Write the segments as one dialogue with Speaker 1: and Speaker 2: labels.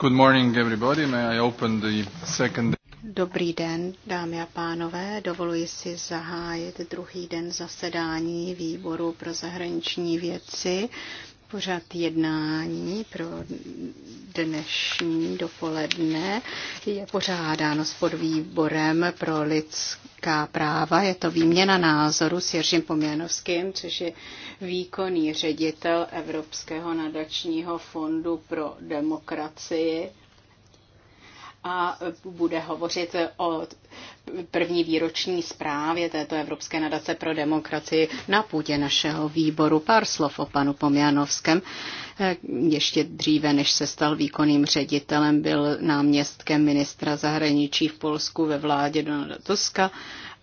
Speaker 1: Good morning everybody. May I open the second... Dobrý den, dámy a pánové. Dovoluji si zahájit druhý den zasedání výboru pro zahraniční věci pořad jednání pro dnešní dopoledne je pořádáno s podvýborem pro lidská práva. Je to výměna názoru s Jiřím Poměnovským, což je výkonný ředitel Evropského nadačního fondu pro demokracii a bude hovořit o první výroční zprávě této Evropské nadace pro demokracii na půdě našeho výboru. Pár slov o panu Pomjanovském. Ještě dříve, než se stal výkonným ředitelem, byl náměstkem ministra zahraničí v Polsku ve vládě Donalda Tuska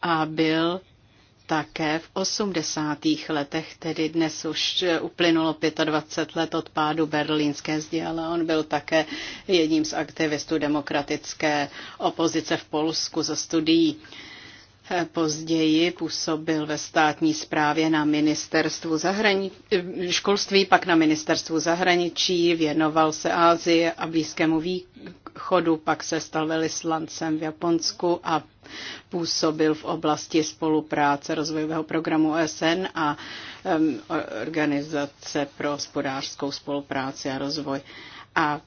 Speaker 1: a byl také v 80. letech, tedy dnes už uplynulo 25 let od pádu berlínské zdi, ale on byl také jedním z aktivistů demokratické opozice v Polsku za studií. Později působil ve státní správě na ministerstvu zahraničí, školství, pak na ministerstvu zahraničí, věnoval se Ázii a Blízkému východu, pak se stal velislancem v Japonsku a působil v oblasti spolupráce rozvojového programu OSN a um, Organizace pro hospodářskou spolupráci a rozvoj. A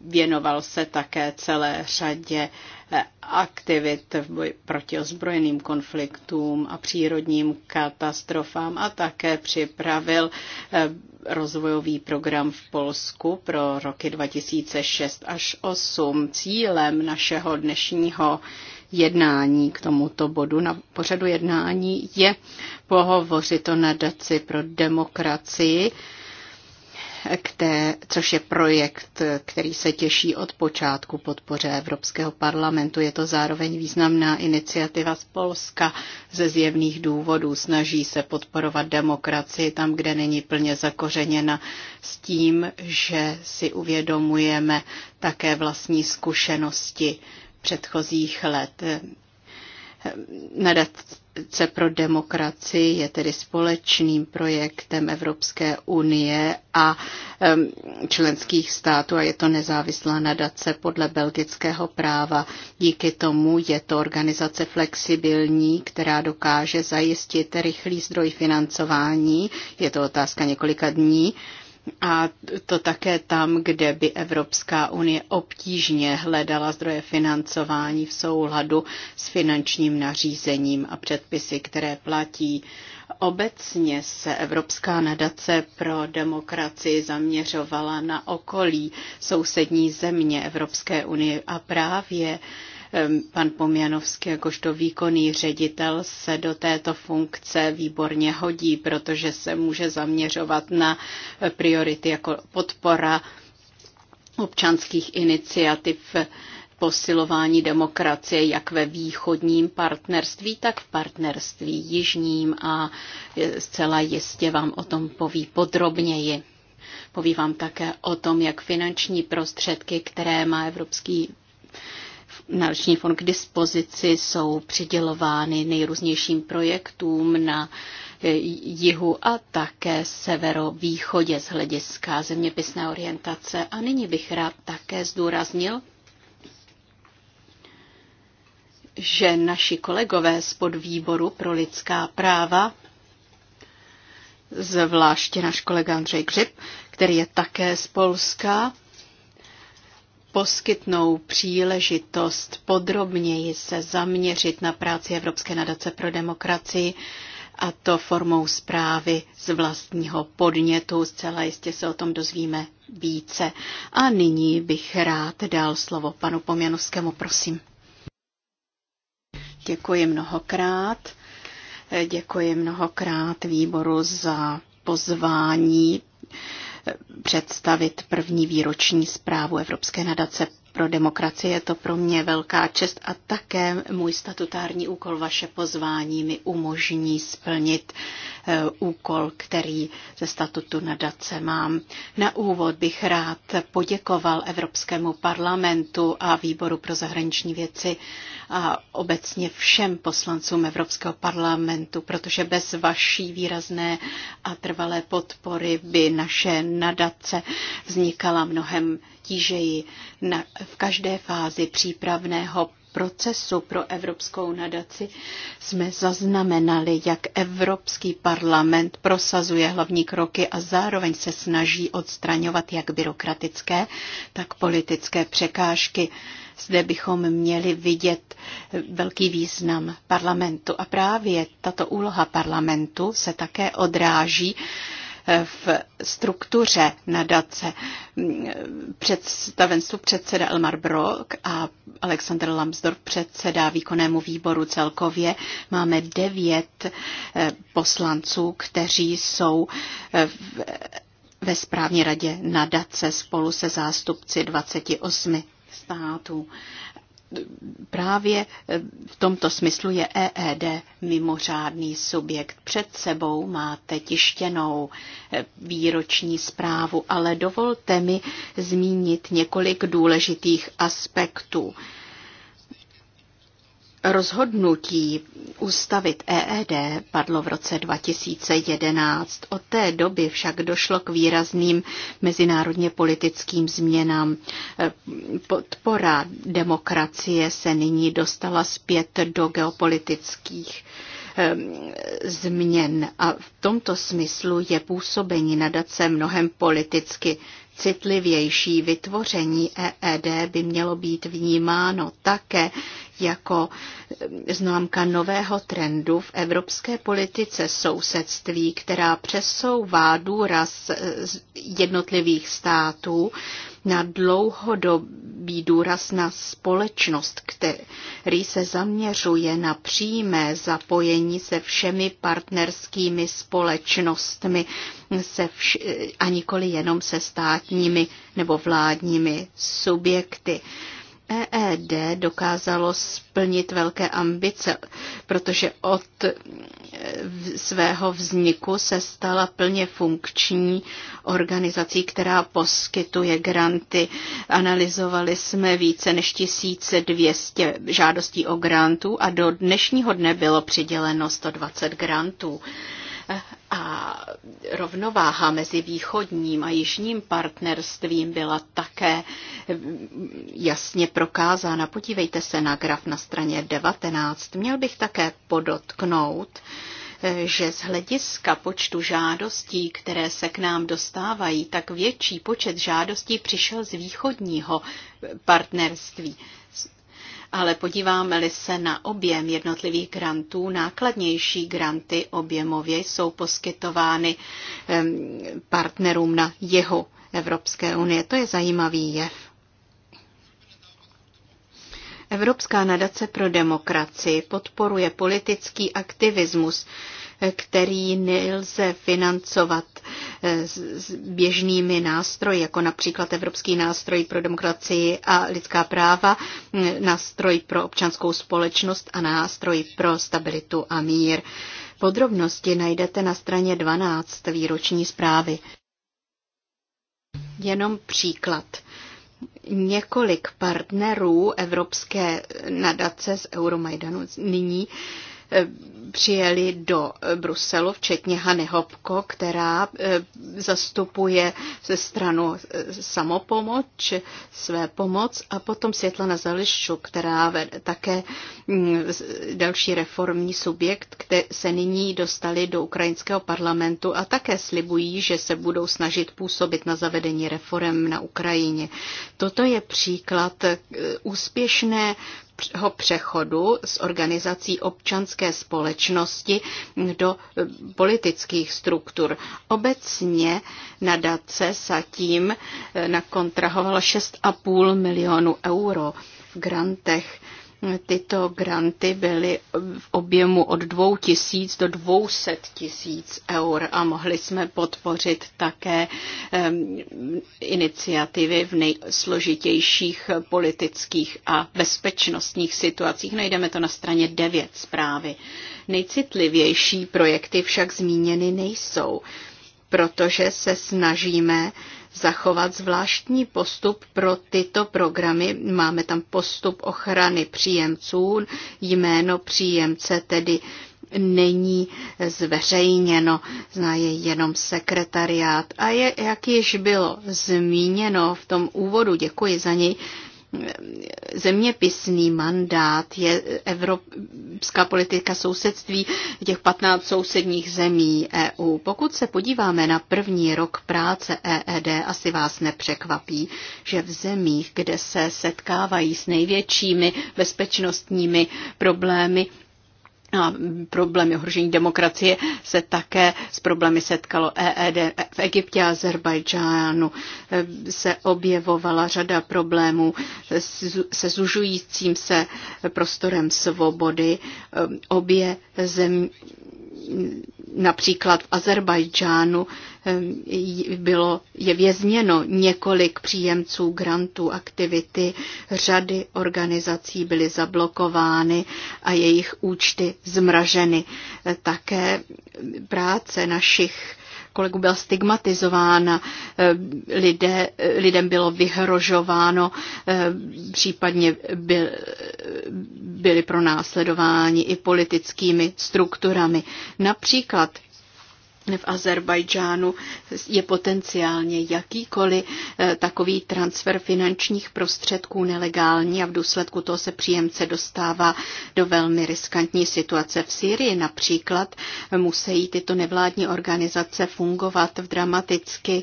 Speaker 1: věnoval se také celé řadě uh, aktivit v boji proti ozbrojeným konfliktům a přírodním katastrofám a také připravil eh, rozvojový program v Polsku pro roky 2006 až 2008. Cílem našeho dnešního jednání k tomuto bodu na pořadu jednání je pohovořit o nadaci pro demokracii, což je projekt, který se těší od počátku podpoře Evropského parlamentu. Je to zároveň významná iniciativa z Polska ze zjevných důvodů. Snaží se podporovat demokracii tam, kde není plně zakořeněna s tím, že si uvědomujeme také vlastní zkušenosti předchozích let. Nadace pro demokracii je tedy společným projektem Evropské unie a členských států a je to nezávislá nadace podle belgického práva. Díky tomu je to organizace flexibilní, která dokáže zajistit rychlý zdroj financování. Je to otázka několika dní a to také tam, kde by Evropská unie obtížně hledala zdroje financování v souladu s finančním nařízením a předpisy, které platí. Obecně se Evropská nadace pro demokracii zaměřovala na okolí sousední země Evropské unie a právě Pan Pomjanovský, jakožto výkonný ředitel, se do této funkce výborně hodí, protože se může zaměřovat na priority jako podpora občanských iniciativ, posilování demokracie jak ve východním partnerství, tak v partnerství jižním a zcela jistě vám o tom poví podrobněji. Poví vám také o tom, jak finanční prostředky, které má Evropský nároční fond k dispozici, jsou přidělovány nejrůznějším projektům na eh, jihu a také severovýchodě z hlediska zeměpisné orientace. A nyní bych rád také zdůraznil, že naši kolegové z podvýboru pro lidská práva, zvláště náš kolega Andřej Křip, který je také z Polska, poskytnou příležitost podrobněji se zaměřit na práci Evropské nadace pro demokracii a to formou zprávy z vlastního podnětu. Zcela jistě se o tom dozvíme více. A nyní bych rád dal slovo panu Pomjanovskému, prosím. Děkuji mnohokrát. Děkuji mnohokrát výboru za pozvání představit první výroční zprávu Evropské nadace pro demokracii je to pro mě velká čest a také můj statutární úkol, vaše pozvání mi umožní splnit eh, úkol, který ze statutu nadace mám. Na úvod bych rád poděkoval Evropskému parlamentu a Výboru pro zahraniční věci a obecně všem poslancům Evropského parlamentu, protože bez vaší výrazné a trvalé podpory by naše nadace vznikala mnohem obtížeji na, v každé fázi přípravného procesu pro Evropskou nadaci jsme zaznamenali, jak Evropský parlament prosazuje hlavní kroky a zároveň se snaží odstraňovat jak byrokratické, tak politické překážky. Zde bychom měli vidět velký význam parlamentu. A právě tato úloha parlamentu se také odráží v struktuře nadace představenstvu předseda Elmar Brock a Alexander Lambsdorff předseda výkonnému výboru celkově. Máme devět eh, poslanců, kteří jsou eh, v ve správní radě nadace spolu se zástupci 28 států právě eh, v tomto smyslu je EED mimořádný subjekt. Před sebou máte tištěnou eh, výroční zprávu, ale dovolte mi zmínit několik důležitých aspektů. Rozhodnutí ustavit EED padlo v roce 2011. Od té doby však došlo k výrazným mezinárodně politickým změnám. Podpora demokracie se nyní dostala zpět do geopolitických ehm, změn a v tomto smyslu je působení nadace mnohem politicky citlivější. Vytvoření EED by mělo být vnímáno také jako známka nového trendu v evropské politice sousedství, která přesouvá důraz jednotlivých států na dlouhodobý důraz na společnost, který se zaměřuje na přímé zapojení se všemi partnerskými společnostmi se vš- a nikoli jenom se státními nebo vládními subjekty. EED dokázalo splnit velké ambice, protože od eh, svého vzniku se stala plně funkční organizací, která poskytuje granty. Analyzovali jsme více než 1200 žádostí o grantů a do dnešního dne bylo přiděleno 120 grantů. A rovnováha mezi východním a jižním partnerstvím byla také jasně prokázána. Podívejte se na graf na straně 19. Měl bych také podotknout, že z hlediska počtu žádostí, které se k nám dostávají, tak větší počet žádostí přišel z východního partnerství ale podíváme-li se na objem jednotlivých grantů, nákladnější granty objemově jsou poskytovány partnerům na jeho Evropské unie. To je zajímavý jev. Evropská nadace pro demokracii podporuje politický aktivismus, který nelze financovat eh, s běžnými nástroji, jako například Evropský nástroj pro demokracii a lidská práva, eh, nástroj pro občanskou společnost a nástroj pro stabilitu a mír. Podrobnosti najdete na straně 12 výroční zprávy. Jenom příklad. Několik partnerů Evropské nadace z Euromajdanu nyní Eh, přijeli do eh, Bruselu, včetně Hany Hopko, která eh, zastupuje ze stranu samopomoč, své pomoc a potom Světlana Zališču, která vede také mm, další reformní subjekt, které se nyní dostali do ukrajinského parlamentu a také slibují, že se budou snažit působit na zavedení reform na Ukrajině. Toto je příklad úspěšné jeho přechodu z organizací občanské společnosti do e, politických struktur. Obecně nadace zatím e, nakontrahovala 6,5 milionu euro v grantech Tyto granty byly v objemu od 2 do 200 tisíc eur a mohli jsme podpořit také iniciativy v nejsložitějších politických a bezpečnostních situacích. Najdeme to na straně 9 zprávy. Nejcitlivější projekty však zmíněny nejsou, protože se snažíme zachovat zvláštní postup pro tyto programy. Máme tam postup ochrany příjemců, jméno příjemce tedy není zveřejněno, zná je jenom sekretariát. A je, jak již bylo zmíněno v tom úvodu, děkuji za něj, zeměpisný mandát, je evropská politika sousedství těch 15 sousedních zemí EU. Pokud se podíváme na první rok práce EED, asi vás nepřekvapí, že v zemích, kde se setkávají s největšími bezpečnostními problémy, a problémy ohrožení demokracie se také s problémy setkalo EED v Egyptě a Azerbajdžánu. Se objevovala řada problémů se zužujícím se prostorem svobody. Obě země například v Azerbajdžánu eh, bylo, je vězněno několik příjemců grantů aktivity, řady organizací byly zablokovány a jejich účty zmraženy. Eh, také práce našich Kolegu byla stigmatizována, eh, lidé, eh, lidem bylo vyhrožováno, eh, případně byl, byli pronásledováni i politickými strukturami. Například v Azerbajdžánu je potenciálně jakýkoliv eh, takový transfer finančních prostředků nelegální a v důsledku toho se příjemce dostává do velmi riskantní situace. V Syrii například eh, musí tyto nevládní organizace fungovat v dramaticky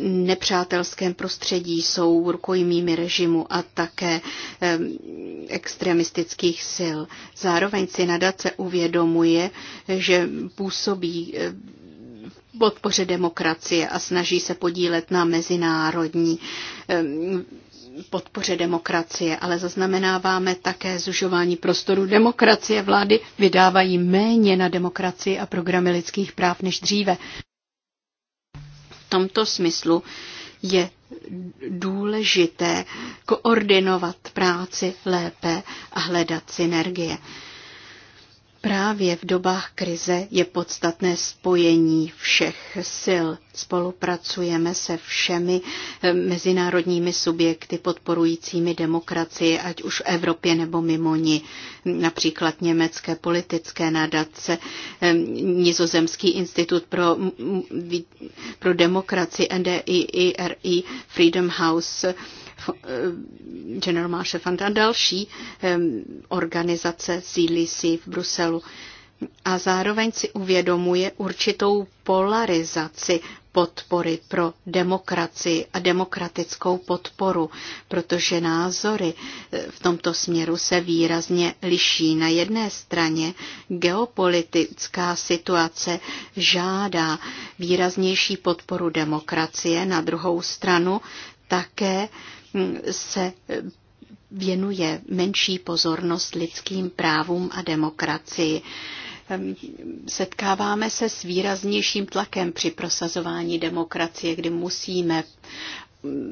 Speaker 1: nepřátelském prostředí, jsou rukojmými režimu a také extremistických sil. Zároveň si nadace uvědomuje, že působí podpoře demokracie a snaží se podílet na mezinárodní podpoře demokracie, ale zaznamenáváme také zužování prostoru demokracie. Vlády vydávají méně na demokracii a programy lidských práv než dříve tomto smyslu je důležité koordinovat práci lépe a hledat synergie. Právě v dobách krize je podstatné spojení všech sil. Spolupracujeme se všemi eh, mezinárodními subjekty podporujícími demokracii, ať už v Evropě nebo mimo ní. Například německé politické nadace, eh, nizozemský institut pro, pro demokracii NDIRI, Freedom House, Eh, General Marshall Fund a další eh, organizace sídlí si v Bruselu. A zároveň si uvědomuje určitou polarizaci podpory pro demokracii a demokratickou podporu, protože názory eh, v tomto směru se výrazně liší. Na jedné straně geopolitická situace žádá výraznější podporu demokracie, na druhou stranu také Mm, se eh, věnuje menší pozornost lidským právům a demokracii. Ehm, setkáváme se s výraznějším tlakem při prosazování demokracie, kdy musíme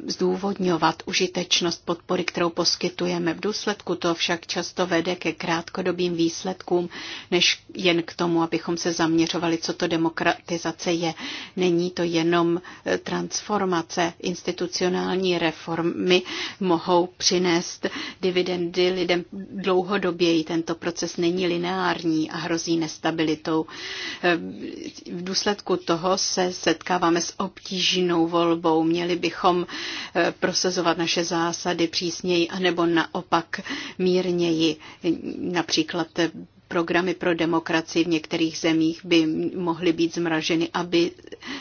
Speaker 1: zdůvodňovat užitečnost podpory, kterou poskytujeme. V důsledku to však často vede ke krátkodobým výsledkům, než jen k tomu, abychom se zaměřovali, co to demokratizace je. Není to jenom e, transformace. Institucionální reformy mohou přinést dividendy lidem dlouhodoběji. Tento proces není lineární a hrozí nestabilitou. E, v důsledku toho se setkáváme s obtížnou volbou. Měli bychom Eh, prosazovat naše zásady přísněji anebo naopak mírněji, například programy pro demokracii v některých zemích by mohly být zmraženy, aby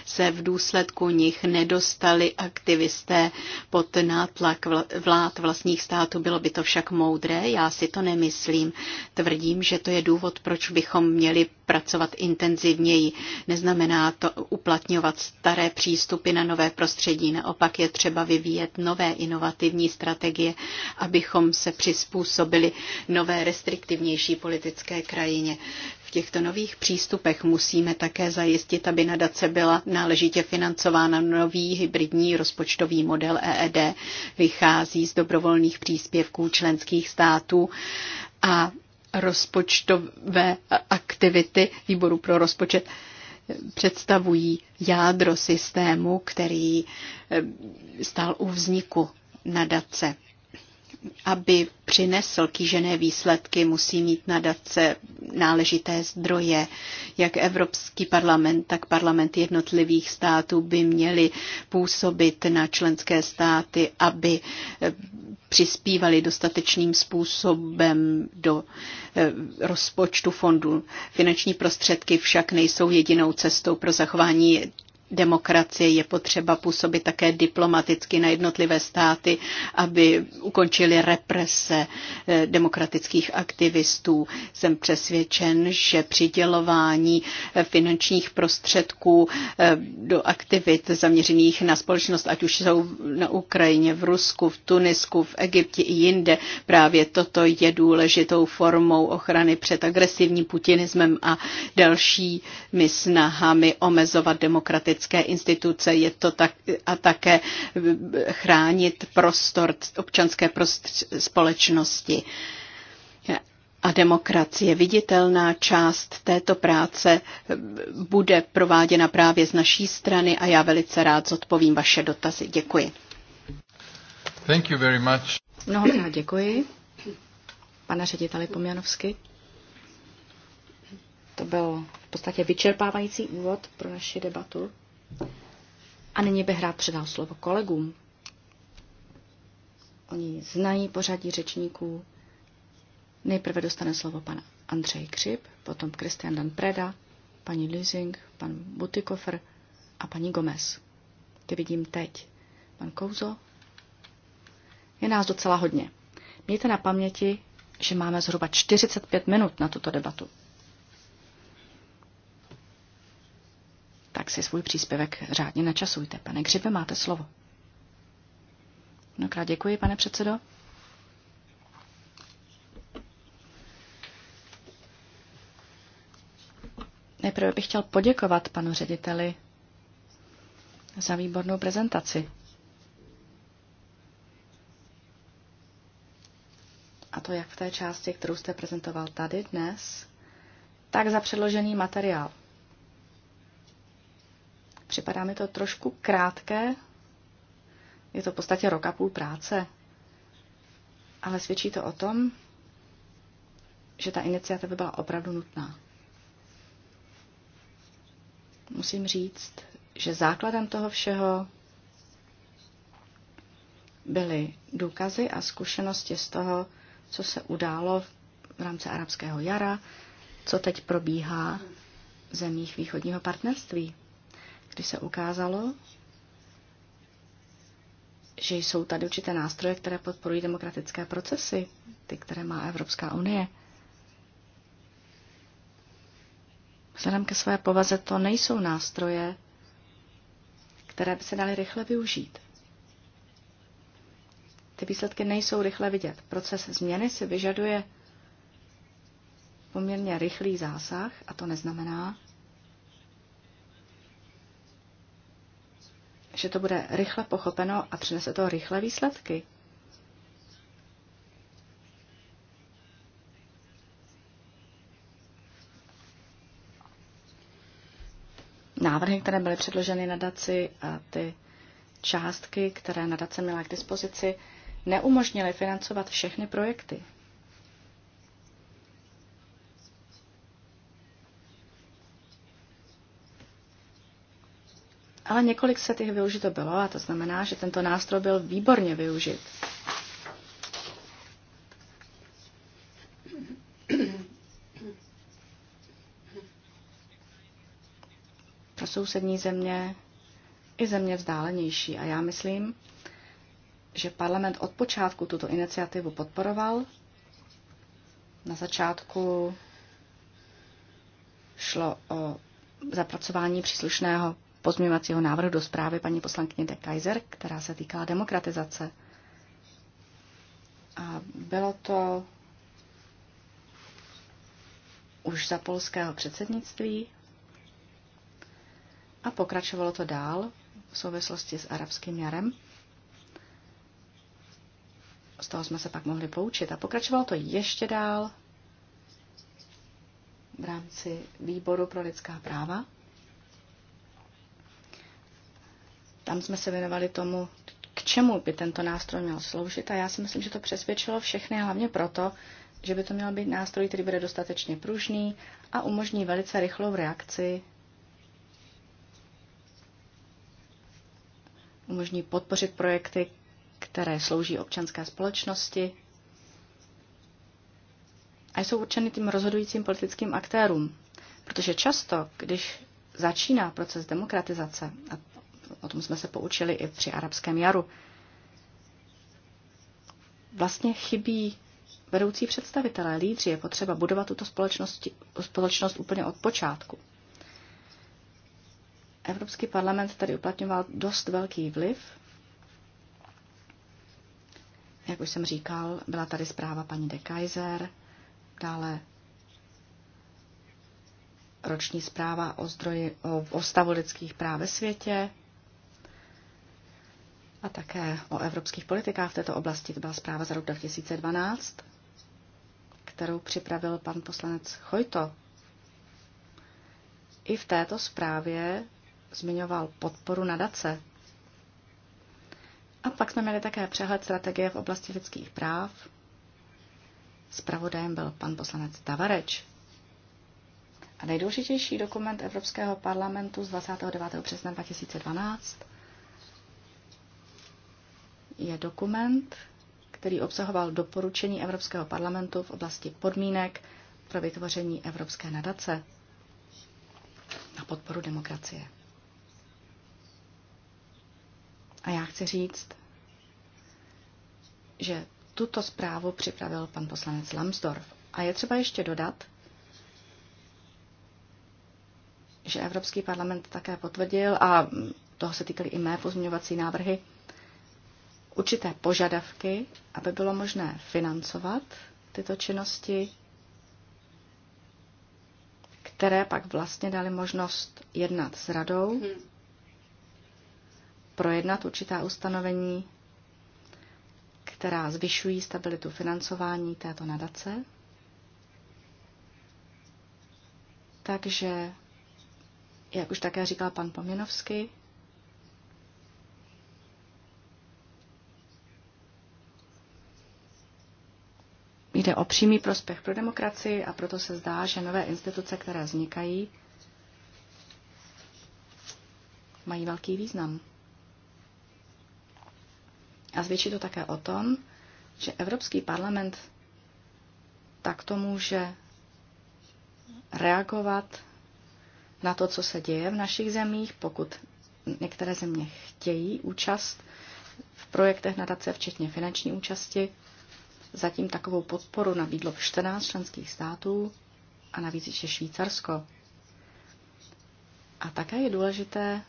Speaker 1: se v důsledku nich nedostali aktivisté pod nátlak vlád vlastních států. Bylo by to však moudré, já si to nemyslím. Tvrdím, že to je důvod, proč bychom měli pracovat intenzivněji. Neznamená to uplatňovat staré přístupy na nové prostředí. Naopak je třeba vyvíjet nové inovativní strategie, abychom se přizpůsobili nové restriktivnější politické krajině. V těchto nových přístupech musíme také zajistit, aby nadace byla náležitě financována. Nový hybridní rozpočtový model EED vychází z dobrovolných příspěvků členských států a rozpočtové aktivity výboru pro rozpočet představují jádro systému, který eh, stál u vzniku nadace aby přinesl kýžené výsledky, musí mít nadace náležité zdroje. Jak Evropský parlament, tak parlament jednotlivých států by měli působit na členské státy, aby eh, přispívali dostatečným způsobem do eh, rozpočtu fondu. Finanční prostředky však nejsou jedinou cestou pro zachování demokracie je potřeba působit také diplomaticky na jednotlivé státy, aby ukončili represe eh, demokratických aktivistů. Jsem přesvědčen, že přidělování eh, finančních prostředků eh, do aktivit zaměřených na společnost, ať už jsou na Ukrajině, v Rusku, v Tunisku, v Egyptě i jinde, právě toto je důležitou formou ochrany před agresivním putinismem a dalšími snahami omezovat demokratické evropské instituce, je to tak, a také chránit prostor občanské prostor společnosti a demokracie. Viditelná část této práce bude prováděna právě z naší strany a já velice rád zodpovím vaše dotazy. Děkuji. Thank you very much.
Speaker 2: Mnohokrát děkuji, pane řediteli Pomjanovsky. To byl v podstatě vyčerpávající úvod pro naši debatu. A nyní bych rád předal slovo kolegům. Oni znají pořadí řečníků. Nejprve dostane slovo pan Andřej Křip, potom Kristian Dan Preda, paní Lysing, pan Butikofer a paní Gomez. Ty vidím teď. Pan Kouzo. Je nás docela hodně. Mějte na paměti, že máme zhruba 45 minut na tuto debatu. tak si svůj příspěvek řádně načasujte. Pane Křipe, máte slovo. Mnohokrát děkuji, pane předsedo. Nejprve bych chtěl poděkovat panu řediteli za výbornou prezentaci. A to jak v té části, kterou jste prezentoval tady dnes, tak za předložený materiál. Připadá mi to trošku krátké, je to v podstatě rok a půl práce, ale svědčí to o tom, že ta iniciativa byla opravdu nutná. Musím říct, že základem toho všeho byly důkazy a zkušenosti z toho, co se událo v rámci arabského jara, co teď probíhá v zemích východního partnerství kdy se ukázalo, že jsou tady určité nástroje, které podporují demokratické procesy, ty, které má Evropská unie. Vzhledem ke své povaze to nejsou nástroje, které by se daly rychle využít. Ty výsledky nejsou rychle vidět. Proces změny si vyžaduje poměrně rychlý zásah a to neznamená, že to bude rychle pochopeno a přinese to rychle výsledky. Návrhy, které byly předloženy daci a ty částky, které nadace měla k dispozici, neumožnily financovat všechny projekty. ale několik set jich využito bylo a to znamená, že tento nástroj byl výborně využit. Pro sousední země i země vzdálenější. A já myslím, že parlament od počátku tuto iniciativu podporoval. Na začátku šlo o zapracování příslušného pozměňovacího návrhu do zprávy paní poslankyně de Kaiser, která se týkala demokratizace. A bylo to už za polského předsednictví a pokračovalo to dál v souvislosti s arabským jarem. Z toho jsme se pak mohli poučit a pokračovalo to ještě dál v rámci výboru pro lidská práva Tam jsme se věnovali tomu, k čemu by tento nástroj měl sloužit a já si myslím, že to přesvědčilo všechny hlavně proto, že by to měl být nástroj, který bude dostatečně pružný a umožní velice rychlou reakci, umožní podpořit projekty, které slouží občanské společnosti a jsou určeny tím rozhodujícím politickým aktérům. Protože často, když začíná proces demokratizace, a O tom jsme se poučili i při arabském jaru. Vlastně chybí vedoucí představitelé, lídři. Je potřeba budovat tuto společnost, společnost úplně od počátku. Evropský parlament tady uplatňoval dost velký vliv. Jak už jsem říkal, byla tady zpráva paní de Kaiser, dále roční zpráva o, zdroji, o, o stavu lidských práv ve světě, a také o evropských politikách v této oblasti. To byla zpráva za rok 2012, kterou připravil pan poslanec Chojto. I v této zprávě zmiňoval podporu nadace. A pak jsme měli také přehled strategie v oblasti lidských práv. Zpravodajem byl pan poslanec Tavareč. A nejdůležitější dokument Evropského parlamentu z 29. března 2012 je dokument, který obsahoval doporučení Evropského parlamentu v oblasti podmínek pro vytvoření Evropské nadace na podporu demokracie. A já chci říct, že tuto zprávu připravil pan poslanec Lambsdorff. A je třeba ještě dodat, že Evropský parlament také potvrdil, a toho se týkaly i mé pozměňovací návrhy, určité požadavky, aby bylo možné financovat tyto činnosti, které pak vlastně dali možnost jednat s radou, mhm. projednat určitá ustanovení, která zvyšují stabilitu financování této nadace. Takže, jak už také říkal pan Poměnovský, Jde o přímý prospěch pro demokracii a proto se zdá, že nové instituce, které vznikají, mají velký význam. A zvětší to také o tom, že Evropský parlament takto může reagovat na to, co se děje v našich zemích, pokud některé země chtějí účast v projektech nadace, včetně finanční účasti. Zatím takovou podporu nabídlo 14 členských států a navíc ještě Švýcarsko. A také je důležité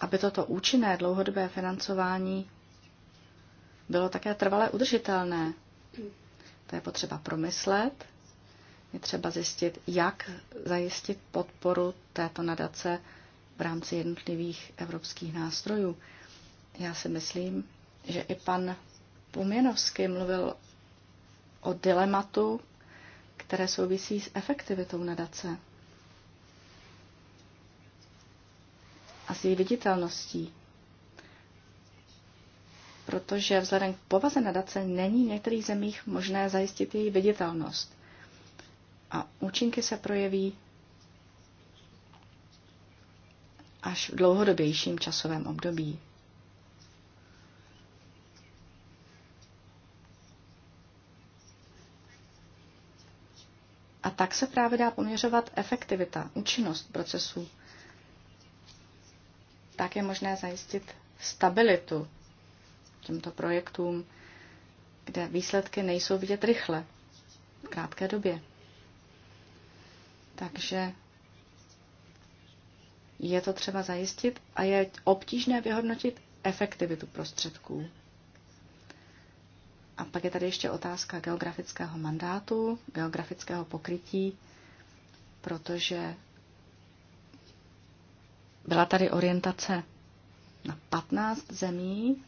Speaker 2: aby toto účinné dlouhodobé financování bylo také trvale udržitelné. To je potřeba promyslet, je třeba zjistit, jak zajistit podporu této nadace v rámci jednotlivých evropských nástrojů. Já si myslím, že i pan Puměnovský mluvil o dilematu, které souvisí s efektivitou nadace a s její viditelností. Protože vzhledem k povaze nadace není v některých zemích možné zajistit její viditelnost. A účinky se projeví až v dlouhodobějším časovém období. A tak se právě dá poměřovat efektivita, účinnost procesů. Tak je možné zajistit stabilitu těmto projektům, kde výsledky nejsou vidět rychle, v krátké době. Takže je to třeba zajistit a je obtížné vyhodnotit efektivitu prostředků. A pak je tady ještě otázka geografického mandátu, geografického pokrytí, protože byla tady orientace na 15 zemí.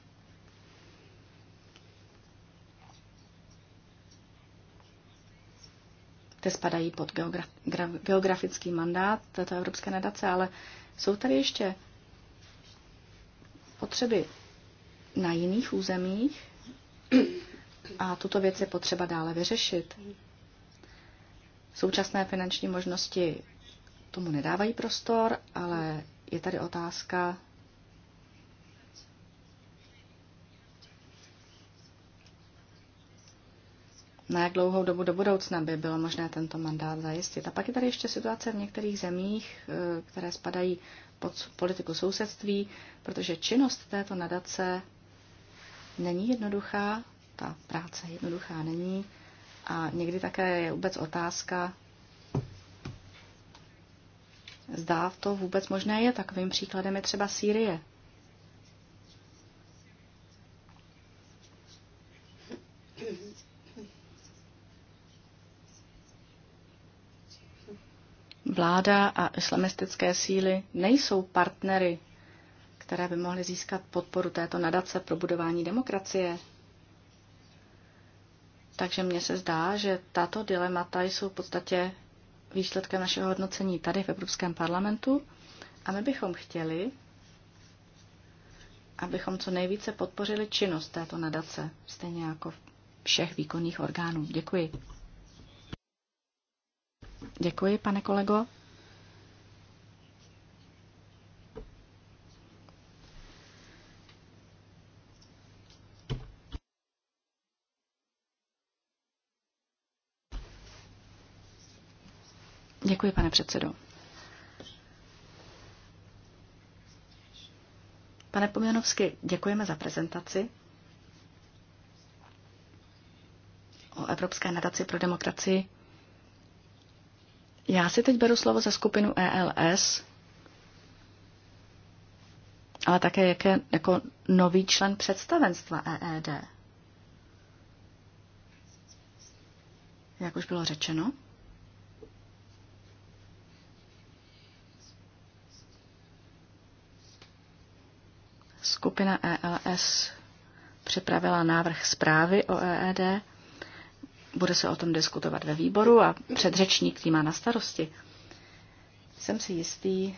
Speaker 2: Ty spadají pod geografický mandát této evropské nadace, ale jsou tady ještě potřeby na jiných územích a tuto věc je potřeba dále vyřešit. Současné finanční možnosti tomu nedávají prostor, ale je tady otázka na jak dlouhou dobu do budoucna by bylo možné tento mandát zajistit. A pak je tady ještě situace v některých zemích, eh, které spadají pod politiku sousedství, protože činnost této nadace není jednoduchá, ta práce jednoduchá není a někdy také je vůbec otázka, zdá to vůbec možné je. Takovým příkladem je třeba Sýrie, Vláda a islamistické síly nejsou partnery, které by mohly získat podporu této nadace pro budování demokracie. Takže mně se zdá, že tato dilemata jsou v podstatě výsledkem našeho hodnocení tady v Evropském parlamentu a my bychom chtěli, abychom co nejvíce podpořili činnost této nadace, stejně jako všech výkonných orgánů. Děkuji. Děkuji, pane kolego. Děkuji, pane předsedo. Pane Pomjanovsky, děkujeme za prezentaci o Evropské nadaci pro demokracii. Já si teď beru slovo za skupinu ELS, ale také jaké, jako nový člen představenstva EED. Jak už bylo řečeno. Skupina ELS připravila návrh zprávy o EED bude se o tom diskutovat ve výboru a předřečník, který má na starosti. Jsem si jistý,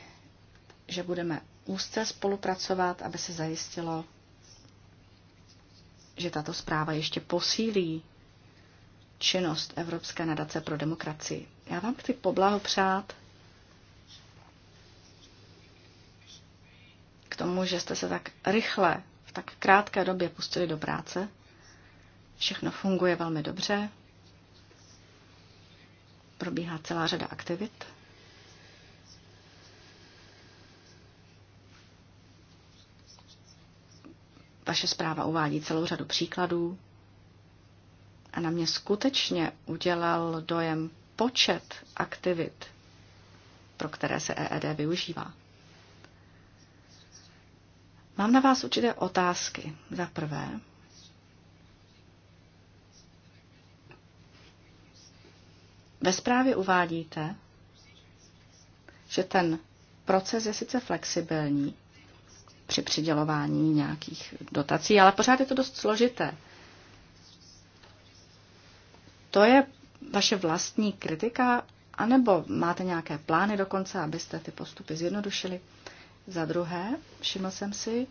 Speaker 2: že budeme úzce spolupracovat, aby se zajistilo, že tato zpráva ještě posílí činnost Evropské nadace pro demokracii. Já vám chci poblahopřát k tomu, že jste se tak rychle, v tak krátké době pustili do práce. Všechno funguje velmi dobře probíhá celá řada aktivit. Vaše zpráva uvádí celou řadu příkladů a na mě skutečně udělal dojem počet aktivit, pro které se EED využívá. Mám na vás určité otázky. Za prvé, Ve zprávě uvádíte, že ten proces je sice flexibilní při přidělování nějakých dotací, ale pořád je to dost složité. To je vaše vlastní kritika, anebo máte nějaké plány dokonce, abyste ty postupy zjednodušili? Za druhé, všiml jsem si,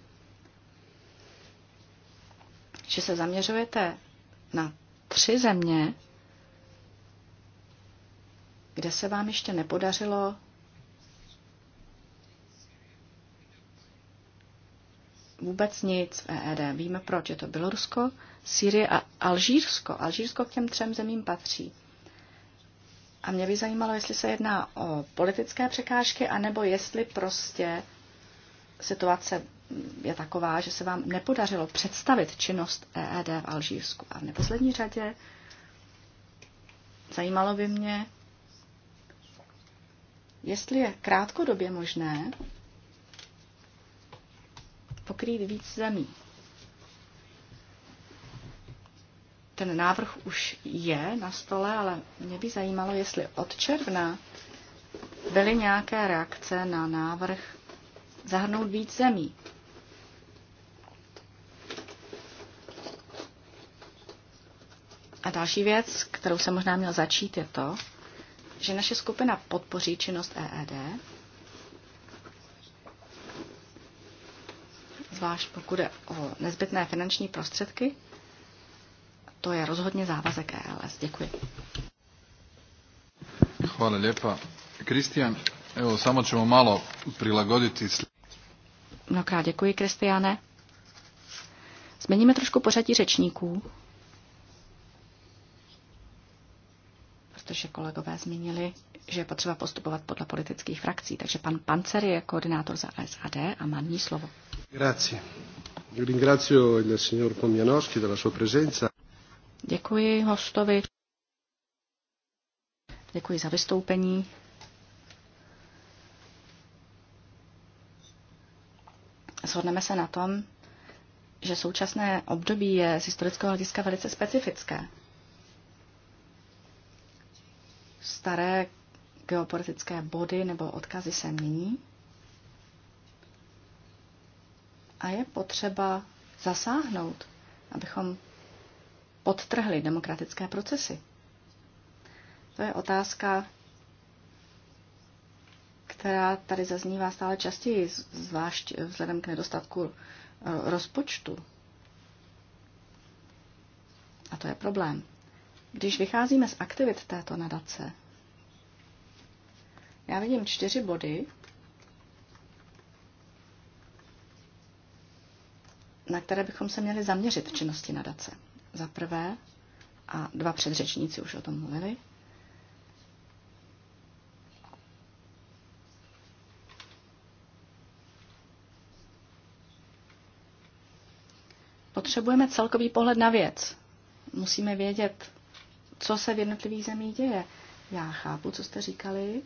Speaker 2: že se zaměřujete na tři země, kde se vám ještě nepodařilo vůbec nic v EED. Víme proč. Je to Bělorusko, Sýrie a Alžírsko. Alžírsko k těm třem zemím patří. A mě by zajímalo, jestli se jedná o politické překážky, anebo jestli prostě situace je taková, že se vám nepodařilo představit činnost EED v Alžírsku. A v neposlední řadě zajímalo by mě, jestli je krátkodobě možné pokrýt víc zemí. Ten návrh už je na stole, ale mě by zajímalo, jestli od června byly nějaké reakce na návrh zahrnout víc zemí. A další věc, kterou jsem možná měl začít, je to, že naše skupina podpoří činnost EED, zvlášť pokud je o nezbytné finanční prostředky. To je rozhodně závazek ELS. Děkuji. Hvala lepa. Kristijan, evo samo ćemo malo prilagoditi. Mnokrát děkuji, Kristiane. Změníme trošku pořadí řečníků. protože kolegové zmínili, že je potřeba postupovat podle politických frakcí. Takže pan Pancer je koordinátor za SAD a má ní slovo. Děkuji hostovi. Děkuji za vystoupení. Shodneme se na tom, že současné období je z historického hlediska velice specifické staré geopolitické body nebo odkazy se mění. A je potřeba zasáhnout, abychom podtrhli demokratické procesy. To je otázka, která tady zaznívá stále častěji, zvlášť vzhledem k nedostatku eh, rozpočtu. A to je problém. Když vycházíme z aktivit této nadace, já vidím čtyři body, na které bychom se měli zaměřit v činnosti nadace. Za prvé, a dva předřečníci už o tom mluvili, potřebujeme celkový pohled na věc. Musíme vědět, co se v jednotlivých zemích děje. Já chápu, co jste říkali.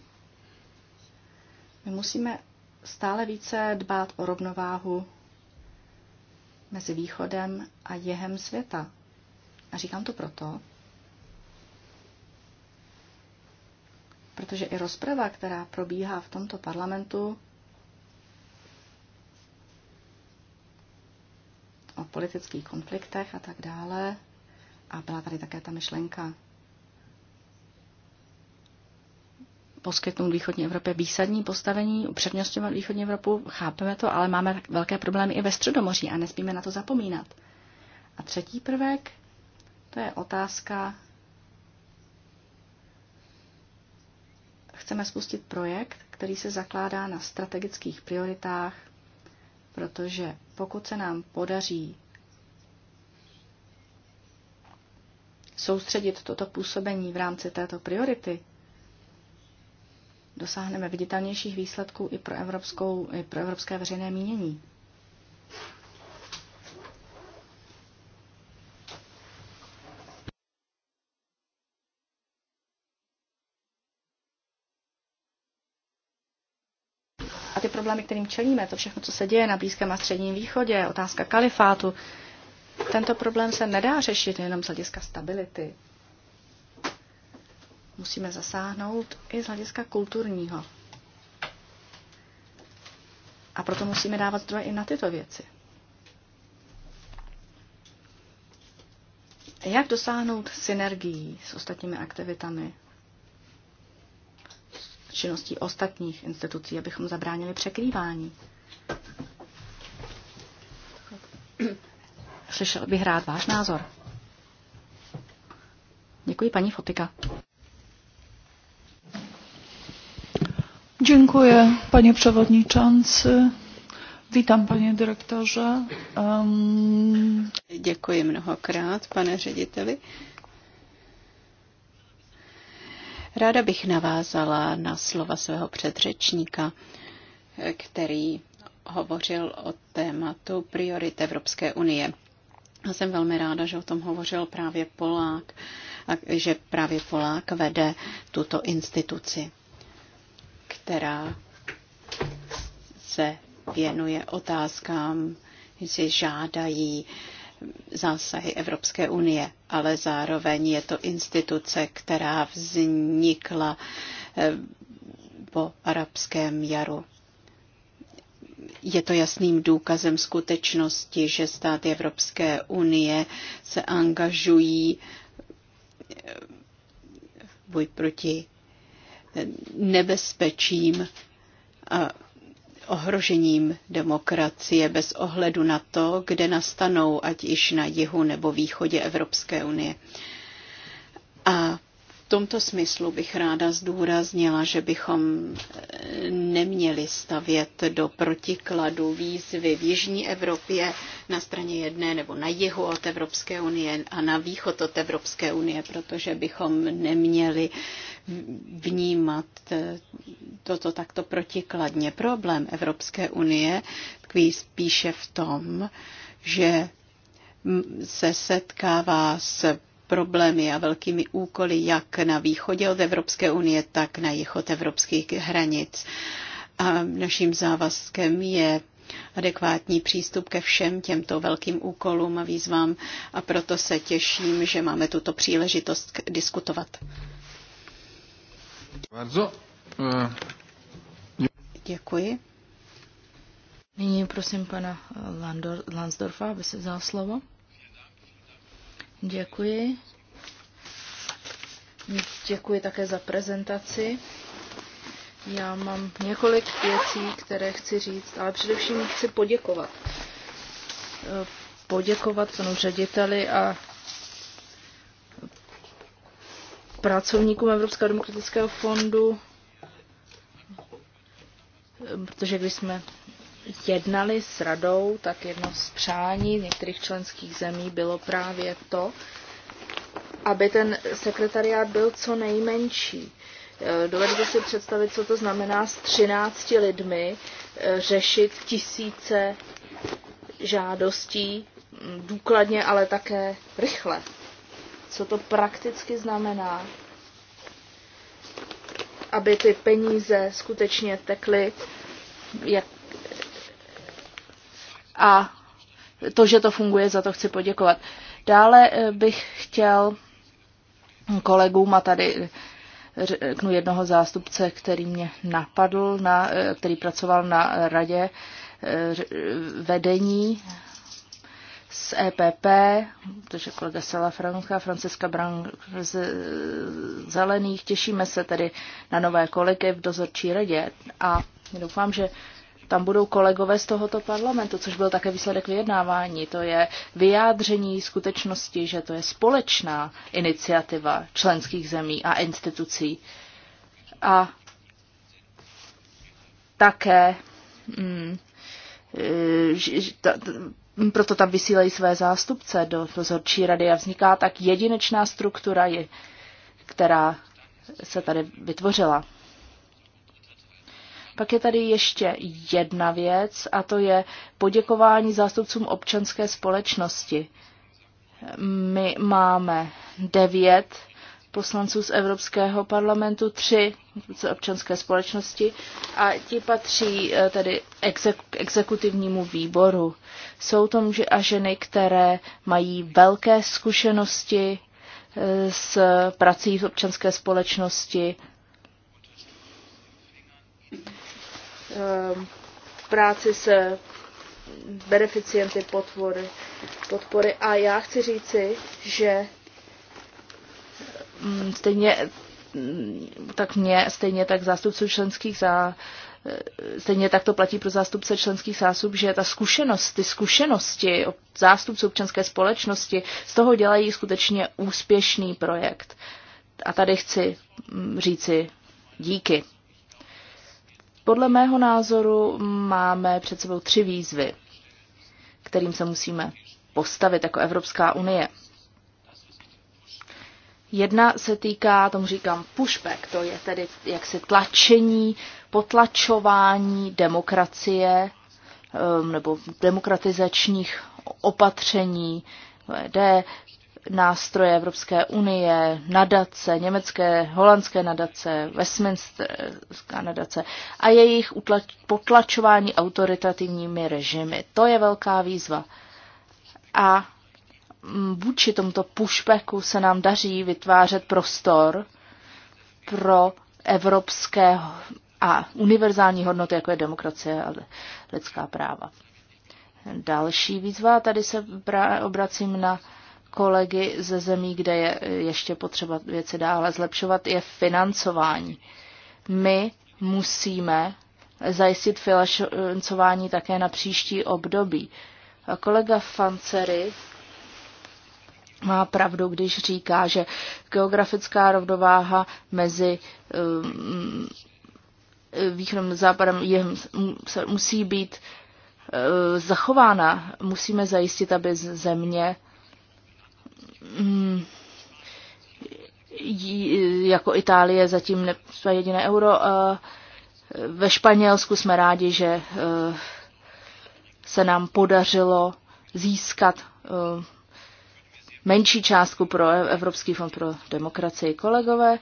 Speaker 2: My musíme stále více dbát o rovnováhu mezi východem a jehem světa. A říkám to proto, protože i rozprava, která probíhá v tomto parlamentu o politických konfliktech a tak dále, a byla tady také ta myšlenka poskytnout východní Evropě výsadní postavení, upřednostňovat východní Evropu, chápeme to, ale máme velké problémy i ve Středomoří a nesmíme na to zapomínat. A třetí prvek, to je otázka, chceme spustit projekt, který se zakládá na strategických prioritách, protože pokud se nám podaří soustředit toto působení v rámci této priority, dosáhneme viditelnějších výsledků i pro, evropskou, i pro evropské veřejné mínění. A ty problémy, kterým čelíme, to všechno, co se děje na Blízkém a Středním východě, otázka kalifátu, tento problém se nedá řešit jenom z hlediska stability. Musíme zasáhnout i z hlediska kulturního. A proto musíme dávat zdroje i na tyto věci. Jak dosáhnout synergií s ostatními aktivitami, s činností ostatních institucí, abychom zabránili překrývání? Slyšel bych rád váš názor. Děkuji, paní Fotika. Dziękuję, panie przewodniczący.
Speaker 1: Witam, panie dyrektorze. Um... Děkuji mnohokrát, pane řediteli. Ráda bych navázala na slova svého předřečníka, který hovořil o tématu priorit Evropské unie. A jsem velmi ráda, že o tom hovořil právě Polák, že právě Polák vede tuto instituci, která se věnuje otázkám, si žádají zásahy Evropské unie, ale zároveň je to instituce, která vznikla eh, po arabském jaru je to jasným důkazem skutečnosti, že státy Evropské unie se angažují v eh, boj proti nebezpečím a ohrožením demokracie bez ohledu na to, kde nastanou, ať již na jihu nebo východě Evropské unie. A tomto smyslu bych ráda zdůraznila, že bychom eh, neměli stavět do protikladu výzvy v Jižní Evropě na straně jedné nebo na jihu od Evropské unie a na východ od Evropské unie, protože bychom neměli vnímat eh, toto takto protikladně. Problém Evropské unie tkví spíše v tom, že se setkává s problémy a velkými úkoly jak na východě od Evropské unie, tak na jih od evropských hranic. A naším závazkem je adekvátní přístup ke všem těmto velkým úkolům a výzvám a proto se těším, že máme tuto příležitost diskutovat. E, Děkuji.
Speaker 3: Nyní prosím pana Landor, Lansdorfa, aby se vzal slovo. Děkuji. Děkuji také za prezentaci. Já mám několik věcí, které chci říct, ale především chci poděkovat. Poděkovat panu řediteli a pracovníkům Evropského demokratického fondu, protože když jsme jednali s radou, tak jedno z přání některých členských zemí bylo právě to, aby ten sekretariát byl co nejmenší. Eh, dovedete si představit, co to znamená s 13 lidmi eh, řešit tisíce žádostí hm, důkladně, ale také rychle. Co to prakticky znamená, aby ty peníze skutečně tekly jak a to, že to funguje, za to chci poděkovat. Dále eh, bych chtěl kolegům a tady řeknu jednoho zástupce, který mě napadl, na, eh, který pracoval na radě eh, vedení z EPP, to je kolega Sela Franka, Franciska Brang z Zelených. Těšíme se tedy na nové kolegy v dozorčí radě a doufám, že tam budou kolegové z tohoto parlamentu, což byl také výsledek vyjednávání. To je vyjádření skutečnosti, že to je společná iniciativa členských zemí a institucí. A také mm, e, proto tam vysílají své zástupce do dozorčí rady a vzniká tak jedinečná struktura, která se tady vytvořila. Pak je tady ještě jedna věc a to je poděkování zástupcům občanské společnosti. My máme devět poslanců z Evropského parlamentu, tři z občanské společnosti a ti patří eh, tedy exek- exekutivnímu výboru. Jsou to muži a ženy, které mají velké zkušenosti eh, s prací v občanské společnosti, Ehm, práci s beneficienty podpory, podpory. A já chci říci, že mm, stejně mm, tak mě, stejně tak zástupců členských za eh, Stejně tak to platí pro zástupce členských zásob, že ta zkušenost, ty zkušenosti zástupců občanské společnosti z toho dělají skutečně úspěšný projekt. A tady chci mm, říci díky. Podle mého názoru máme před sebou tři výzvy, kterým se musíme postavit jako Evropská unie. Jedna se týká, tomu říkám pushback, to je tedy jaksi tlačení, potlačování demokracie um, nebo demokratizačních opatření, nástroje Evropské unie, nadace, německé, holandské nadace, Westminsterská nadace a jejich utlač, potlačování autoritativními režimy. To je velká výzva. A vůči tomto pushbacku se nám daří vytvářet prostor pro evropské a univerzální hodnoty, jako je demokracie a lidská práva. Další výzva, tady se obracím na kolegy ze zemí, kde je ještě potřeba věci dále zlepšovat, je financování. My musíme zajistit financování také na příští období. A kolega Fancery má pravdu, když říká, že geografická rovnováha mezi um, východem a západem je, musí být uh, zachována. Musíme zajistit, aby země Mm. jako Itálie zatím ne, své jediné euro. ve Španělsku jsme rádi, že e, se nám podařilo získat e, menší částku pro e, Evropský fond pro demokracii. Kolegové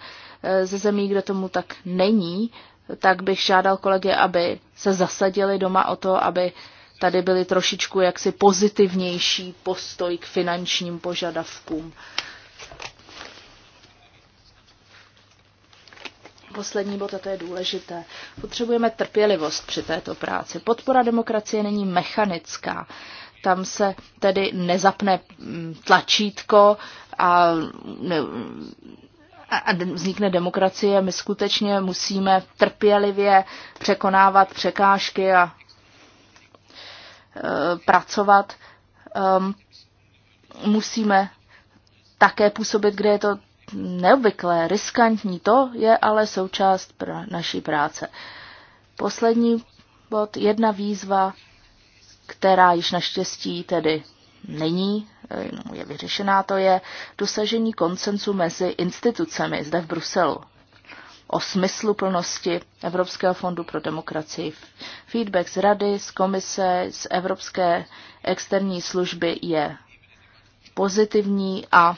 Speaker 3: ze zemí, kde tomu tak není, tak bych žádal kolegy, aby se zasadili doma o to, aby uh, tady byly trošičku jaksi pozitivnější postoj k finančním požadavkům. Poslední bod, a to je důležité. Potřebujeme trpělivost při této práci. Podpora demokracie není mechanická. Tam se tedy nezapne mm, tlačítko a, a vznikne demokracie. My skutečně musíme trpělivě překonávat překážky a Eh, pracovat. Ehm, musíme také působit, kde je to neobvyklé, riskantní. To je ale součást pra- naší práce. Poslední bod, jedna výzva, která již naštěstí tedy není, eh, no, je vyřešená, to je dosažení koncensu mezi institucemi zde v Bruselu o smyslu plnosti Evropského fondu pro demokracii. Feedback z Rady, z Komise, z Evropské externí služby je pozitivní a e,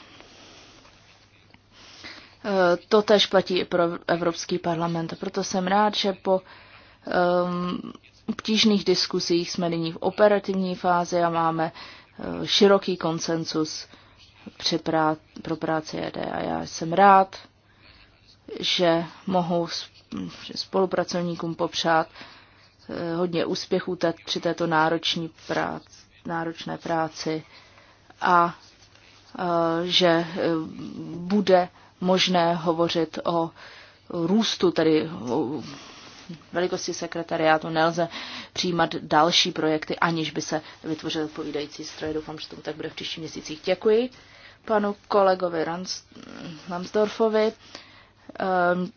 Speaker 3: to tež platí i pro Evropský parlament. Proto jsem rád, že po um, diskuzích jsme nyní v operativní fázi a máme e, široký konsensus pro práci ED. A já jsem rád, že mohu spolupracovníkům popřát eh, hodně úspěchů při této náročné práci, náročné práci a eh, že eh, bude možné hovořit o růstu, tedy o velikosti sekretariátu nelze přijímat další projekty, aniž by se vytvořil odpovídající stroj. Doufám, že tomu tak bude v příštích měsících. Děkuji panu kolegovi Rans- Lansdorfovi. Ehm,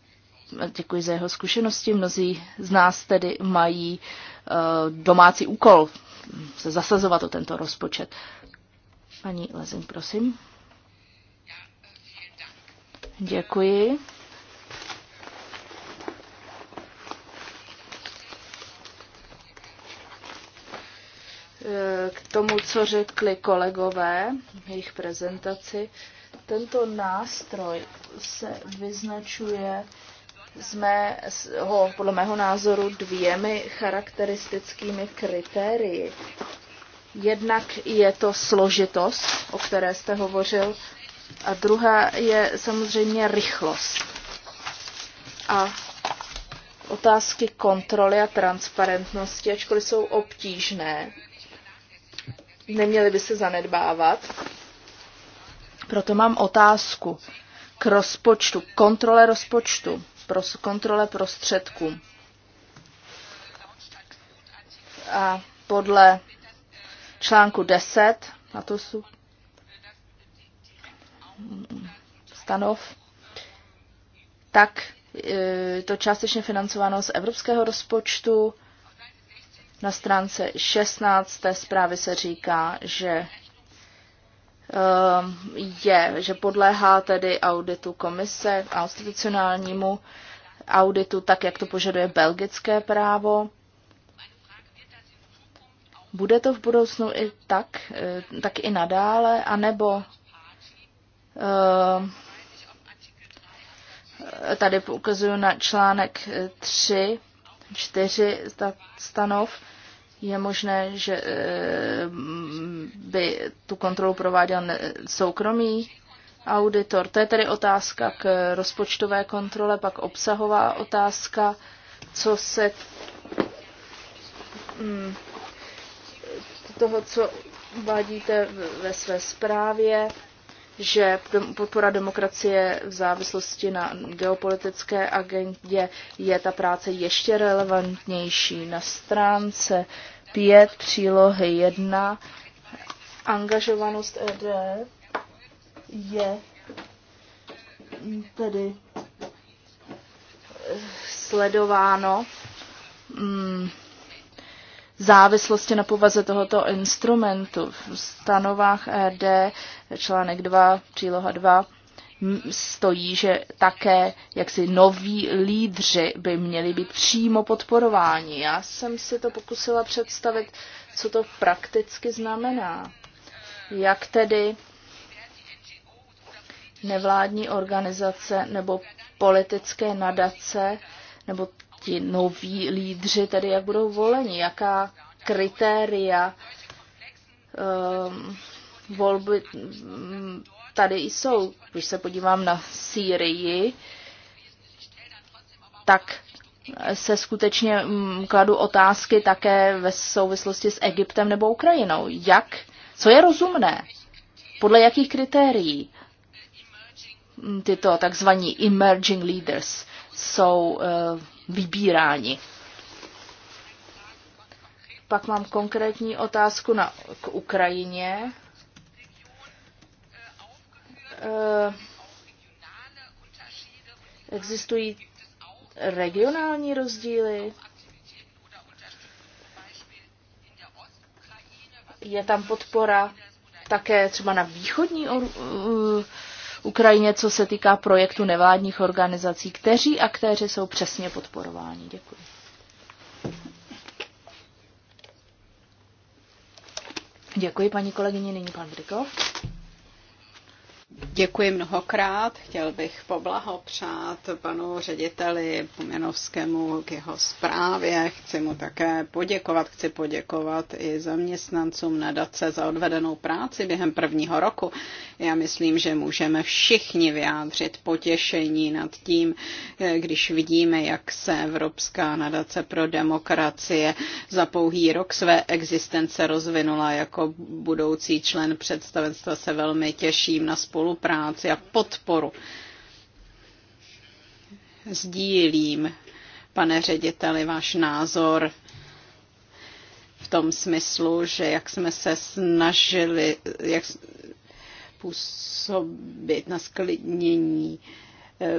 Speaker 3: děkuji za jeho zkušenosti. Mnozí z nás tedy mají eh, domácí úkol se zasazovat o tento rozpočet. Paní Lezin, prosím. Děkuji. Eh, k tomu, co řekli kolegové v jejich prezentaci, tento nástroj se vyznačuje z mého, podle mého názoru dvěmi charakteristickými kritérii. Jednak je to složitost, o které jste hovořil, a druhá je samozřejmě rychlost. A otázky kontroly a transparentnosti, ačkoliv jsou obtížné, neměly by se zanedbávat. Proto mám otázku k rozpočtu, kontrole rozpočtu, pros, kontrole prostředků. A podle článku 10, na to jsou stanov, tak e, to částečně financováno z evropského rozpočtu. Na stránce 16. zprávy se říká, že Ehm, je, že podléhá tedy auditu komise a institucionálnímu auditu, tak jak to požaduje belgické právo. Bude to v budoucnu i tak, eh, tak i nadále, anebo ehm, tady poukazuju na článek 3, 4 stanov, je možné, že eh, by tu kontrolu prováděl soukromý auditor. To je tedy otázka k rozpočtové kontrole, pak obsahová otázka, co se hm, toho, co vádíte ve své zprávě, že podpora demokracie v závislosti na geopolitické agendě je ta práce ještě relevantnější na stránce 5 přílohy 1 angažovanost ED je tedy eh, sledováno mm, závislosti na povaze tohoto instrumentu. V stanovách ED článek 2, příloha 2 stojí, že také jaksi noví lídři by měli být přímo podporováni. Já jsem si to pokusila představit, co to prakticky znamená. Jak tedy nevládní organizace nebo politické nadace nebo ti noví lídři tedy jak budou voleni, jaká kritéria um, volby tady jsou. Když se podívám na Sýrii, tak se skutečně mm, kladu otázky také ve souvislosti s Egyptem nebo Ukrajinou. Jak, co je rozumné? Podle jakých kritérií mm, tyto takzvaní emerging leaders jsou eh, vybíráni? Pak mám konkrétní otázku na, k Ukrajině. Eh, existují regionální rozdíly. Je tam podpora také třeba na východní Ukrajině, co se týká projektu nevládních organizací, kteří aktéři jsou přesně podporováni. Děkuji. Děkuji paní kolegyně, nyní pan Brikov.
Speaker 1: Děkuji mnohokrát. Chtěl bych poblahopřát panu řediteli Poměnovskému k jeho zprávě. Chci mu také poděkovat. Chci poděkovat i zaměstnancům nadace za odvedenou práci během prvního roku. Já myslím, že můžeme všichni vyjádřit potěšení nad tím, když vidíme, jak se Evropská nadace pro demokracie za pouhý rok své existence rozvinula. Jako budoucí člen představenstva se velmi těším na spolupráci spolupráci a podporu. Sdílím, pane řediteli, váš názor v tom smyslu, že jak jsme se snažili, jak působit na sklidnění eh,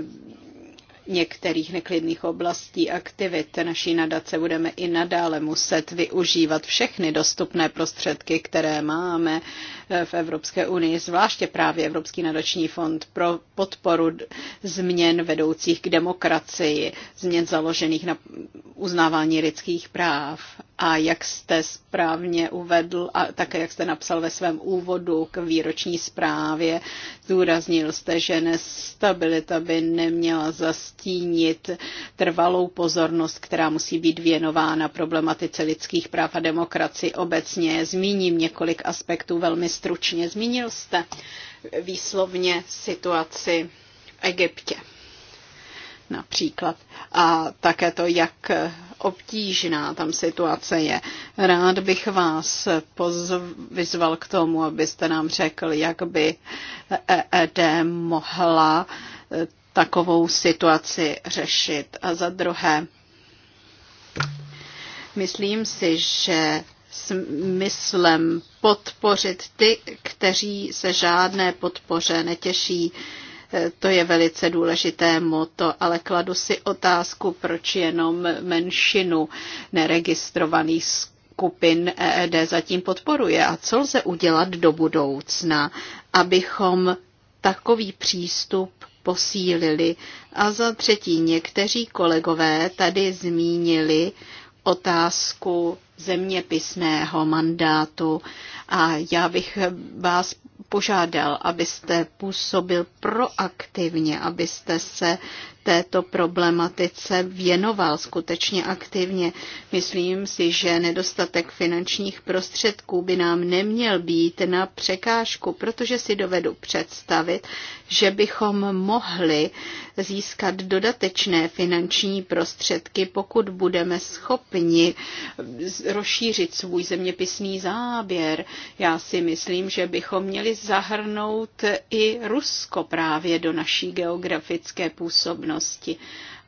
Speaker 1: některých neklidných oblastí aktivit naší nadace budeme i nadále muset využívat všechny dostupné prostředky, které máme Eh, v Evropské unii, zvláště právě Evropský nadační fond pro podporu změn vedoucích k demokracii, změn založených na uznávání lidských práv. A jak jste správně uvedl a také jak jste napsal ve svém úvodu k výroční zprávě, zúraznil jste, že nestabilita by neměla zastínit trvalou pozornost, která musí být věnována problematice lidských práv a demokracii obecně. Zmíním několik aspektů velmi stručně. Zmínil jste výslovně situaci v Egyptě například. A také to, jak obtížná tam situace je. Rád bych vás vyzval k tomu, abyste nám řekl, jak by EED mohla eh, takovou situaci řešit. A za druhé, myslím si, že smyslem podpořit ty, kteří se žádné podpoře netěší. Eh, to je velice důležité moto, ale kladu si otázku, proč jenom menšinu neregistrovaných skupin EED zatím podporuje a co lze udělat do budoucna, abychom takový přístup posílili. A za třetí, někteří kolegové tady zmínili otázku zeměpisného mandátu a já bych vás požádal, abyste působil proaktivně, abyste se této problematice věnoval skutečně aktivně. Myslím si, že nedostatek finančních prostředků by nám neměl být na překážku, protože si dovedu představit, že bychom mohli získat dodatečné finanční prostředky, pokud budeme schopni rozšířit svůj zeměpisný záběr. Já si myslím, že bychom měli zahrnout i Rusko právě do naší geografické působnosti.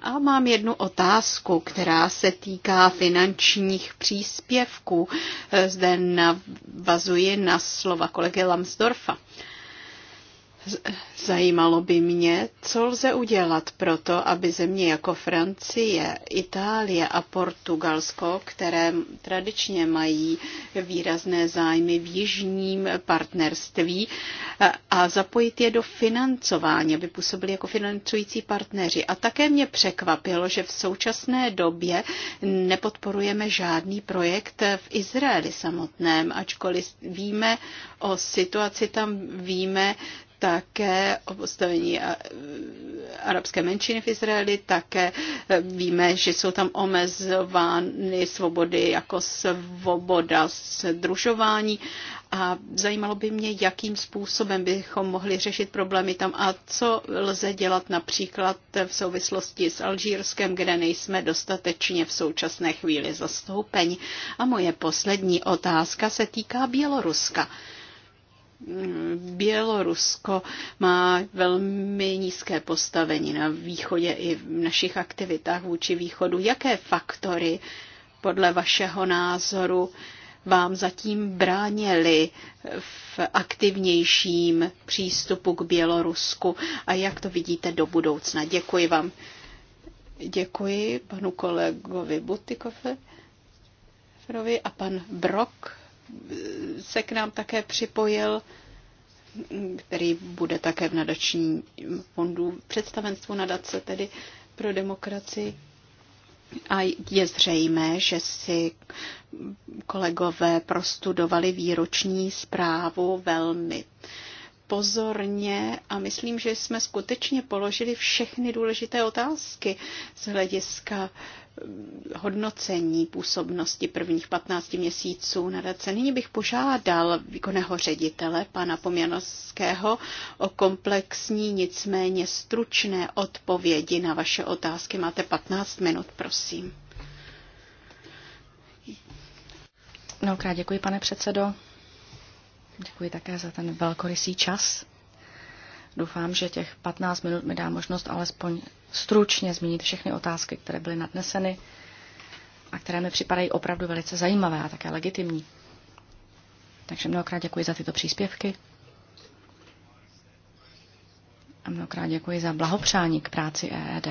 Speaker 1: A mám jednu otázku, která se týká finančních příspěvků. Zde navazuji na slova kolegy Lamsdorfa. Zajímalo by mě, co lze udělat pro to, aby země jako Francie, Itálie a Portugalsko, které tradičně mají výrazné zájmy v jižním partnerství, a zapojit je do financování, aby působili jako financující partneři. A také mě překvapilo, že v současné době nepodporujeme žádný projekt v Izraeli samotném, ačkoliv víme o situaci tam, víme, také o postavení eh, arabské menšiny v Izraeli, také eh, víme, že jsou tam omezovány svobody jako svoboda združování a zajímalo by mě, jakým způsobem bychom mohli řešit problémy tam a co lze dělat například v souvislosti s Alžírskem, kde nejsme dostatečně v současné chvíli zastoupeni. A moje poslední otázka se týká Běloruska. Bělorusko má velmi nízké postavení na východě i v našich aktivitách vůči východu. Jaké faktory podle vašeho názoru vám zatím bránili v aktivnějším přístupu k Bělorusku a jak to vidíte do budoucna? Děkuji vám. Děkuji panu kolegovi Butikoferovi a pan Brok se k nám také připojil, který bude také v nadačním fondu představenstvu nadace, tedy pro demokracii. A je zřejmé, že si kolegové prostudovali výroční zprávu velmi uh, pozorně a myslím, že jsme skutečně položili všechny důležité otázky z hlediska eh, hodnocení působnosti prvních 15 měsíců nadace. Nyní bych požádal výkonného ředitele, pana Pomjanovského, o komplexní, nicméně stručné odpovědi na vaše otázky. Máte
Speaker 2: 15 minut, prosím. Mnohokrát děkuji, pane předsedo. Děkuji také za ten velkorysý čas. Doufám, že těch 15 minut mi dá možnost alespoň stručně zmínit všechny otázky, které byly nadneseny a které mi připadají opravdu velice zajímavé a také legitimní. Takže mnohokrát děkuji za tyto příspěvky a mnohokrát děkuji za blahopřání k práci EED.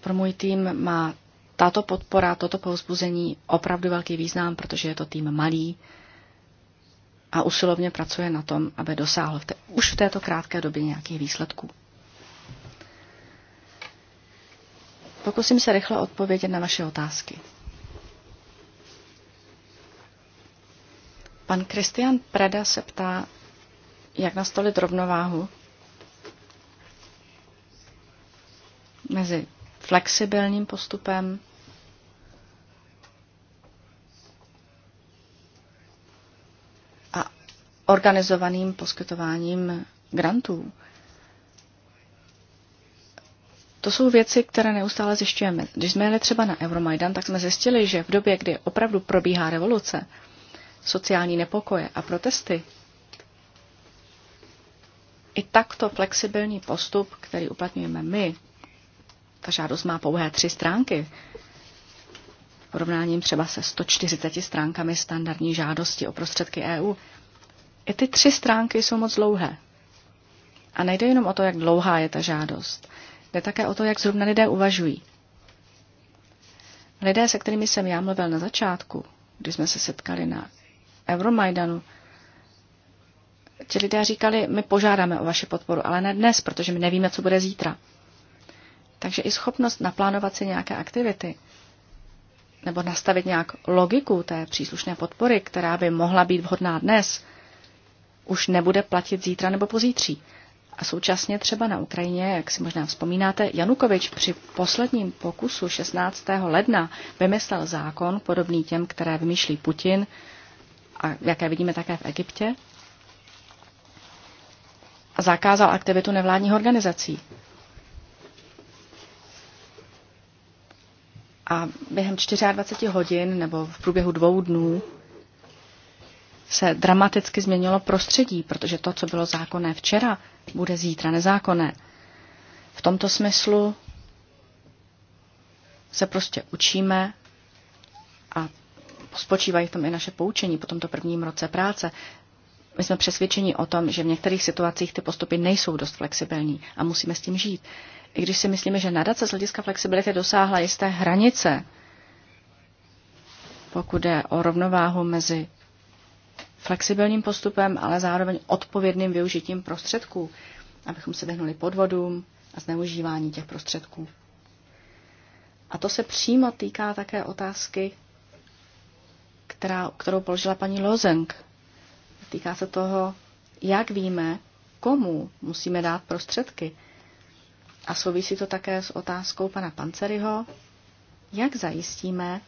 Speaker 2: Pro můj tým má tato podpora, toto povzbuzení opravdu velký význam, protože je to tým malý a usilovně pracuje na tom, aby dosáhl v té, už v této krátké době nějakých výsledků. Pokusím se rychle odpovědět na vaše otázky. Pan Kristian Preda se ptá, jak nastolit rovnováhu mezi flexibilním postupem. a organizovaným poskytováním grantů. To jsou věci, které neustále zjišťujeme. Když jsme jeli třeba na Euromaidan, tak jsme zjistili, že v době, kdy opravdu probíhá revoluce, sociální nepokoje a protesty, i takto flexibilní postup, který uplatňujeme my, ta žádost má pouhé tři stránky. V porovnáním třeba se 140 stránkami standardní žádosti o prostředky EU. I ty tři stránky jsou moc dlouhé. A nejde jenom o to, jak dlouhá je ta žádost. Jde také o to, jak zrovna lidé uvažují. Lidé, se kterými jsem já mluvil na začátku, když jsme se setkali na Euromajdanu, ti lidé říkali, my požádáme o vaši podporu, ale ne dnes, protože my nevíme, co bude zítra. Takže i schopnost naplánovat si nějaké aktivity nebo nastavit nějak logiku té příslušné podpory, která by mohla být vhodná dnes, už nebude platit zítra nebo pozítří. A současně třeba na Ukrajině, jak si možná vzpomínáte, Janukovič při posledním pokusu 16. ledna vymyslel zákon podobný těm, které vymýšlí Putin a jaké vidíme také v Egyptě. A zakázal aktivitu nevládních organizací. a během 24 hodin nebo v průběhu dvou dnů se dramaticky změnilo prostředí, protože to, co bylo zákonné včera, bude zítra nezákonné. V tomto smyslu se prostě učíme a spočívají v tom i naše poučení po tomto prvním roce práce. My jsme přesvědčeni o tom, že v některých situacích ty postupy nejsou dost flexibilní a musíme s tím žít i když si myslíme, že nadace z hlediska flexibility dosáhla jisté hranice, pokud jde o rovnováhu mezi flexibilním postupem, ale zároveň odpovědným využitím prostředků, abychom se vyhnuli podvodům a zneužívání těch prostředků. A to se přímo týká také otázky, která, kterou položila paní Lozenk. Týká se toho, jak víme, komu musíme dát prostředky a souvisí to také s otázkou pana Panceryho, jak zajistíme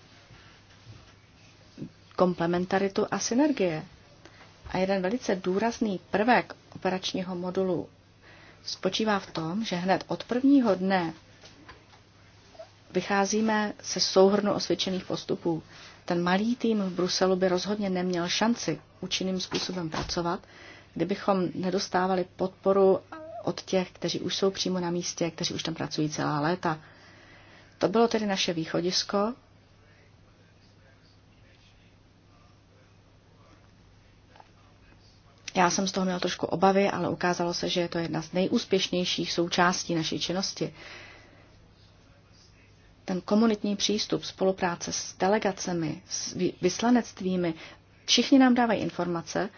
Speaker 2: komplementaritu a synergie. A jeden velice důrazný prvek operačního modulu spočívá v tom, že hned od prvního dne vycházíme se souhrnu osvědčených postupů. Ten malý tým v Bruselu by rozhodně neměl šanci účinným způsobem pracovat, kdybychom nedostávali podporu od těch, kteří už jsou přímo na místě, kteří už tam pracují celá léta. To bylo tedy naše východisko. Já jsem z toho měl trošku obavy, ale ukázalo se, že je to jedna z nejúspěšnějších součástí naší činnosti. Ten komunitní přístup, spolupráce s delegacemi, s vyslanectvími, všichni nám dávají informace,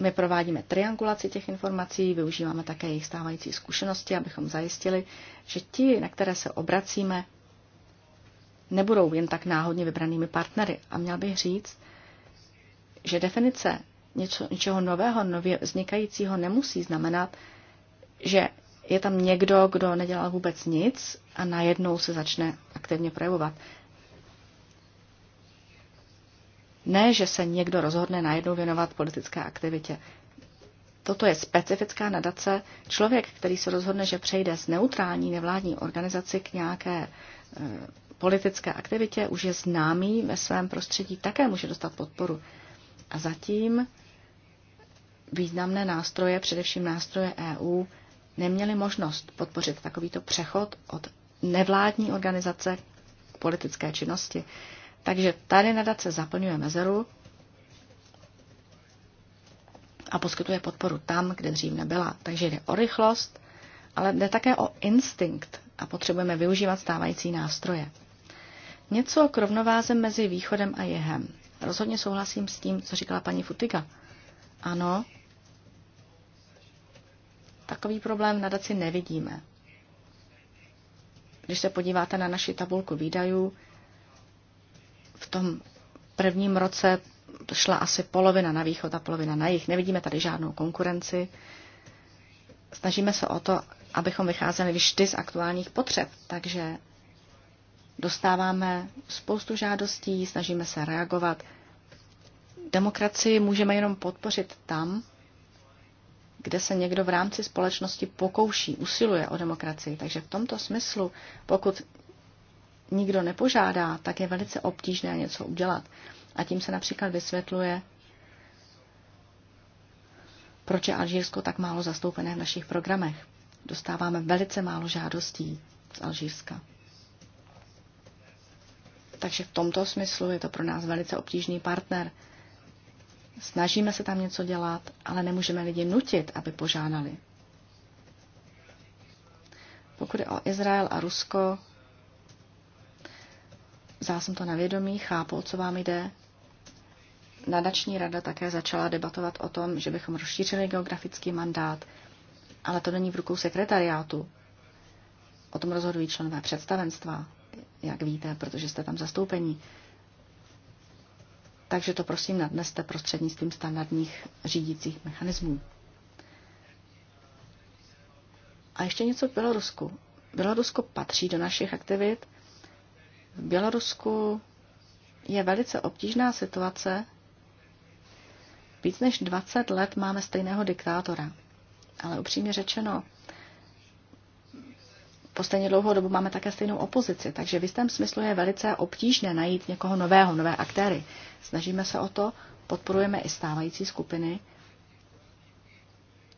Speaker 2: my provádíme triangulaci těch informací, využíváme také jejich stávající zkušenosti, abychom zajistili, že ti, na které se obracíme, nebudou jen tak náhodně vybranými partnery. A měl bych říct, že definice něco, něčeho nového, nově vznikajícího nemusí znamenat, že je tam někdo, kdo nedělal vůbec nic a najednou se začne aktivně projevovat. Ne, že se někdo rozhodne najednou věnovat politické aktivitě. Toto je specifická nadace. Člověk, který se rozhodne, že přejde z neutrální nevládní organizaci k nějaké e, politické aktivitě, už je známý ve svém prostředí, také může dostat podporu. A zatím významné nástroje, především nástroje EU, neměly možnost podpořit takovýto přechod od nevládní organizace k politické činnosti. Takže tady nadace zaplňuje mezeru a poskytuje podporu tam, kde dřív nebyla. Takže jde o rychlost, ale jde také o instinkt a potřebujeme využívat stávající nástroje. Něco k rovnováze mezi východem a jehem. Rozhodně souhlasím s tím, co říkala paní Futiga. Ano, takový problém na nadaci nevidíme. Když se podíváte na naši tabulku výdajů, v tom prvním roce šla asi polovina na východ a polovina na jih. Nevidíme tady žádnou konkurenci. Snažíme se o to, abychom vycházeli vždy z aktuálních potřeb, takže dostáváme spoustu žádostí, snažíme se reagovat. Demokracii můžeme jenom podpořit tam, kde se někdo v rámci společnosti pokouší, usiluje o demokracii. Takže v tomto smyslu, pokud nikdo nepožádá, tak je velice obtížné něco udělat. A tím se například vysvětluje, proč je Alžírsko tak málo zastoupené v našich programech. Dostáváme velice málo žádostí z Alžírska. Takže v tomto smyslu je to pro nás velice obtížný partner. Snažíme se tam něco dělat, ale nemůžeme lidi nutit, aby požádali. Pokud je o Izrael a Rusko, Vzal jsem to na vědomí, chápu, o co vám jde. Nadační rada také začala debatovat o tom, že bychom rozšířili geografický mandát, ale to není v rukou sekretariátu. O tom rozhodují členové představenstva, jak víte, protože jste tam zastoupení. Takže to prosím nadneste prostřednictvím standardních řídících mechanismů. A ještě něco k Bělorusku. Bělorusko patří do našich aktivit, v Bělorusku je velice obtížná situace. Víc než 20 let máme stejného diktátora. Ale upřímně řečeno, po stejně dlouhou dobu máme také stejnou opozici, takže v jistém smyslu je velice obtížné najít někoho nového, nové aktéry. Snažíme se o to, podporujeme i stávající skupiny,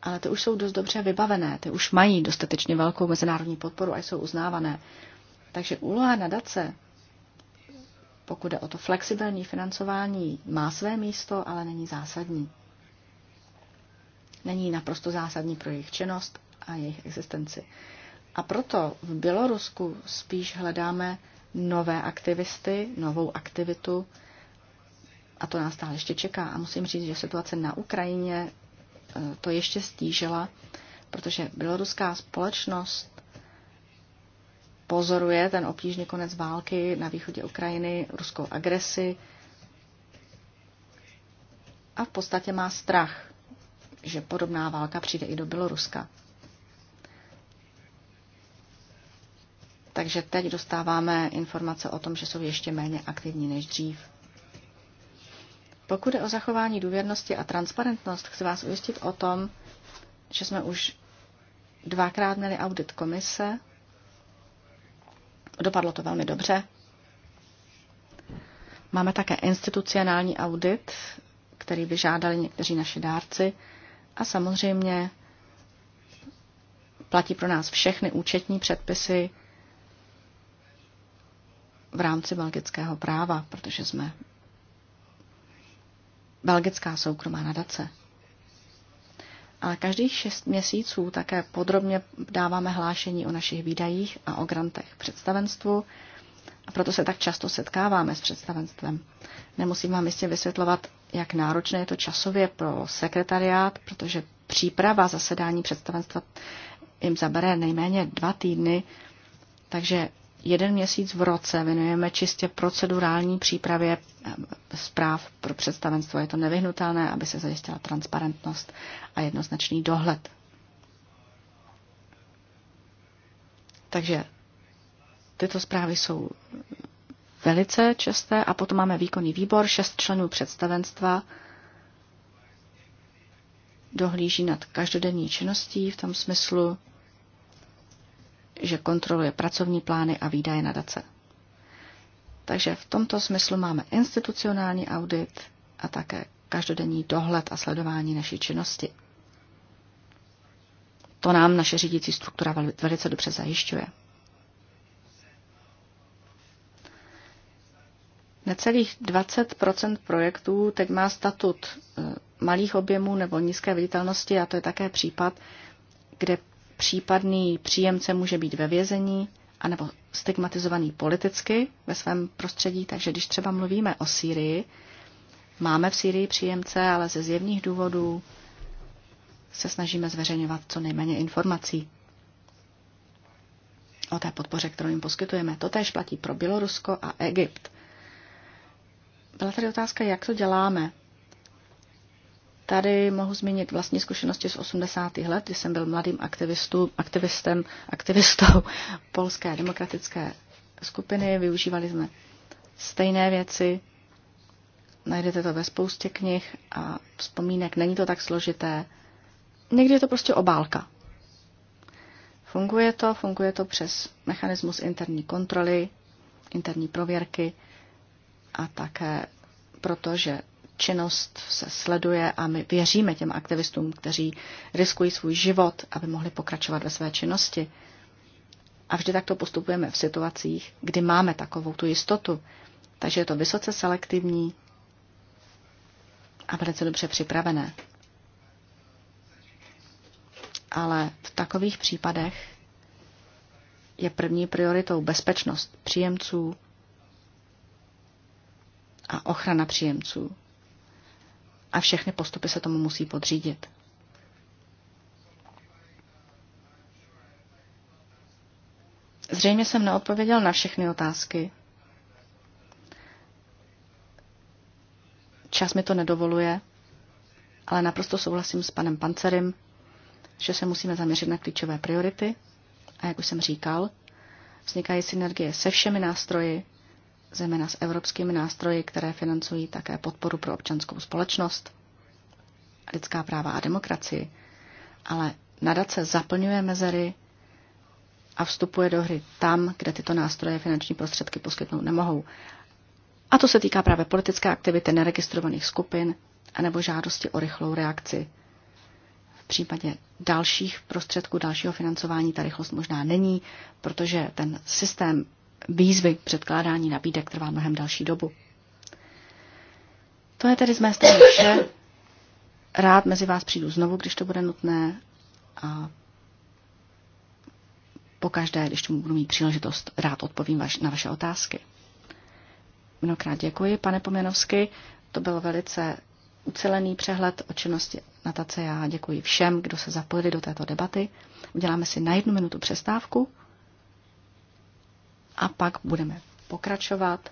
Speaker 2: ale ty už jsou dost dobře vybavené, ty už mají dostatečně velkou mezinárodní podporu a jsou uznávané. Takže úloha nadace pokud je o to flexibilní financování, má své místo, ale není zásadní. Není naprosto zásadní pro jejich činnost a jejich existenci. A proto v Bělorusku spíš hledáme nové aktivisty, novou aktivitu, a to nás stále ještě čeká. A musím říct, že situace na Ukrajině eh, to ještě stížila, protože běloruská společnost pozoruje ten obtížný konec války na východě Ukrajiny, ruskou agresi a v podstatě má strach, že podobná válka přijde i do Běloruska. Takže teď dostáváme informace o tom, že jsou ještě méně aktivní než dřív. Pokud je o zachování důvěrnosti a transparentnost, chci vás ujistit o tom, že jsme už dvakrát měli audit komise Dopadlo to velmi dobře. Máme také institucionální audit, který vyžádali někteří naši dárci. A samozřejmě platí pro nás všechny účetní předpisy v rámci belgického práva, protože jsme belgická soukromá nadace ale každých šest měsíců také podrobně dáváme hlášení o našich výdajích a o grantech představenstvu a proto se tak často setkáváme s představenstvem. Nemusím vám jistě vysvětlovat, jak náročné je to časově pro sekretariát, protože příprava zasedání představenstva jim zabere nejméně dva týdny, takže jeden měsíc v roce věnujeme čistě procedurální přípravě eh, zpráv pro představenstvo. Je to nevyhnutelné, aby se zajistila transparentnost a jednoznačný dohled. Takže tyto zprávy jsou velice časté a potom máme výkonný výbor, šest členů představenstva dohlíží nad každodenní činností v tom smyslu, že kontroluje pracovní plány a výdaje na dace. Takže v tomto smyslu máme institucionální audit a také každodenní dohled a sledování naší činnosti. To nám naše řídící struktura velice dobře zajišťuje. Necelých 20 projektů teď má statut eh, malých objemů nebo nízké viditelnosti a to je také případ, kde případný příjemce může být ve vězení anebo stigmatizovaný politicky ve svém prostředí, takže když třeba mluvíme o Sýrii, máme v Sýrii příjemce, ale ze zjevných důvodů se snažíme zveřejňovat co nejméně informací o té podpoře, kterou jim poskytujeme. To též platí pro Bělorusko a Egypt. Byla tady otázka, jak to děláme. Tady mohu zmínit vlastní zkušenosti z 80. let, kdy jsem byl mladým aktivistů, aktivistem, aktivistou polské demokratické skupiny. Využívali jsme stejné věci. Najdete to ve spoustě knih a vzpomínek. Není to tak složité. Někdy je to prostě obálka. Funguje to, funguje to přes mechanismus interní kontroly, interní prověrky a také proto, že činnost se sleduje a my věříme těm aktivistům, kteří riskují svůj život, aby mohli pokračovat ve své činnosti. A vždy takto postupujeme v situacích, kdy máme takovou tu jistotu. Takže je to vysoce selektivní a velice dobře připravené. Ale v takových případech je první prioritou bezpečnost příjemců a ochrana příjemců a všechny postupy se tomu musí podřídit. Zřejmě jsem neodpověděl na všechny otázky. Čas mi to nedovoluje, ale naprosto souhlasím s panem Pancerem, že se musíme zaměřit na klíčové priority. A jak už jsem říkal, vznikají synergie se všemi nástroji, zejména s evropskými nástroji, které financují také podporu pro občanskou společnost, lidská práva a demokracii. Ale nadace zaplňuje mezery a vstupuje do hry tam, kde tyto nástroje finanční prostředky poskytnout nemohou. A to se týká právě politické aktivity neregistrovaných skupin anebo žádosti o rychlou reakci. V případě dalších prostředků, dalšího financování ta rychlost možná není, protože ten systém výzvy k předkládání nabídek trvá mnohem další dobu. To je tedy z mé strany vše. Rád mezi vás přijdu znovu, když to bude nutné a pokaždé, když tomu budu mít příležitost, rád odpovím vaš, na vaše otázky. Mnohokrát děkuji, pane Poměnovsky. To byl velice ucelený přehled o činnosti natace. Já děkuji všem, kdo se zapojili do této debaty. Uděláme si na jednu minutu přestávku. A pak budeme pokračovat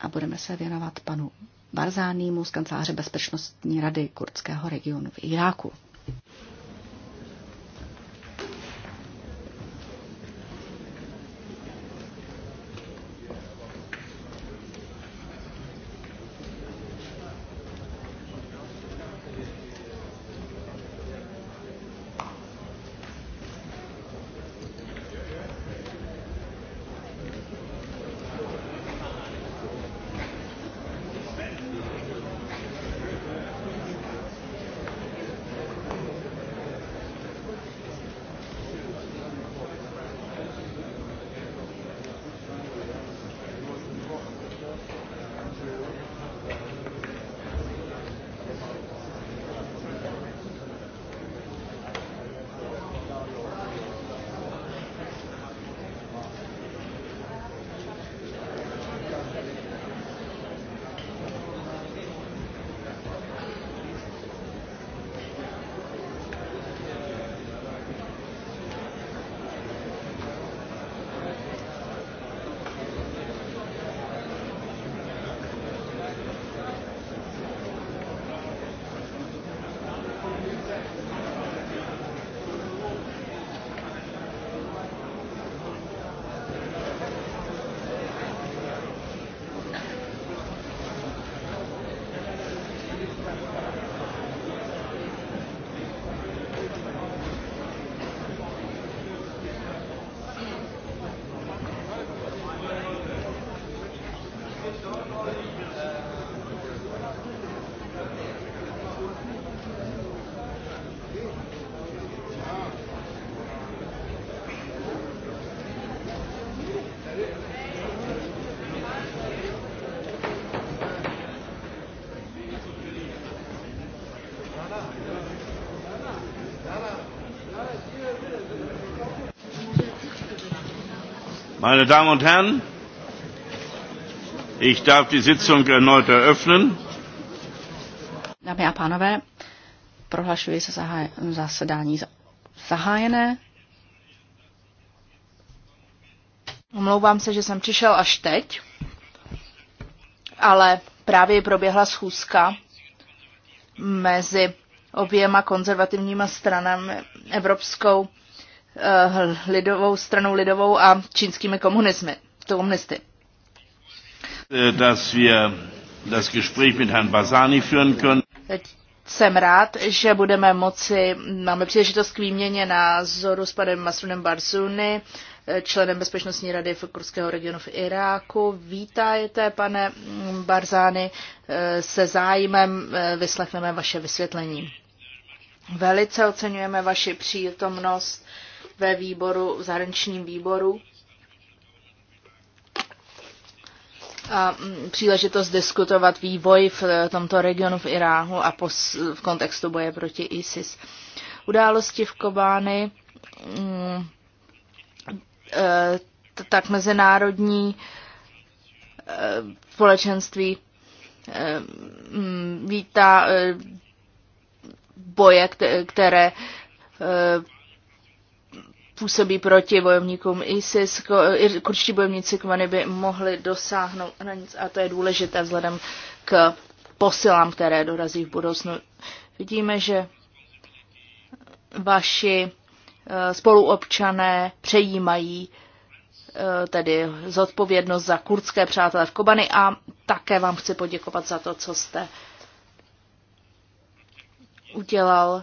Speaker 2: a budeme se věnovat panu Barzánímu z kanceláře Bezpečnostní rady kurdského regionu v Iráku. Meine Damen und Herren, ich darf die
Speaker 3: Sitzung erneut eröffnen.
Speaker 2: Dámy a pánové, prohlašuji se zasedání zahájené.
Speaker 3: Omlouvám se, že jsem přišel až teď, ale právě proběhla schůzka mezi oběma konzervativníma stranami Evropskou uh, lidovou stranou lidovou a čínskými komunismy, komunisty.
Speaker 2: Dass
Speaker 1: wir das Gespräch mit Herrn Basani führen können.
Speaker 3: Jsem rád, že budeme moci, máme příležitost k výměně názoru s panem Masrunem Barzuny, eh, členem Bezpečnostní rady Kurského regionu v Iráku. Vítajte, pane Barzány, eh, se zájmem vyslechneme vaše vysvětlení. Velice oceňujeme vaši přítomnost ve výboru, v zahraničním výboru. A mm, příležitost diskutovat vývoj v eh, tomto regionu v Iráhu a pos, v kontextu boje proti ISIS. Události v Kobány, mm, eh, tak mezinárodní eh, společenství mm, vítá boje, které působí proti bojovníkům ISIS, kurčtí bojovníci Kmany by mohli dosáhnout hranic a to je důležité vzhledem k posilám, které dorazí v budoucnu. Vidíme, že vaši eh, spoluobčané přejímají eh, tedy zodpovědnost za kurdské přátelé v Kobany a také vám chci poděkovat za to, co jste udělal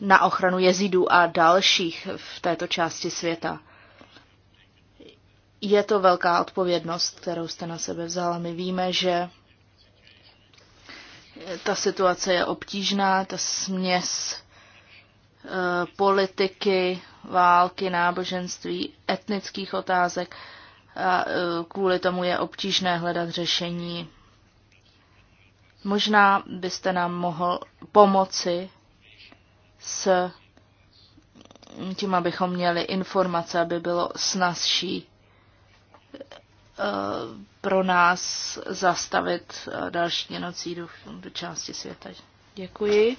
Speaker 3: na ochranu jezidů a dalších v této části světa. Je to velká odpovědnost, kterou jste na sebe vzala. My víme, že ta situace je obtížná, ta směs e, politiky, války, náboženství, etnických otázek a e, kvůli tomu je obtížné hledat řešení. Možná byste nám mohl pomoci s tím, abychom měli informace, aby bylo snazší eh, pro nás zastavit eh, další genocidu do části světa. Děkuji.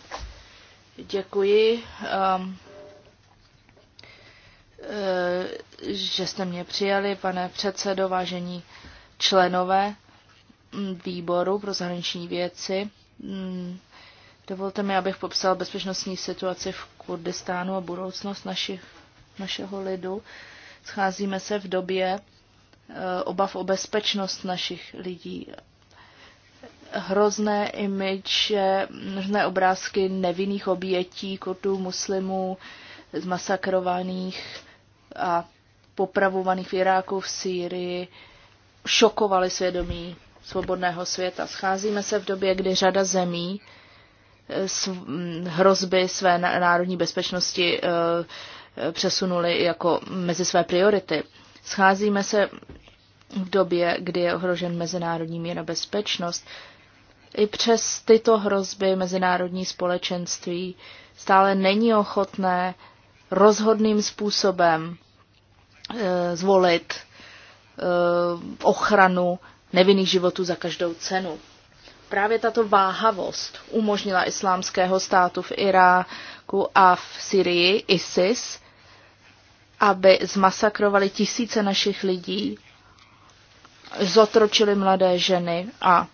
Speaker 3: Děkuji, um, že jste mě přijali, pane předsedo, vážení členové mm, výboru pro zahraniční věci. Mm, Dovolte mi, abych popsal bezpečnostní situaci v Kurdistánu a budoucnost našich, našeho lidu. Scházíme se v době eh, obav o bezpečnost našich lidí. Hrozné image, hrozné obrázky nevinných obětí, kurdů, muslimů, zmasakrovaných a popravovaných v Iráku, v Sýrii, šokovaly svědomí svobodného světa. Scházíme se v době, kdy řada zemí hrozby své národní bezpečnosti eh, eh, přesunuli jako mezi své priority. Scházíme se v době, kdy je ohrožen mezinárodní mír a bezpečnost. I přes tyto hrozby mezinárodní společenství stále není ochotné rozhodným způsobem eh, zvolit ochranu nevinných životů za každou cenu. Právě tato váhavost umožnila islámského státu v Iráku a v Syrii ISIS, aby zmasakrovali tisíce našich lidí, zotročili mladé ženy a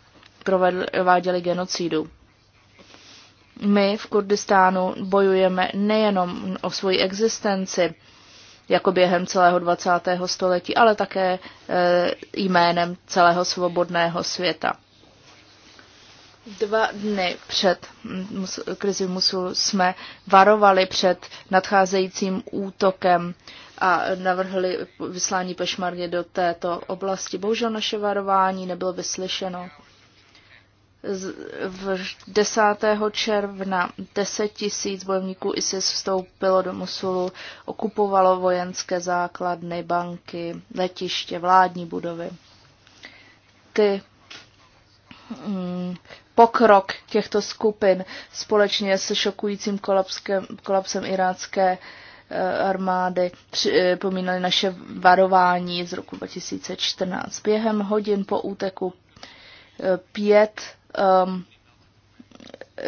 Speaker 3: prováděli genocidu. My v Kurdistánu bojujeme nejenom o svoji existenci, jako během celého 20. století, ale také eh, jménem celého svobodného světa. Dva dny před krizi musu jsme varovali před nadcházejícím útokem a navrhli vyslání pešmarně do této oblasti. Bohužel naše varování nebylo vyslyšeno. V 10. června 10 tisíc bojovníků ISIS vstoupilo do Musulu, okupovalo vojenské základny, banky, letiště, vládní budovy. Ty mm, pokrok těchto skupin společně se šokujícím kolapskem, kolapsem irácké eh, armády eh, pomínali naše varování z roku 2014. Během hodin po úteku eh, pět um,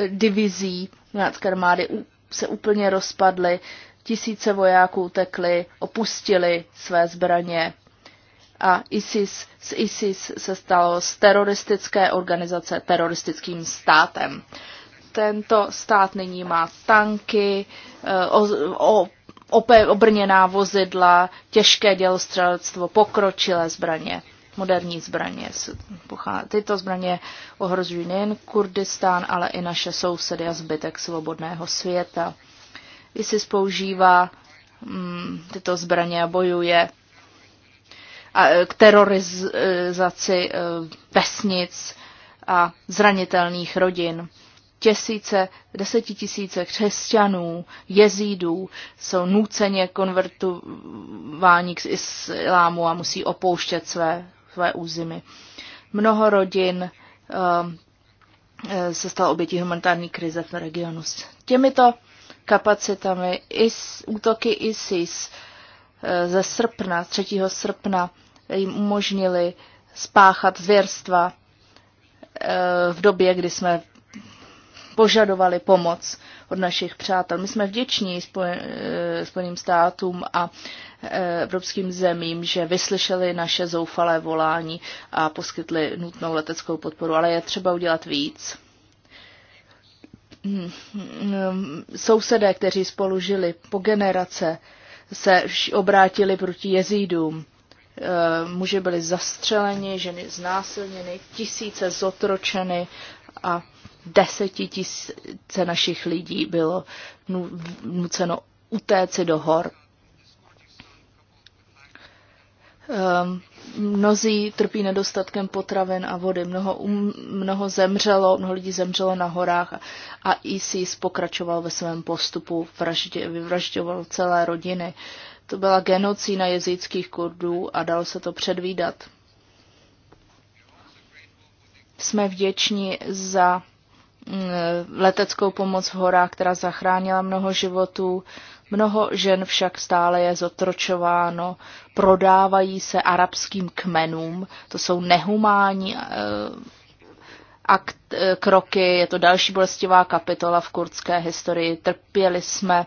Speaker 3: divizí irácké armády se úplně rozpadly, tisíce vojáků utekly, opustili své zbraně a ISIS, z ISIS se stalo z teroristické organizace teroristickým státem. Tento stát nyní má tanky, eh, o, o, opé, obrněná vozidla, těžké dělostřelectvo, pokročilé zbraně, moderní zbraně. Tyto zbraně ohrožují nejen Kurdistán, ale i naše sousedy a zbytek svobodného světa. ISIS používá mm, tyto zbraně a bojuje Eh, k terorizaci eh, vesnic a zranitelných rodin. Tisíce, desetitisíce křesťanů, jezídů jsou nuceně konvertováni k islámu a musí opouštět své, své úzimy. Mnoho rodin eh, se stalo obětí humanitární krize v regionu. S těmito kapacitami is, útoky ISIS ze srpna, 3. srpna jim umožnili spáchat zvěrstva eh, v době, kdy jsme požadovali pomoc od našich přátel. My jsme vděční eh, Spojeným státům a eh, evropským zemím, že vyslyšeli naše zoufalé volání a poskytli nutnou leteckou podporu, ale je třeba udělat víc. Mm, mm, sousedé, kteří spolu žili po generace, se obrátili proti jezídům Eh, muži byli zastřeleni, ženy znásilněny, tisíce zotročeny a desetitisíce našich lidí bylo nuceno utéci do hor. Ehm, mnozí trpí nedostatkem potravin a vody. Mnoho, um, mnoho zemřelo, mnoho lidí zemřelo na horách a, a ISIS pokračoval ve svém postupu, vyvražďoval celé rodiny. Uh, to byla genocína jezíckých Kurdů a dalo se to předvídat. Jsme vděční za mm, leteckou pomoc v horách, která zachránila mnoho životů. Mnoho žen však stále je zotročováno, prodávají se arabským kmenům, to jsou nehumánní eh, akt, eh, kroky, je to další bolestivá kapitola v kurdské historii. Trpěli jsme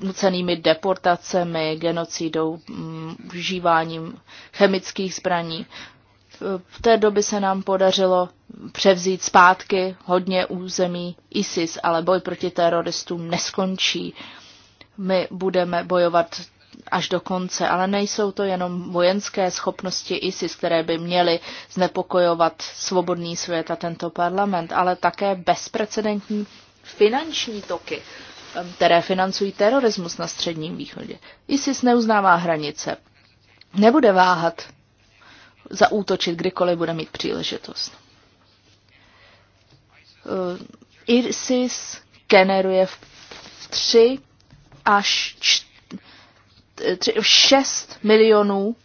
Speaker 3: nucenými deportacemi, genocidou, mm, užíváním chemických zbraní. V té době se nám podařilo převzít zpátky hodně území ISIS, ale boj proti teroristům neskončí. My budeme bojovat až do konce, ale nejsou to jenom vojenské schopnosti ISIS, které by měly znepokojovat svobodný svět a tento parlament, ale také bezprecedentní finanční toky které financují terorismus na Středním východě. ISIS neuznává hranice. Nebude váhat zaútočit, kdykoliv bude mít příležitost. Eh, ISIS generuje v 3 až eh, tři, 6 milionů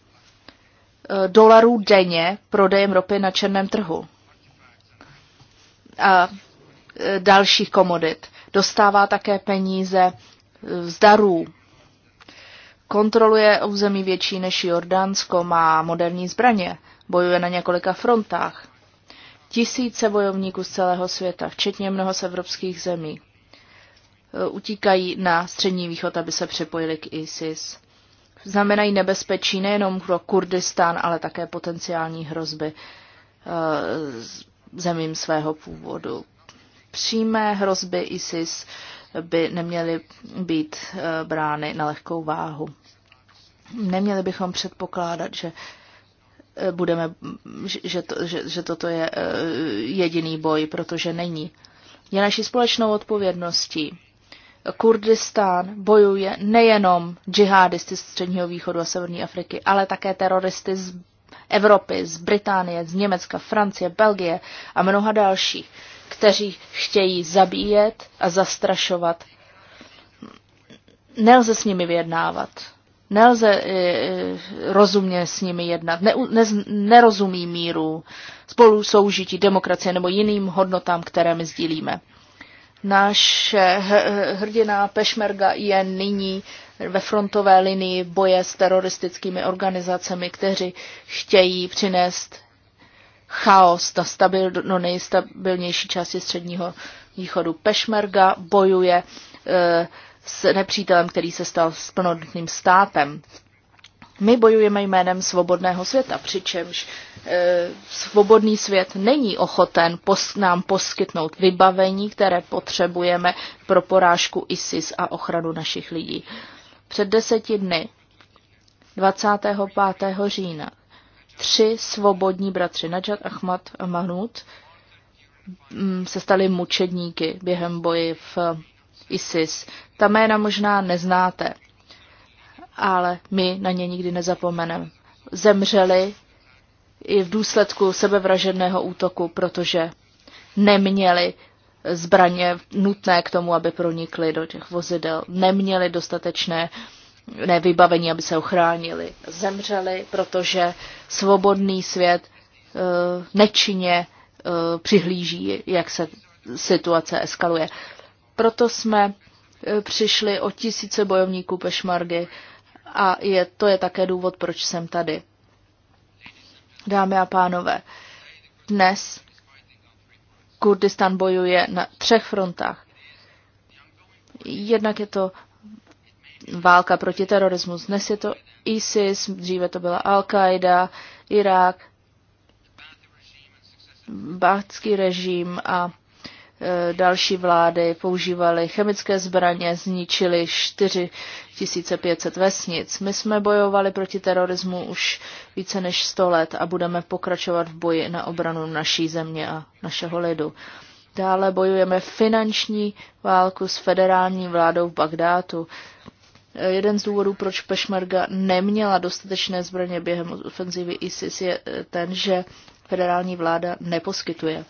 Speaker 3: eh, dolarů denně prodejem ropy na černém trhu a dalších komodit dostává také peníze z darů. Kontroluje území větší než Jordánsko, má moderní zbraně, bojuje na několika frontách. Tisíce bojovníků z celého světa, včetně mnoho z evropských zemí, eh, utíkají na střední východ, aby se připojili k ISIS. Znamenají nebezpečí nejenom pro Kurdistán, ale také potenciální hrozby eh, zemím svého původu přímé hrozby ISIS by neměly být eh, brány na lehkou váhu. Neměli bychom předpokládat, že eh, budeme, že, to, že, že toto je eh, jediný boj, protože není. Je naší společnou odpovědností. Kurdistán bojuje nejenom džihadisty z Středního východu a Severní Afriky, ale také teroristy z Evropy, z Británie, z Německa, Francie, Belgie a mnoha dalších kteří chtějí zabíjet a zastrašovat. Nelze s nimi vyjednávat. Nelze e, e, rozumně s nimi jednat. Ne, ne, nerozumí míru, spolu soužití, demokracie nebo jiným hodnotám, které my sdílíme. Náš hrdina Pešmerga je nyní ve frontové linii boje s teroristickými organizacemi, kteří chtějí přinést chaos, ta stabil, no nejstabilnější části středního východu. Pešmerga bojuje e, s nepřítelem, který se stal plnohodnotným státem. My bojujeme jménem svobodného světa, přičemž e, svobodný svět není ochoten pos, nám poskytnout vybavení, které potřebujeme pro porážku ISIS a ochranu našich lidí. Před deseti dny, 25. října, tři svobodní bratři, Najat, Ahmad a Mahmud, mm, se stali mučedníky během boji v eh, ISIS. Ta jména možná neznáte, ale my na ně nikdy nezapomeneme. Zemřeli i v důsledku sebevražedného útoku, protože neměli zbraně nutné k tomu, aby pronikli do těch vozidel, neměli dostatečné uh, nevybavení, aby se ochránili, zemřeli, protože svobodný svět eh, nečině eh, přihlíží, jak se situace eskaluje. Proto jsme eh, přišli o tisíce bojovníků pešmargy a je, to je také důvod, proč jsem tady. Dámy a pánové, dnes Kurdistan bojuje na třech frontách. Jednak je to válka proti terorismu. Dnes je to ISIS, dříve to byla Al-Qaida, Irák, bátský režim a e, další vlády používaly chemické zbraně, zničily 4500 vesnic. My jsme bojovali proti terorismu už více než 100 let a budeme pokračovat v boji na obranu naší země a našeho lidu. Dále bojujeme finanční válku s federální vládou v Bagdátu. Jeden z důvodů, proč Pešmerga neměla dostatečné zbraně během ofenzivy ISIS, je eh, ten, že federální vláda neposkytuje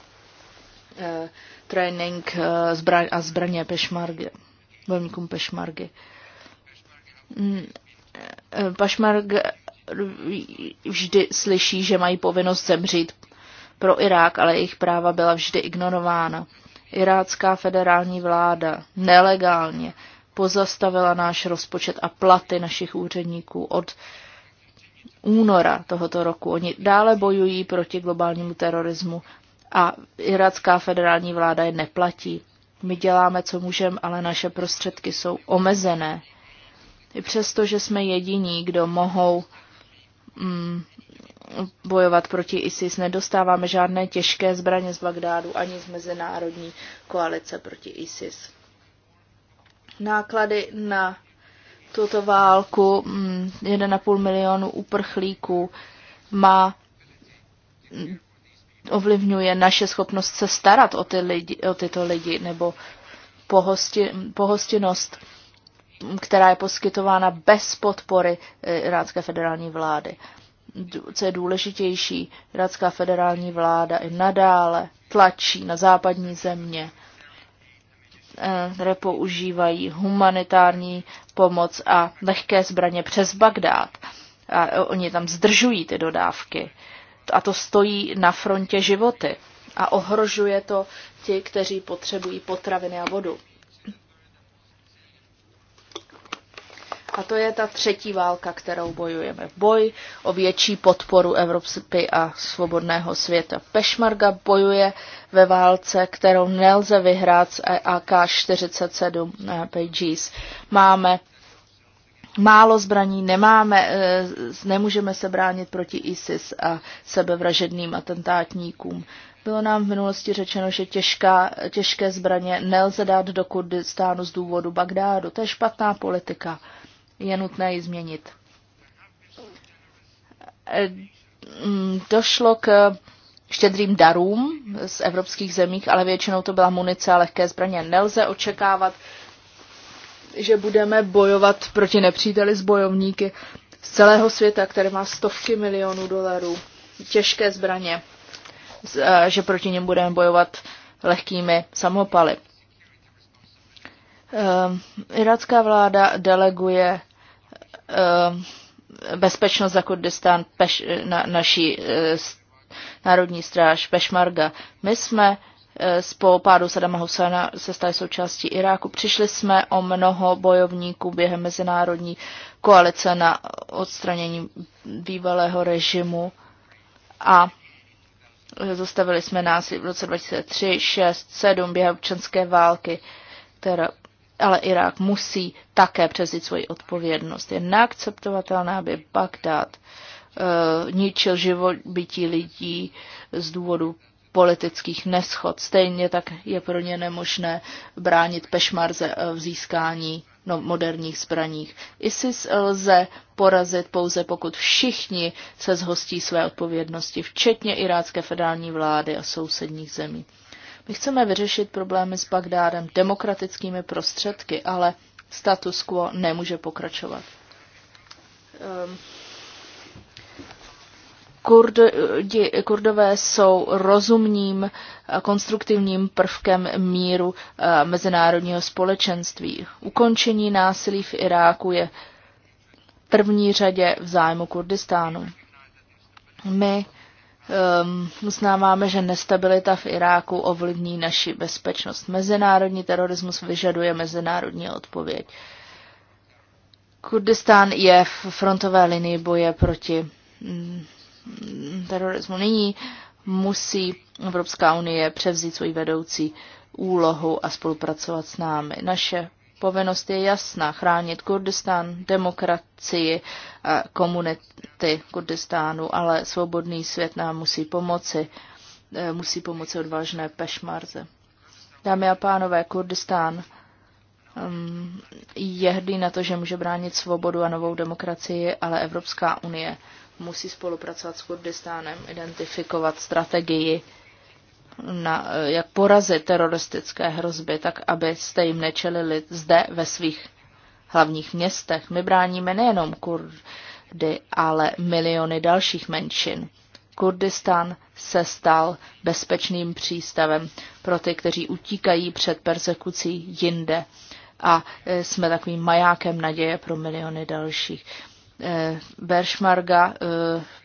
Speaker 3: eh, trénink eh, zbra- a zbraně Pešmargy, bojovníkům Pešmargy. Mm, Pešmarg vždy slyší, že mají povinnost zemřít pro Irák, ale jejich práva byla vždy ignorována. Irácká federální vláda nelegálně pozastavila náš rozpočet a platy našich úředníků od února tohoto roku. Oni dále bojují proti globálnímu terorismu a iracká federální vláda je neplatí. My děláme, co můžeme, ale naše prostředky jsou omezené. I přesto, že jsme jediní, kdo mohou mm, bojovat proti ISIS, nedostáváme žádné těžké zbraně z Bagdádu ani z mezinárodní koalice proti ISIS náklady na tuto válku 1,5 mm, milionu uprchlíků má mm, ovlivňuje naše schopnost se starat o, ty lidi, o tyto lidi nebo pohosti, pohostinnost, která je poskytována bez podpory eh, Irácké federální vlády. Co je důležitější, Irácká federální vláda i nadále tlačí na západní země, Eh, které používají humanitární pomoc a lehké zbraně přes Bagdád. A oni tam zdržují ty dodávky. A to stojí na frontě životy. A ohrožuje to ti, kteří potřebují potraviny a vodu. A to je ta třetí válka, kterou bojujeme. Boj o větší podporu Evropy a svobodného světa. Pešmarga bojuje ve válce, kterou nelze vyhrát z AK-47 PGs. Máme málo zbraní, nemáme, eh, nemůžeme se bránit proti ISIS a sebevražedným atentátníkům. Bylo nám v minulosti řečeno, že těžká, těžké zbraně nelze dát do Kurdistánu z důvodu Bagdádu. To je špatná politika je nutné ji změnit. Došlo k štědrým darům z evropských zemích, ale většinou to byla munice a lehké zbraně. Nelze očekávat, že budeme bojovat proti nepříteli s bojovníky z celého světa, které má stovky milionů dolarů, těžké zbraně, eh, že proti něm budeme bojovat lehkými samopaly. Ehm, irácká vláda deleguje Eh, bezpečnost za Kurdistán, peš, na, naší eh, národní stráž, Pešmarga. My jsme eh, z po pádu Sadama Husajna se stali součástí Iráku. Přišli jsme o mnoho bojovníků během mezinárodní koalice na odstranění bývalého režimu a zastavili jsme nás v roce 2003, 6, 7 během občanské války, která ale Irák musí také přezít svoji odpovědnost. Je neakceptovatelné, aby Bagdad uh, ničil život bytí lidí z důvodu politických neschod. Stejně tak je pro ně nemožné bránit pešmarze eh, v získání no, moderních zbraních. ISIS lze porazit pouze pokud všichni se zhostí své odpovědnosti, včetně irácké federální vlády a sousedních zemí. My chceme vyřešit problémy s Bagdádem demokratickými prostředky, ale status quo nemůže pokračovat. Um. kurdové jsou rozumným a konstruktivním prvkem míru e, mezinárodního společenství. Ukončení násilí v Iráku je v první řadě v zájmu Kurdistánu. My Um, ehm, uznáváme, že nestabilita v Iráku ovlivní naši bezpečnost. Mezinárodní terorismus vyžaduje mezinárodní odpověď. Kurdistán je v frontové linii boje proti mm, terorismu. Nyní musí Evropská unie převzít svoji vedoucí úlohu a spolupracovat s námi. Naše povinnost je jasná chránit Kurdistán, demokracii a komunity Kurdistánu, ale svobodný svět nám musí pomoci, eh, musí pomoci odvážné pešmarze. Dámy a pánové, Kurdistán mm, je hrdý na to, že může bránit svobodu a novou demokracii, ale Evropská unie musí spolupracovat s Kurdistánem, identifikovat strategii, na, jak porazit teroristické hrozby, tak abyste jim nečelili zde ve svých hlavních městech. My bráníme nejenom Kurdy, ale miliony dalších menšin. Kurdistan se stal bezpečným přístavem pro ty, kteří utíkají před persekucí jinde. A e, jsme takovým majákem naděje pro miliony dalších. Beršmarga e,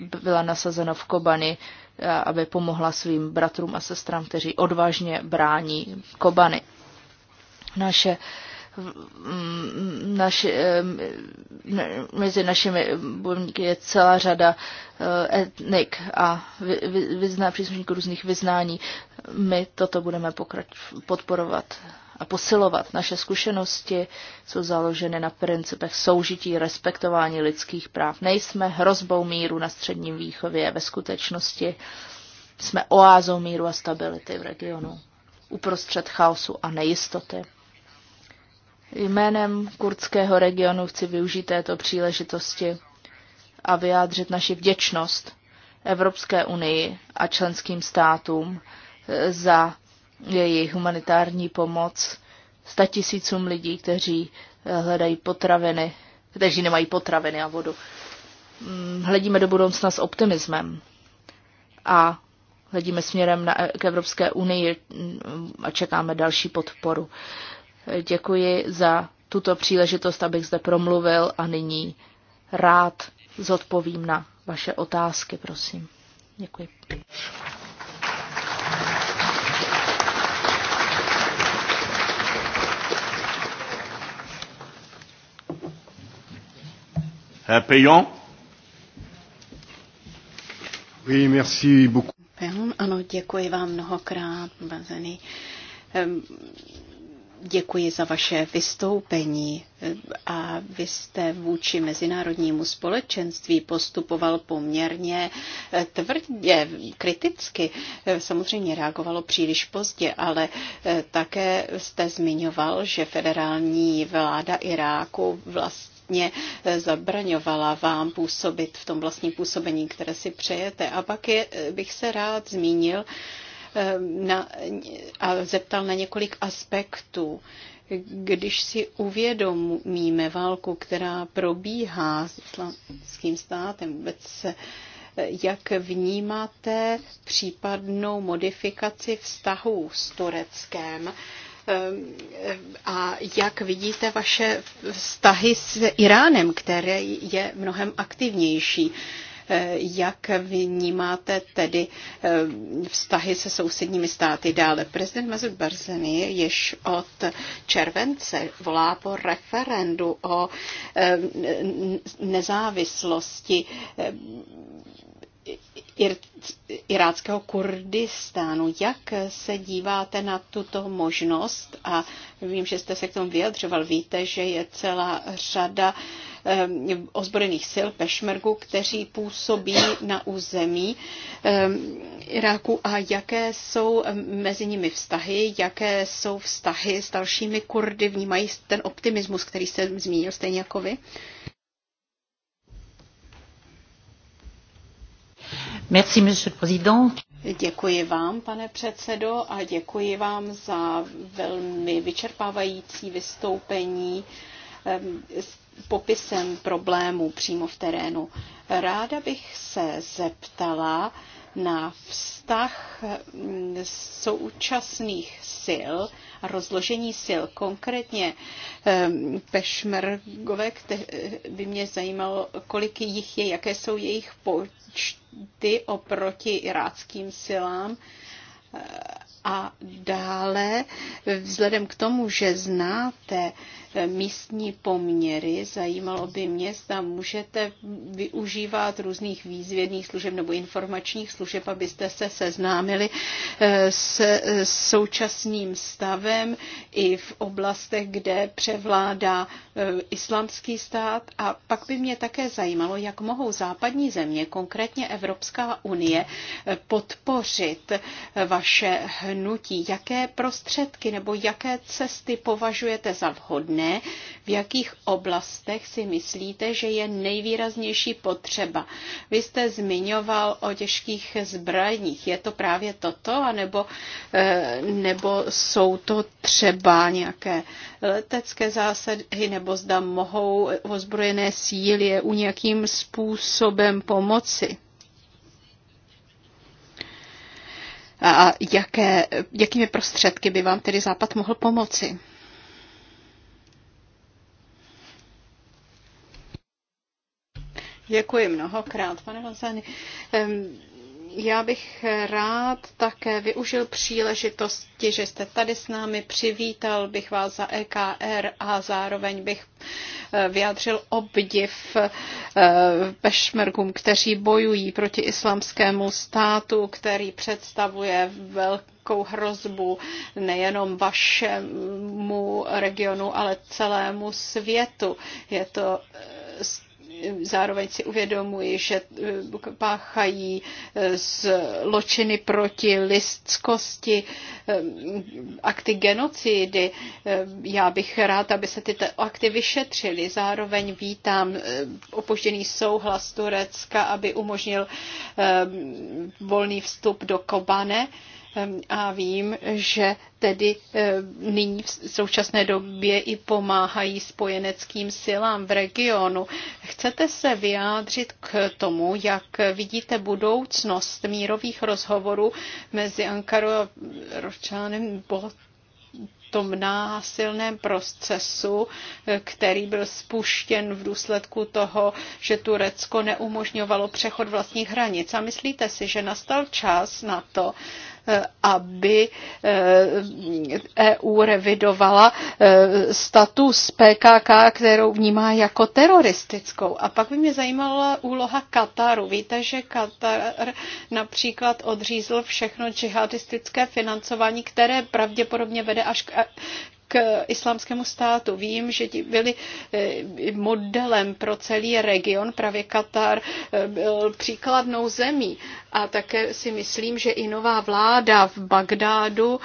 Speaker 3: e, byla nasazena v Kobani aby pomohla svým bratrům a sestrám, kteří odvážně brání Kobany. Naše mm, naši, mm, mezi našimi bojovníky je celá řada eh, etnik a vyzná příslušníků různých vyznání. My toto budeme pokrač, podporovat a posilovat. Naše zkušenosti jsou založeny na principech soužití, respektování lidských práv. Nejsme hrozbou míru na středním výchově, ve skutečnosti jsme oázou míru a stability v regionu, uprostřed chaosu a nejistoty. Jménem kurdského regionu chci využít této příležitosti a vyjádřit naši vděčnost Evropské unii a členským státům za jejich humanitární pomoc statisícům lidí, kteří eh, hledají potraviny, kteří nemají potraviny a vodu. Mm, hledíme do budoucna s optimismem a hledíme směrem na, eh, k Evropské unii mm, a čekáme další podporu. Eh, děkuji za tuto příležitost, abych zde promluvil a nyní rád zodpovím na vaše otázky, prosím. Děkuji.
Speaker 2: Euh, Payon. Oui, merci beaucoup.
Speaker 1: Payon, ano, děkuji vám mnohokrát, vážený. Děkuji za vaše vystoupení a vy jste vůči mezinárodnímu společenství postupoval poměrně eh, tvrdě, kriticky. Eh, samozřejmě reagovalo příliš pozdě, ale eh, také jste zmiňoval, že federální vláda Iráku vlast vlastně eh, zabraňovala vám působit v tom vlastním působení, které si přejete. A pak je, eh, bych se rád zmínil eh, na, a zeptal na několik aspektů když si uvědomíme válku, která probíhá s islamským státem, vůbec se, jak vnímáte případnou modifikaci vztahů s Tureckem Ehm, a jak vidíte vaše vztahy s Iránem, který je mnohem aktivnější. Ehm, jak vnímáte tedy ehm, vztahy se sousedními státy dále? Prezident Mazur Barzani již od července volá po referendu o nezávislosti Ir- iráckého Kurdistánu. Jak se díváte na tuto možnost? A vím, že jste se k tomu vyjadřoval. Víte, že je celá řada um, ozbrojených sil Pešmergu, kteří působí na území um, Iráku a jaké jsou mezi nimi vztahy, jaké jsou vztahy s dalšími Kurdy, vnímají ten optimismus, který jste zmínil stejně jako vy? Uh, Děkuji vám, pane předsedo, a děkuji vám za velmi vyčerpávající vystoupení ehm, s popisem problémů přímo v terénu. Ráda bych se zeptala na vztah mm, současných sil rozložení sil. Konkrétně ehm, pešmergové, by mě zajímalo, kolik jich je, jaké jsou jejich počty oproti iráckým silám a dále, vzhledem k tomu, že znáte eh, místní poměry, zajímalo by mě, zda můžete využívat různých výzvědných služeb nebo informačních služeb, abyste se seznámili eh, s eh, současným stavem i v oblastech, kde převládá islámský stát. A pak by mě také zajímalo, jak mohou západní země, konkrétně Evropská unie, podpořit vaše hnutí Nutí, jaké prostředky nebo jaké cesty považujete za vhodné, v jakých oblastech si myslíte, že je nejvýraznější potřeba. Vy jste zmiňoval o těžkých zbraních. Je to právě toto, anebo, eh, nebo jsou to třeba nějaké letecké zásady nebo zda mohou ozbrojené síly u nějakým způsobem pomoci? A jaké, jakými prostředky by vám tedy Západ mohl pomoci? Děkuji mnohokrát, pane Lazany. Já bych rád také využil příležitosti, že jste tady s námi, přivítal bych vás za EKR a zároveň bych eh, vyjádřil obdiv eh, pešmerkům, kteří bojují proti islamskému státu, který představuje velkou hrozbu nejenom vašemu regionu, ale celému světu. Je to eh, zároveň si uvědomuji, že eh, páchají eh, zločiny proti listskosti, eh, akty genocidy. Já bych rád, aby se tyto akty vyšetřily. Zároveň vítám opožděný souhlas Turecka, aby umožnil volný vstup do Kobane. A vím, že tedy eh, nyní v současné době i pomáhají spojeneckým silám v regionu. Chcete se vyjádřit k tomu, jak vidíte budoucnost mírových rozhovorů mezi Ankarou a Ročánem po tom násilném procesu, eh, který byl spuštěn v důsledku toho, že Turecko neumožňovalo přechod vlastních hranic. A myslíte si, že nastal čas na to, Eh, aby EU eh, e revidovala eh, status PKK, kterou vnímá jako teroristickou. A pak by mě zajímala úloha Kataru. Víte, že Katar například odřízl všechno džihadistické financování, které pravděpodobně vede až islámskému státu. Vím, že ti byli eh, modelem pro celý region, právě Katar eh, byl příkladnou zemí. A také si myslím, že i nová vláda v Bagdádu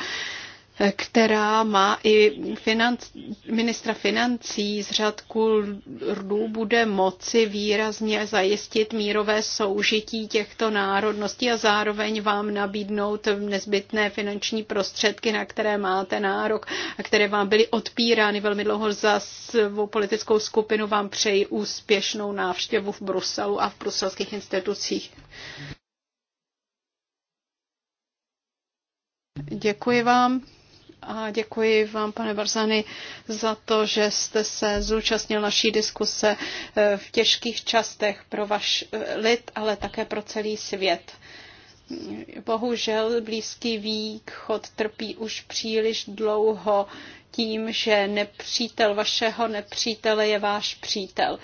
Speaker 1: která má i financ, ministra financí z řad Kurdů, bude moci výrazně zajistit mírové soužití těchto národností a zároveň vám nabídnout nezbytné finanční prostředky, na které máte nárok a které vám byly odpírány velmi dlouho za svou politickou skupinu. Vám přeji úspěšnou návštěvu v Bruselu a v bruselských institucích. Děkuji vám a děkuji vám, pane Barzany, za to, že jste se zúčastnil naší diskuse eh, v těžkých častech pro vaš eh, lid, ale také pro celý svět. Bohužel Blízký východ trpí už příliš dlouho tím, že nepřítel vašeho nepřítele je váš přítel.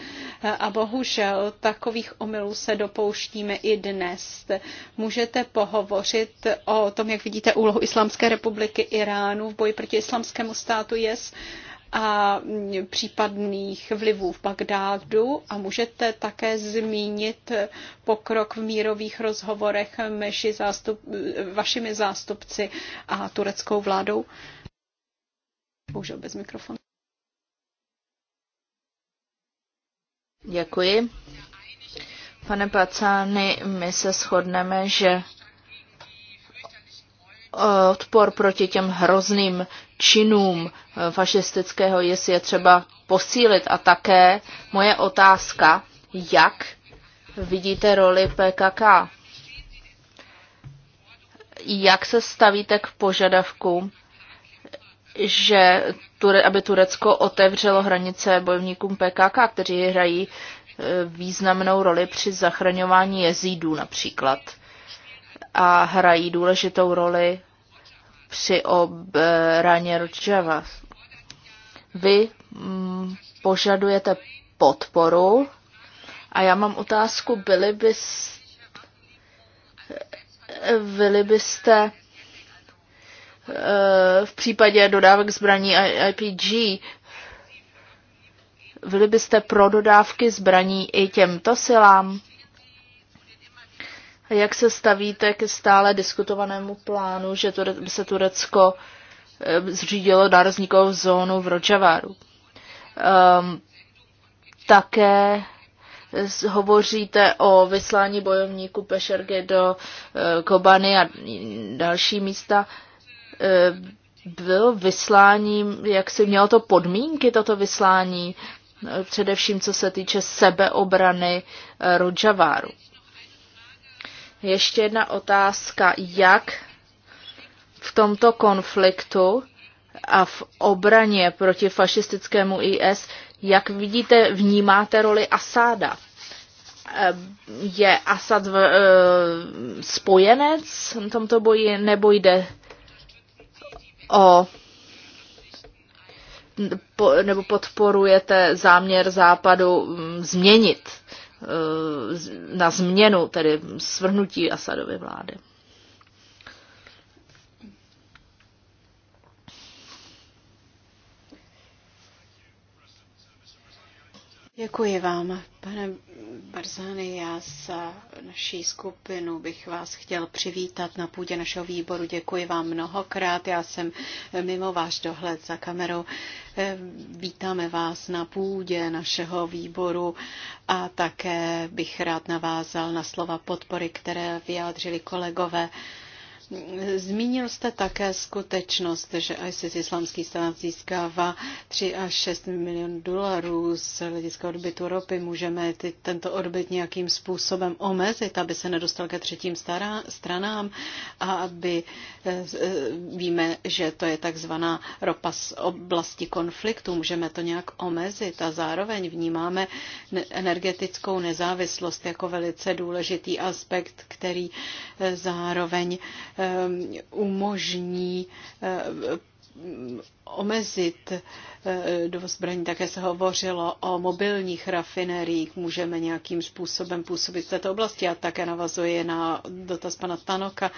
Speaker 1: A bohužel takových omylů se dopouštíme i dnes. Můžete pohovořit o tom, jak vidíte úlohu Islámské republiky Iránu v boji proti islamskému státu JES a případných vlivů v Bagdádu a můžete také zmínit pokrok v mírových rozhovorech mezi zástup, vašimi zástupci a tureckou vládou? Uh, Bohužel bez mikrofonu.
Speaker 3: Děkuji. Pane Pacány, my se shodneme, že odpor proti těm hrozným činům fašistického jis je třeba posílit. A také moje otázka, jak vidíte roli PKK? Jak se stavíte k požadavku že aby Turecko otevřelo hranice bojovníkům PKK, kteří hrají e, významnou roli při zachraňování jezídů například a hrají důležitou roli při obraně Rojava. Vy mm, požadujete podporu a já mám otázku, byli byste, byli byste v případě dodávek zbraní IPG, byli byste pro dodávky zbraní i těmto silám? A jak se stavíte k stále diskutovanému plánu, že by se Turecko eh, zřídilo nárazníkovou zónu v Rojavaru? Um, ehm, také hovoříte o vyslání bojovníků Pešergy do eh, Kobany a další místa. Eh, byl vysláním, jak si mělo to podmínky, toto vyslání, eh, především co se týče sebeobrany eh, Rojavaru. Ještě jedna otázka, jak v tomto konfliktu a v obraně proti fašistickému IS, jak vidíte, vnímáte roli Asáda? Je Asad spojenec v tomto boji nebo jde o nebo podporujete záměr Západu mm, změnit eh, na změnu, tedy svrhnutí Asadovy vlády.
Speaker 1: Děkuji vám, pane Barzány. Já za naší skupinu bych vás chtěl přivítat na půdě našeho výboru. Děkuji vám mnohokrát. Já jsem mimo váš dohled za kamerou. Vítáme vás na půdě našeho výboru a také bych rád navázal na slova podpory, které vyjádřili kolegové. Zmínil jste také skutečnost, že ISIS islamský stát získává 3 až 6 milionů dolarů z hlediska odbytu ropy. Můžeme ty, tento odbyt nějakým způsobem omezit, aby se nedostal ke třetím stará, stranám a aby eh, eh, víme, že to je takzvaná ropa z oblasti konfliktu. Můžeme to nějak omezit a zároveň vnímáme energetickou nezávislost jako velice důležitý aspekt, který eh, zároveň Um, umožní omezit eh, dovoz zbraní. Také se hovořilo o mobilních rafineriích. Můžeme nějakým způsobem působit v této oblasti. A také navazuji na dotaz pana Tanoka.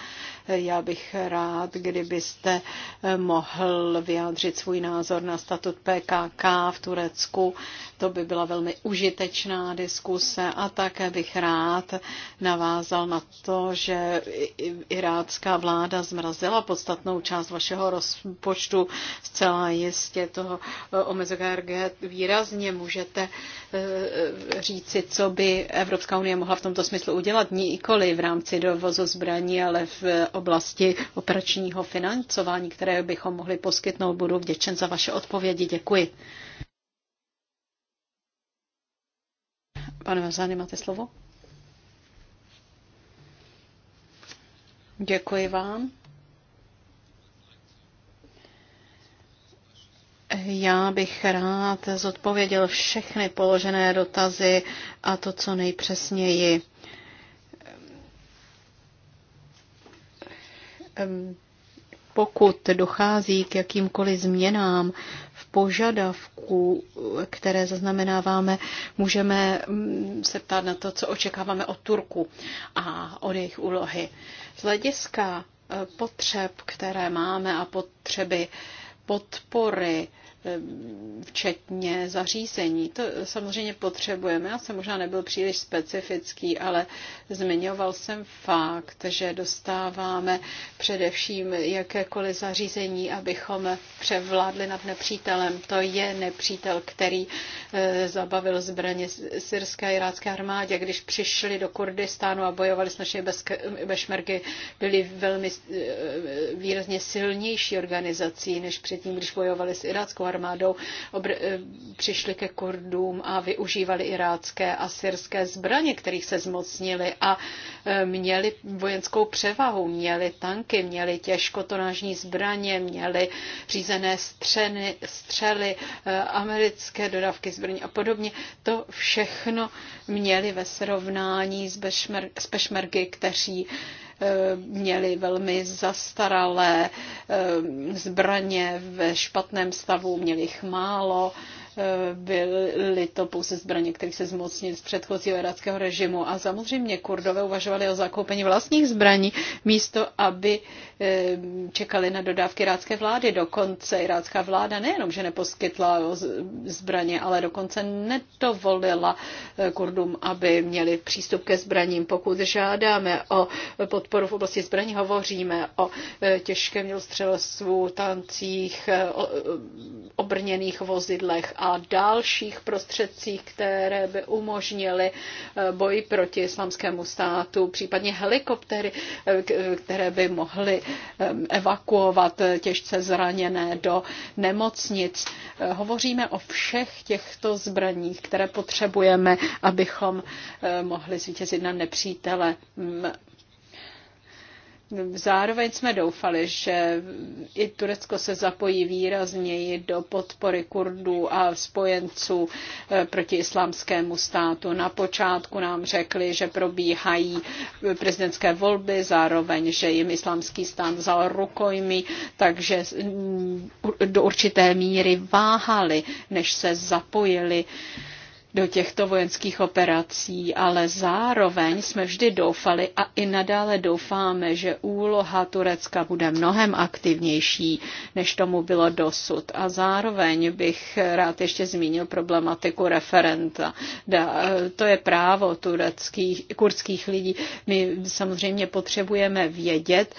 Speaker 1: Já bych rád, kdybyste eh, mohl vyjádřit svůj názor na statut PKK v Turecku. To by byla velmi užitečná diskuse. A také bych rád navázal na to, že irácká vláda zmrazila podstatnou část vašeho rozpočtu z zcela jistě toho eh, OMZGRG výrazně můžete eh, říci, co by Evropská unie mohla v tomto smyslu udělat, nikoli v rámci dovozu zbraní, ale v oblasti operačního financování, které bychom mohli poskytnout. Budu vděčen za vaše odpovědi. Děkuji. Pane Vazány, máte slovo? Děkuji vám. Já bych rád zodpověděl všechny položené dotazy a to, co nejpřesněji. Ehm, pokud dochází k jakýmkoliv změnám v požadavku, které zaznamenáváme, můžeme mm, se ptát na to, co očekáváme od Turku a od jejich úlohy. Z hlediska e, potřeb, které máme a potřeby podpory Eh, včetně zařízení. To samozřejmě potřebujeme. Já jsem možná nebyl příliš specifický, ale zmiňoval jsem fakt, že dostáváme především jakékoliv zařízení, abychom převládli nad nepřítelem. To je nepřítel, který eh, zabavil zbraně syrské a irácké armádě. Když přišli do Kurdistánu a bojovali s našimi bešmergy, byli velmi eh, výrazně silnější organizací než předtím, když bojovali s iráckou armádou obr- eh, přišli ke Kurdům a využívali irácké a syrské zbraně, kterých se zmocnili a eh, měli vojenskou převahu, měli tanky, měli těžkotonážní zbraně, měli řízené střeny, střely, eh, americké dodávky zbraní a podobně. To všechno měli ve srovnání s, bešmer- s pešmergy, kteří Eh, měli velmi zastaralé eh, zbraně ve špatném stavu, měli jich málo byly to pouze zbraně, které se zmocnili z předchozího iráckého režimu. A samozřejmě kurdové uvažovali o zakoupení vlastních zbraní, místo aby eh, čekali na dodávky irácké vlády. Dokonce irácká vláda nejenom, že neposkytla zbraně, ale dokonce nedovolila eh, kurdům, aby měli přístup ke zbraním. Pokud žádáme o podporu v oblasti zbraní, hovoříme o eh, těžkém dělostřelectvu, tancích, obrněných vozidlech a a dalších prostředcích, které by umožnily eh, boj proti islamskému státu, případně helikoptery, eh, které by mohly eh, evakuovat těžce zraněné do nemocnic. Hovoříme o všech těchto zbraních, které potřebujeme, abychom mohli zvítězit na nepřítele. Zároveň jsme doufali, že i Turecko se zapojí výrazněji do podpory Kurdů a spojenců eh, proti islámskému státu. Na počátku nám řekli, že probíhají prezidentské volby, zároveň, že jim islámský stát vzal rukojmí, takže do určité míry váhali, než se zapojili do těchto vojenských operací, ale zároveň jsme vždy doufali a i nadále doufáme, že úloha Turecka bude mnohem aktivnější, než tomu bylo dosud. A zároveň bych rád ještě zmínil problematiku referenta. To je právo tureckých, kurdských lidí. My samozřejmě potřebujeme vědět,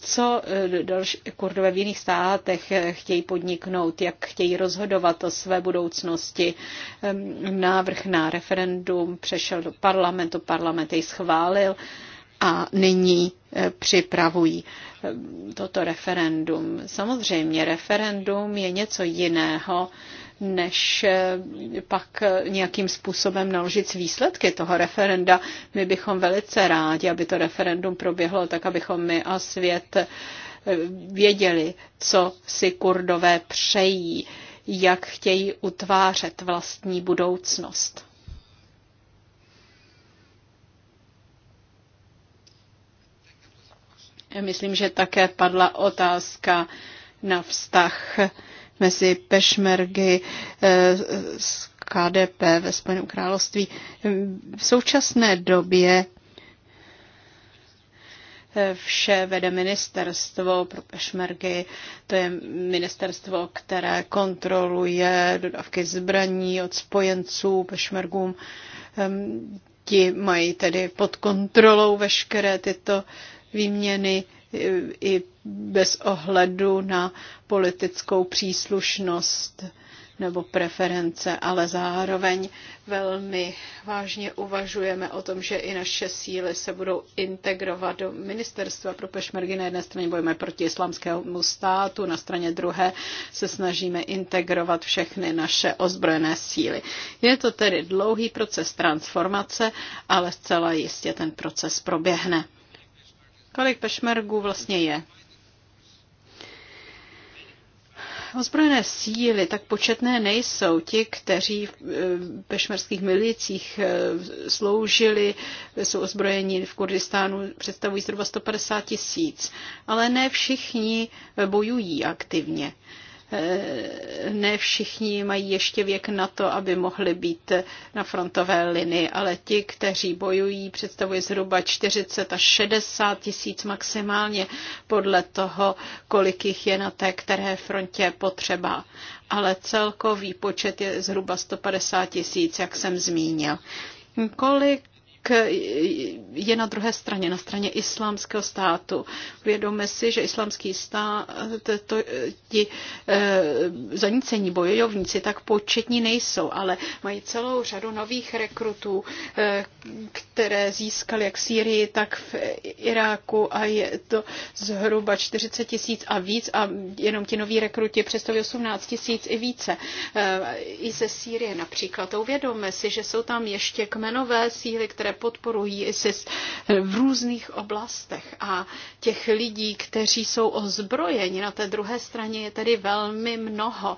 Speaker 1: co další, kurdové v jiných státech chtějí podniknout, jak chtějí rozhodovat o své budoucnosti návrh na referendum přešel do parlamentu, parlament jej schválil a nyní eh, připravují eh, toto referendum. Samozřejmě referendum je něco jiného, než eh, pak nějakým způsobem naložit výsledky toho referenda. My bychom velice rádi, aby to referendum proběhlo tak, abychom my a svět věděli, co si kurdové přejí jak chtějí utvářet vlastní budoucnost. Myslím, že také padla otázka na vztah mezi Pešmergy z eh, KDP ve Spojeném království. V současné době vše vede ministerstvo pro pešmergy. To je ministerstvo, které kontroluje dodavky zbraní od spojenců pešmergům. Ehm, ti mají tedy pod kontrolou veškeré tyto výměny eh, i bez ohledu na politickou příslušnost nebo preference, ale zároveň velmi vážně uvažujeme o tom, že i naše síly se budou integrovat do ministerstva pro pešmergy. Na jedné straně bojujeme proti islámskému státu, na straně druhé se snažíme integrovat všechny naše ozbrojené síly. Je to tedy dlouhý proces transformace, ale zcela jistě ten proces proběhne. Kolik pešmergů vlastně je? ozbrojené síly tak početné nejsou. Ti, kteří v eh, pešmerských milicích eh, sloužili, jsou ozbrojeni v Kurdistánu, představují zhruba 150 tisíc. Ale ne všichni eh, bojují aktivně. Eh, ne všichni mají ještě věk na to, aby mohli být na frontové linii, ale ti, kteří bojují, představuje zhruba 40 až 60 tisíc maximálně podle toho, kolik jich je na té které frontě potřeba. Ale celkový počet je zhruba 150 tisíc, jak jsem zmínil. Kolik je na druhé straně, na straně islámského státu. Uvědomme si, že islámský stát, to, ti eh, zanícení bojovníci tak početní nejsou, ale mají celou řadu nových rekrutů, eh, které získali jak v Sýrii, tak v Iráku a je to zhruba 40 tisíc a víc a jenom ti noví rekruti představují 18 tisíc i více. Eh, I ze Sýrie například. Uvědomme si, že jsou tam ještě kmenové síly, které podporují ISIS v různých oblastech a těch lidí, kteří jsou ozbrojeni na té druhé straně je tedy velmi mnoho,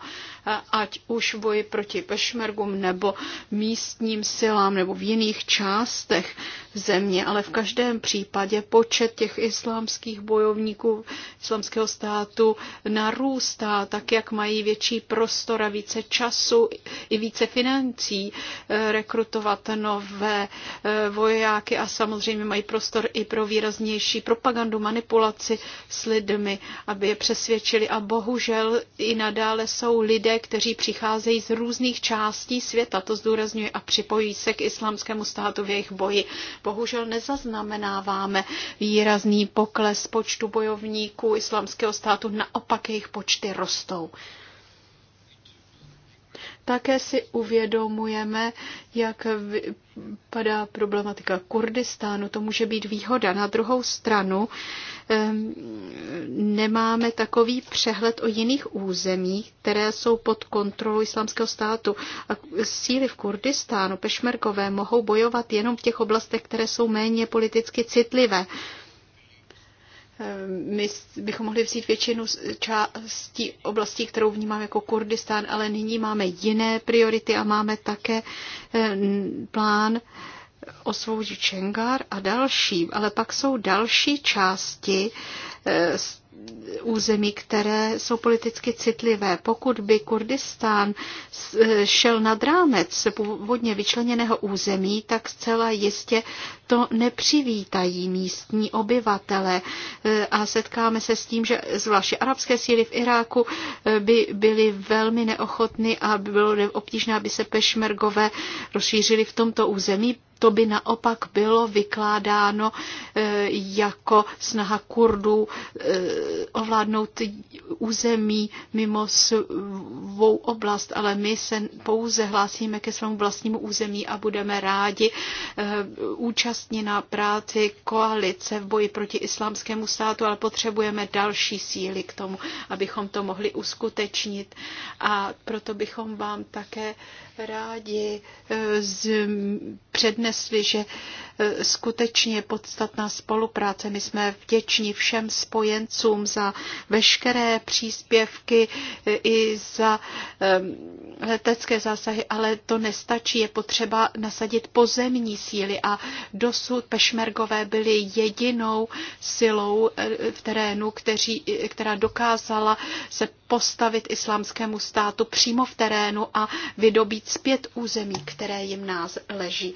Speaker 1: ať už boji proti pešmergům nebo místním silám nebo v jiných částech země, ale v každém případě počet těch islámských bojovníků islámského státu narůstá, tak jak mají větší prostor a více času i více financí eh, rekrutovat nové eh, vojáky a samozřejmě mají prostor i pro výraznější propagandu, manipulaci s lidmi, aby je přesvědčili. A bohužel i nadále jsou lidé, kteří přicházejí z různých částí světa, to zdůrazňuje, a připojí se k islámskému státu v jejich boji. Bohužel nezaznamenáváme výrazný pokles počtu bojovníků islámského státu, naopak jejich počty rostou. Také si uvědomujeme, jak padá problematika Kurdistánu. To může být výhoda. Na druhou stranu nemáme takový přehled o jiných územích, které jsou pod kontrolou islámského státu. A síly v Kurdistánu, pešmerkové, mohou bojovat jenom v těch oblastech, které jsou méně politicky citlivé. Ehm, my bychom mohli vzít většinu částí oblastí, kterou vnímám jako Kurdistán, ale nyní máme jiné priority a máme také ehm, plán osvobodit Čengar a další. Ale pak jsou další části z ehm, území, které jsou politicky citlivé. Pokud by Kurdistán šel nad rámec původně vyčleněného území, tak zcela jistě to nepřivítají místní obyvatele. E, a setkáme se s tím, že zvláště arabské síly v Iráku e, by byly velmi neochotny a by bylo obtížné, aby se pešmergové rozšířili v tomto území, to by naopak bylo vykládáno e, jako snaha Kurdů ovládnout území mimo svou oblast, ale my se pouze hlásíme ke svému vlastnímu území a budeme rádi eh, účastní na práci koalice v boji proti islámskému státu, ale potřebujeme další síly k tomu, abychom to mohli uskutečnit. A proto bychom vám také rádi eh, přednesli, že E, skutečně podstatná spolupráce. My jsme vděční všem spojencům za veškeré příspěvky e, i za letecké zásahy, ale to nestačí. Je potřeba nasadit pozemní síly a dosud pešmergové byly jedinou silou e, v terénu, kteří, která dokázala se postavit islámskému státu přímo v terénu a vydobít zpět území, které jim nás leží.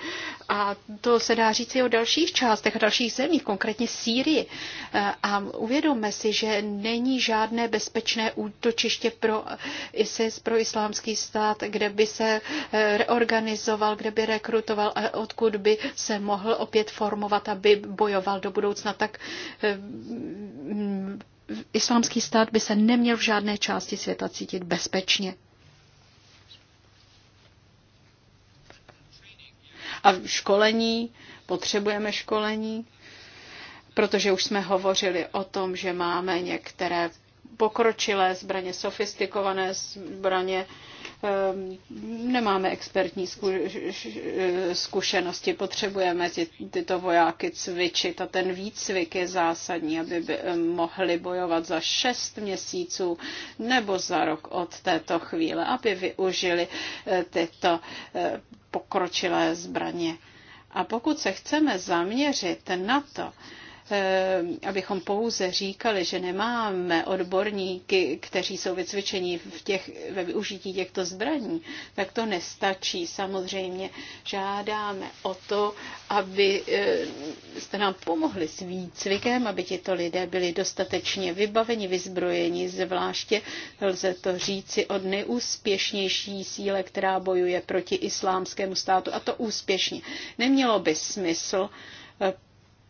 Speaker 1: A to se dá říct i o dalších částech, dalších zemích, konkrétně Sýrii. E, a uvědomme si, že není žádné bezpečné útočiště pro ISIS, pro islámský stát, kde by se e, reorganizoval, kde by rekrutoval a odkud by se mohl opět formovat, aby bojoval do budoucna. Tak e, islámský stát by se neměl v žádné části světa cítit bezpečně. A školení, potřebujeme školení, protože už jsme hovořili o tom, že máme některé pokročilé zbraně, sofistikované zbraně, Ehm, nemáme expertní zkušenosti, potřebujeme tyto vojáky cvičit a ten výcvik je zásadní, aby by ehm, mohli bojovat za šest měsíců nebo za rok od této chvíle, aby využili eh, tyto eh, pokročilé zbraně. A pokud se chceme zaměřit na to, Eh, abychom pouze říkali, že nemáme odborníky, kteří jsou vycvičení v těch, ve využití těchto zbraní, tak to nestačí. Samozřejmě žádáme o to, aby eh, jste nám pomohli s výcvikem, aby tito lidé byli dostatečně vybaveni, vyzbrojeni, zvláště lze to říci od nejúspěšnější síle, která bojuje proti islámskému státu a to úspěšně. Nemělo by smysl eh,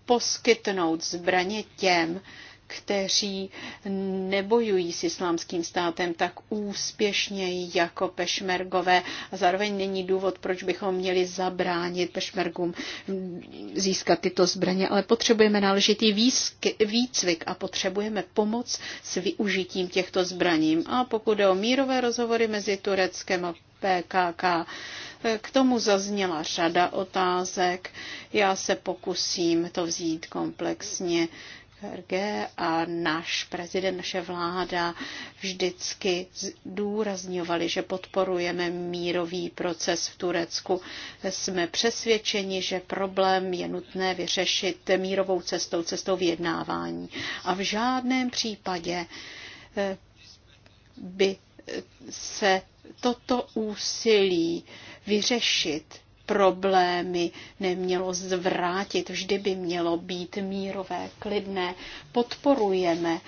Speaker 1: poskytnout zbraně těm, kteří nebojují s islámským státem tak úspěšně jako pešmergové. A zároveň není důvod, proč bychom měli zabránit pešmergům získat tyto zbraně, ale potřebujeme náležitý výcvik a potřebujeme pomoc s využitím těchto zbraní. A pokud jde o mírové rozhovory mezi Tureckem a PKK, k tomu zazněla řada otázek. Já se pokusím to vzít komplexně. KRG a náš prezident, naše vláda vždycky zdůrazňovali, že podporujeme mírový proces v Turecku. Jsme přesvědčeni, že problém je nutné vyřešit mírovou cestou, cestou vyjednávání. A v žádném případě eh, by se toto úsilí vyřešit problémy, nemělo zvrátit, vždy by mělo být mírové, klidné. Podporujeme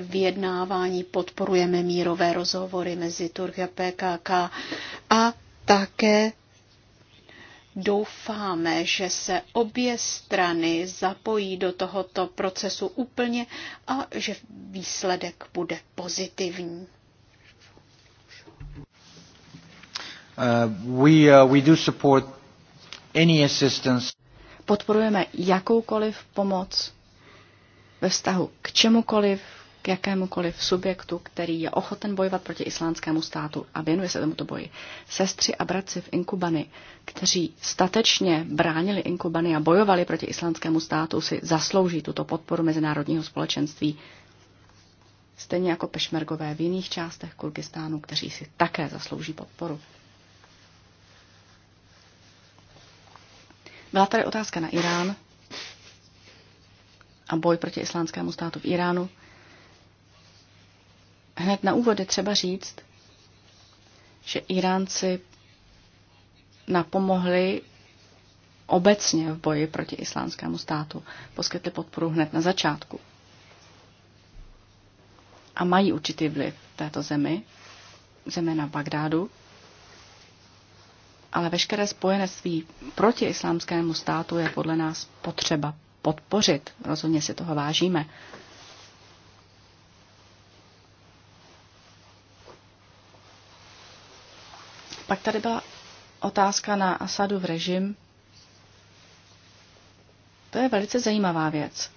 Speaker 1: vyjednávání, podporujeme mírové rozhovory mezi Turky a PKK a také Doufáme, že se obě strany zapojí do tohoto procesu úplně a že výsledek bude
Speaker 2: pozitivní.
Speaker 3: Uh, uh,
Speaker 2: Podporujeme jakoukoliv pomoc ve vztahu k čemukoliv, k jakémukoliv subjektu, který je ochoten bojovat proti islánskému státu a věnuje se tomuto boji. Sestři a bratři v Inkubany, kteří statečně bránili Inkubany a bojovali proti islánskému státu, si zaslouží tuto podporu mezinárodního společenství, stejně jako pešmergové v jiných částech Kurdistánu, kteří si také zaslouží podporu. Byla tady otázka na Irán a boj proti islámskému státu v Iránu. Hned na úvod je třeba říct, že Iránci napomohli obecně v boji proti islámskému státu. Poskytli podporu hned na začátku. A mají určitý vliv v této zemi, zeměna Bagdádu, ale veškeré spojenectví proti islámskému státu je podle nás potřeba podpořit. Rozhodně si toho vážíme. Pak tady byla otázka na Asadův režim. To je velice zajímavá věc.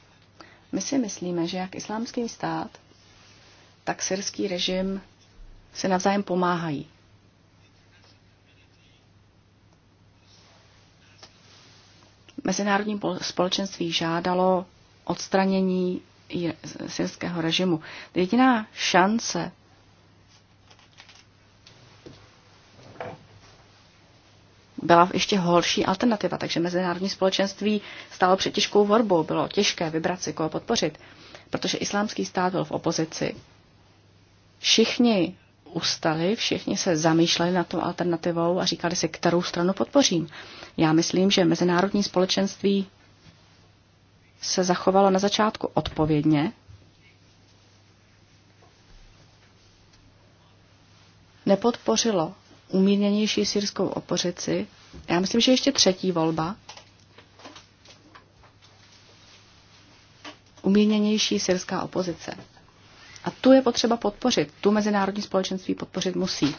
Speaker 2: My si myslíme, že jak islámský stát, tak syrský režim si navzájem pomáhají. Mezinárodní společenství žádalo odstranění syrského režimu. Jediná šance byla ještě horší alternativa, takže mezinárodní společenství stálo před těžkou vorbou, bylo těžké vybrat si, koho podpořit, protože islámský stát byl v opozici. Všichni ustali, všichni se zamýšleli nad tou alternativou a říkali si, kterou stranu podpořím. Já myslím, že mezinárodní společenství se zachovalo na začátku odpovědně. Nepodpořilo umírněnější sírskou opozici. Já myslím, že ještě třetí volba. Umírněnější syrská opozice. A tu je potřeba podpořit. Tu mezinárodní společenství podpořit musí.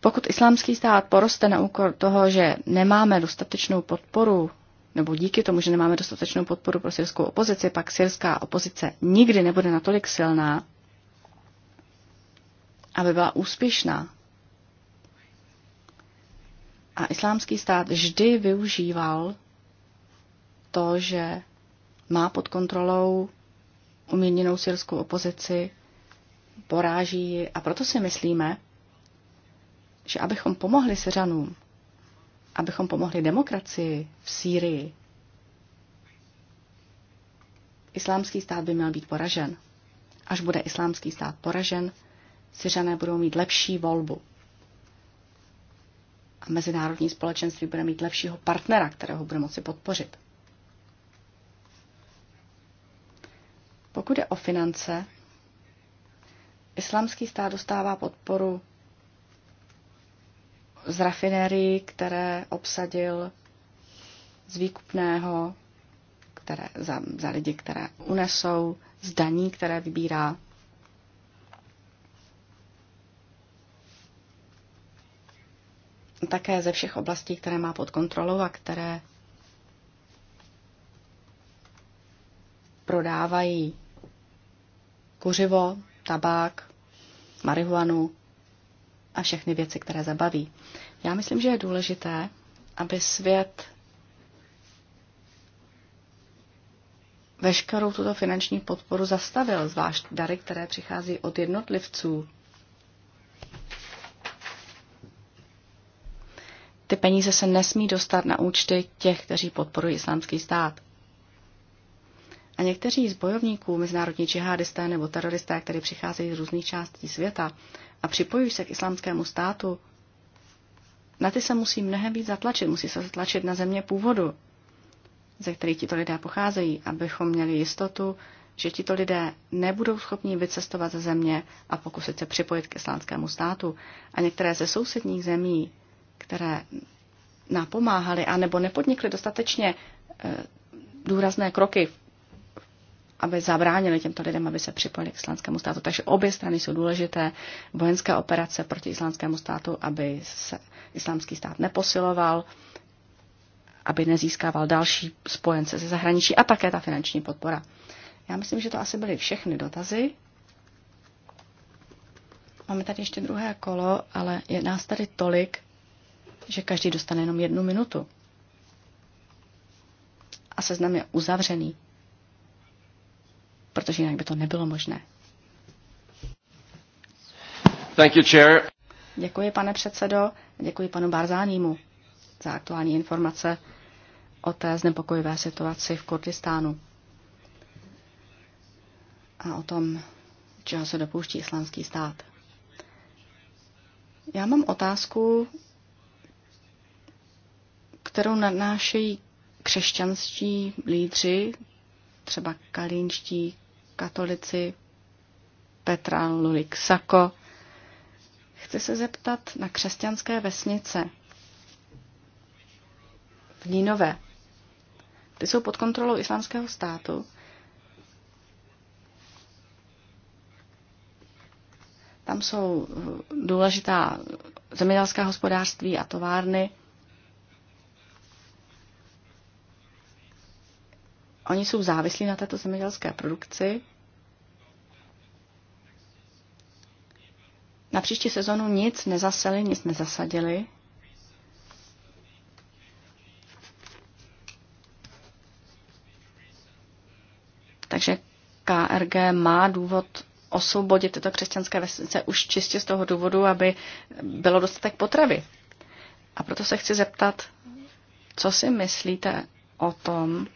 Speaker 2: Pokud islámský stát poroste na úkor toho, že nemáme dostatečnou podporu, nebo díky tomu, že nemáme dostatečnou podporu pro syrskou opozici, pak syrská opozice nikdy nebude natolik silná, aby byla úspěšná. A islámský stát vždy využíval to, že má pod kontrolou umírněnou syrskou opozici, poráží ji a proto si myslíme, že abychom pomohli Syřanům, abychom pomohli demokracii v Sýrii, islámský stát by měl být poražen. Až bude islámský stát poražen, Syřané budou mít lepší volbu. A mezinárodní společenství bude mít lepšího partnera, kterého bude moci podpořit. Pokud je o finance, islámský stát dostává podporu z rafinérií, které obsadil z výkupného, které, za, za lidi, které unesou, z daní, které vybírá. Také ze všech oblastí, které má pod kontrolou a které prodávají kuřivo, tabák, marihuanu a všechny věci, které zabaví. Já myslím, že je důležité, aby svět veškerou tuto finanční podporu zastavil, zvlášť dary, které přichází od jednotlivců. Ty peníze se nesmí dostat na účty těch, kteří podporují islámský stát. A někteří z bojovníků, mezinárodní džihadisté nebo teroristé, kteří přicházejí z různých částí světa a připojují se k islámskému státu, na ty se musí mnohem víc zatlačit, musí se zatlačit na země původu, ze kterých tito lidé pocházejí, abychom měli jistotu, že tito lidé nebudou schopni vycestovat ze země a pokusit se připojit k islámskému státu. A některé ze sousedních zemí, které napomáhali a nebo nepodnikly dostatečně eh, důrazné kroky v aby zabránili těmto lidem, aby se připojili k islánskému státu. Takže obě strany jsou důležité. Vojenské operace proti islánskému státu, aby se islámský stát neposiloval, aby nezískával další spojence ze zahraničí a také ta finanční podpora. Já myslím, že to asi byly všechny dotazy. Máme tady ještě druhé kolo, ale je nás tady tolik, že každý dostane jenom jednu minutu. A seznam je uzavřený protože jinak by to nebylo možné. Thank you, chair. Děkuji, pane předsedo, děkuji panu Barzánímu za aktuální informace o té znepokojivé situaci v Kurdistánu a o tom, čeho se dopouští islámský stát. Já mám otázku, kterou nadnášejí křesťanští lídři, třeba kalínští katolici Petra Lulik Sako. Chci se zeptat na křesťanské vesnice v Línové. Ty jsou pod kontrolou islámského státu. Tam jsou eh, důležitá zemědělská hospodářství a továrny. Oni jsou závislí na této zemědělské produkci. Na příští sezonu nic nezaseli, nic nezasadili. Takže KRG má důvod osvobodit tyto křesťanské vesnice už čistě z toho důvodu, aby bylo dostatek potravy. A proto se chci zeptat, co si myslíte o tom,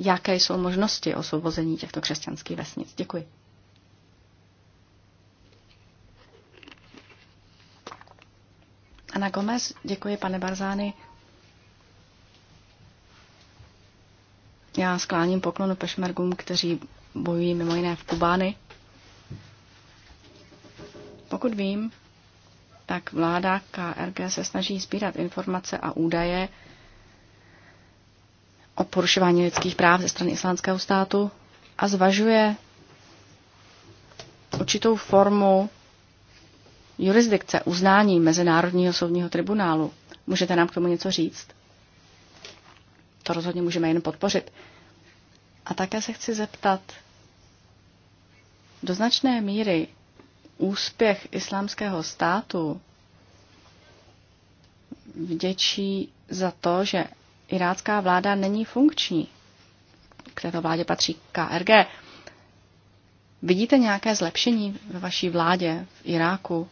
Speaker 2: jaké jsou možnosti osvobození těchto křesťanských vesnic. Děkuji. Ana Gomez, děkuji, pane Barzány. Já skláním poklonu pešmergům, kteří bojují mimo jiné v Kubány. Pokud vím, tak vláda KRG se snaží sbírat informace a údaje, o porušování lidských práv ze strany islámského státu a zvažuje určitou formu jurisdikce, uznání Mezinárodního soudního tribunálu. Můžete nám k tomu něco říct? To rozhodně můžeme jen podpořit. A také se chci zeptat, do značné míry úspěch islámského státu vděčí za to, že irácká vláda není funkční. K této vládě patří KRG. Vidíte nějaké zlepšení ve vaší vládě v Iráku?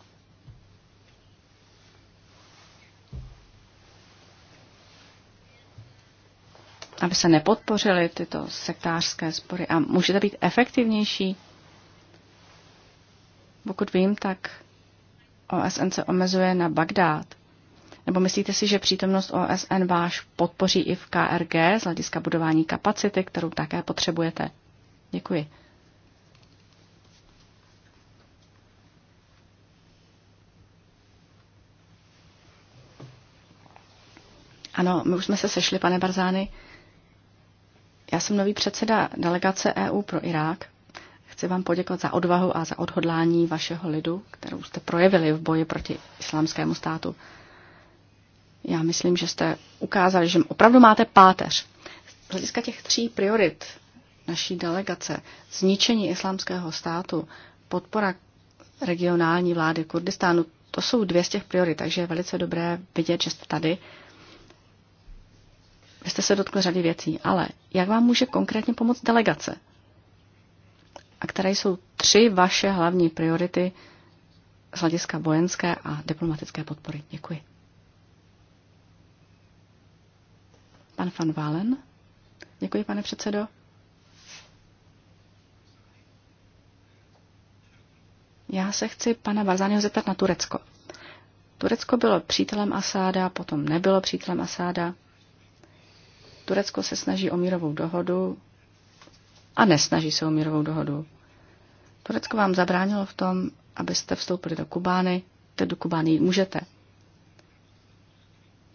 Speaker 2: Aby se nepodpořily tyto sektářské spory a můžete být efektivnější? Pokud vím, tak OSN se omezuje na Bagdád. Nebo myslíte si, že přítomnost OSN váš podpoří i v KRG z hlediska budování kapacity, kterou také potřebujete? Děkuji. Ano, my už jsme se sešli, pane Barzány. Já jsem nový předseda delegace EU pro Irák. Chci vám poděkovat za odvahu a za odhodlání vašeho lidu, kterou jste projevili v boji proti islámskému státu. Já myslím, že jste ukázali, že opravdu máte páteř. Z hlediska těch tří priorit naší delegace, zničení islámského státu, podpora regionální vlády Kurdistánu, to jsou dvě z těch priorit, takže je velice dobré vidět, že jste tady. Vy jste se dotkli řady věcí, ale jak vám může konkrétně pomoct delegace? A které jsou tři vaše hlavní priority z hlediska vojenské a diplomatické podpory? Děkuji. Pan Van Valen. Děkuji, pane předsedo. Já se chci pana Barzányho zeptat na Turecko. Turecko bylo přítelem Asáda, potom nebylo přítelem Asáda. Turecko se snaží o mírovou dohodu a nesnaží se o mírovou dohodu. Turecko vám zabránilo v tom, abyste vstoupili do Kubány, teď do Kubány můžete.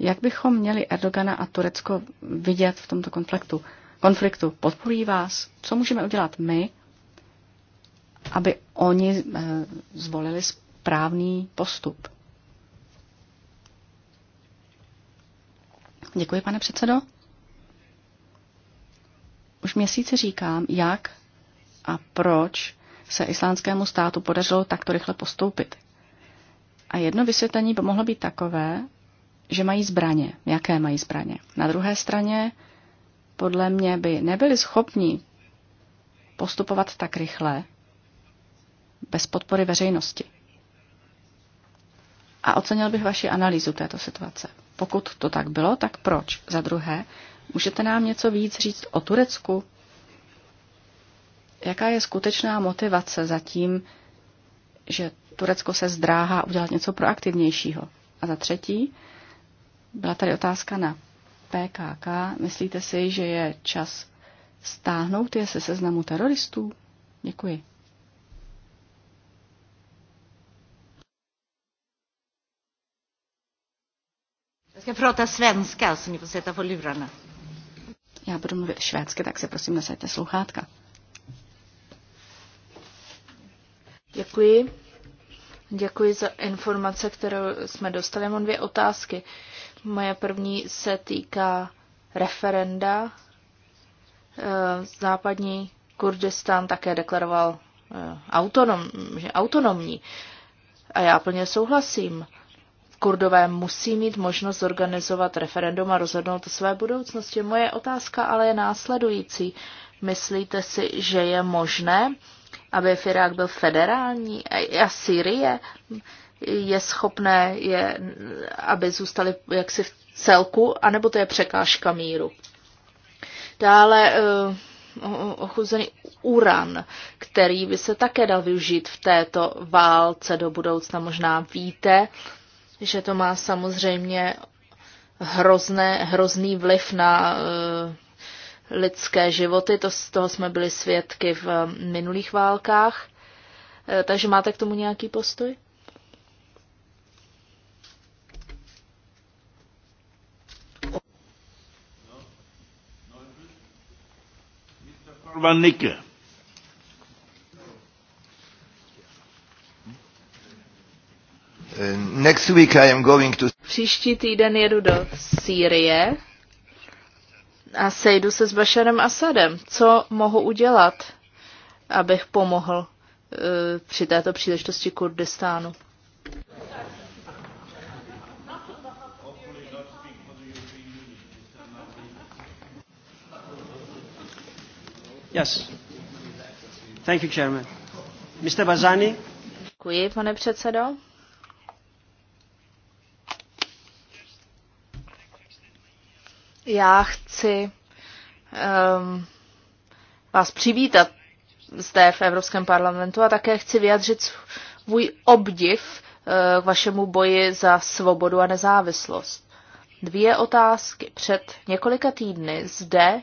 Speaker 2: Jak bychom měli Erdogana a Turecko vidět v tomto konfliktu? konfliktu? Podporují vás? Co můžeme udělat my, aby oni eh, zvolili správný postup? Děkuji, pane předsedo. Už měsíce říkám, jak a proč se islánskému státu podařilo takto rychle postoupit. A jedno vysvětlení by mohlo být takové, že mají zbraně. Jaké mají zbraně? Na druhé straně, podle mě by nebyli schopni postupovat tak rychle bez podpory veřejnosti. A ocenil bych vaši analýzu této situace. Pokud to tak bylo, tak proč? Za druhé, můžete nám něco víc říct o Turecku? Jaká je skutečná motivace za tím, že Turecko se zdráhá udělat něco proaktivnějšího? A za třetí, byla tady otázka na PKK. Myslíte si, že je čas stáhnout je se seznamu teroristů? Děkuji.
Speaker 3: Jag prata svenska så ni får sätta på Já
Speaker 2: budu mluvit švédsky, tak se prosím nasaďte sluchátka.
Speaker 3: Děkuji. Děkuji za informace, kterou jsme dostali. Mám dvě otázky. Uh, Moje první se týká referenda. Eh, západní Kurdistán také deklaroval eh, autonom, že autonomní. A já plně souhlasím. Kurdové musí mít možnost zorganizovat referendum a rozhodnout o své budoucnosti. Moje otázka ale je následující. Myslíte si, že je možné, aby Irák byl federální a Syrie je schopné, je, aby zůstali jaksi v celku, anebo to je překážka míru. Dále eh, ochuzený uran, který by se také dal využít v této válce do budoucna. Možná víte, že to má samozřejmě hrozné, hrozný vliv na uh, lidské životy. To, z toho jsme byli svědky v eh, minulých válkách. takže máte k tomu nějaký postoj? Van Nikke. Uh, next week I am going to... Příští týden jedu do Sýrie a sejdu se s Bašarem Asadem. Co mohu udělat, abych pomohl uh, při této příležitosti Kurdistánu? Yes. Thank
Speaker 1: you, Chairman. Mr. Bazani.
Speaker 3: Děkuji, pane předsedo. Já chci um, vás přivítat zde v Evropském parlamentu a také chci vyjadřit svůj obdiv eh, k vašemu boji za svobodu a nezávislost. Dvě otázky. Před několika týdny zde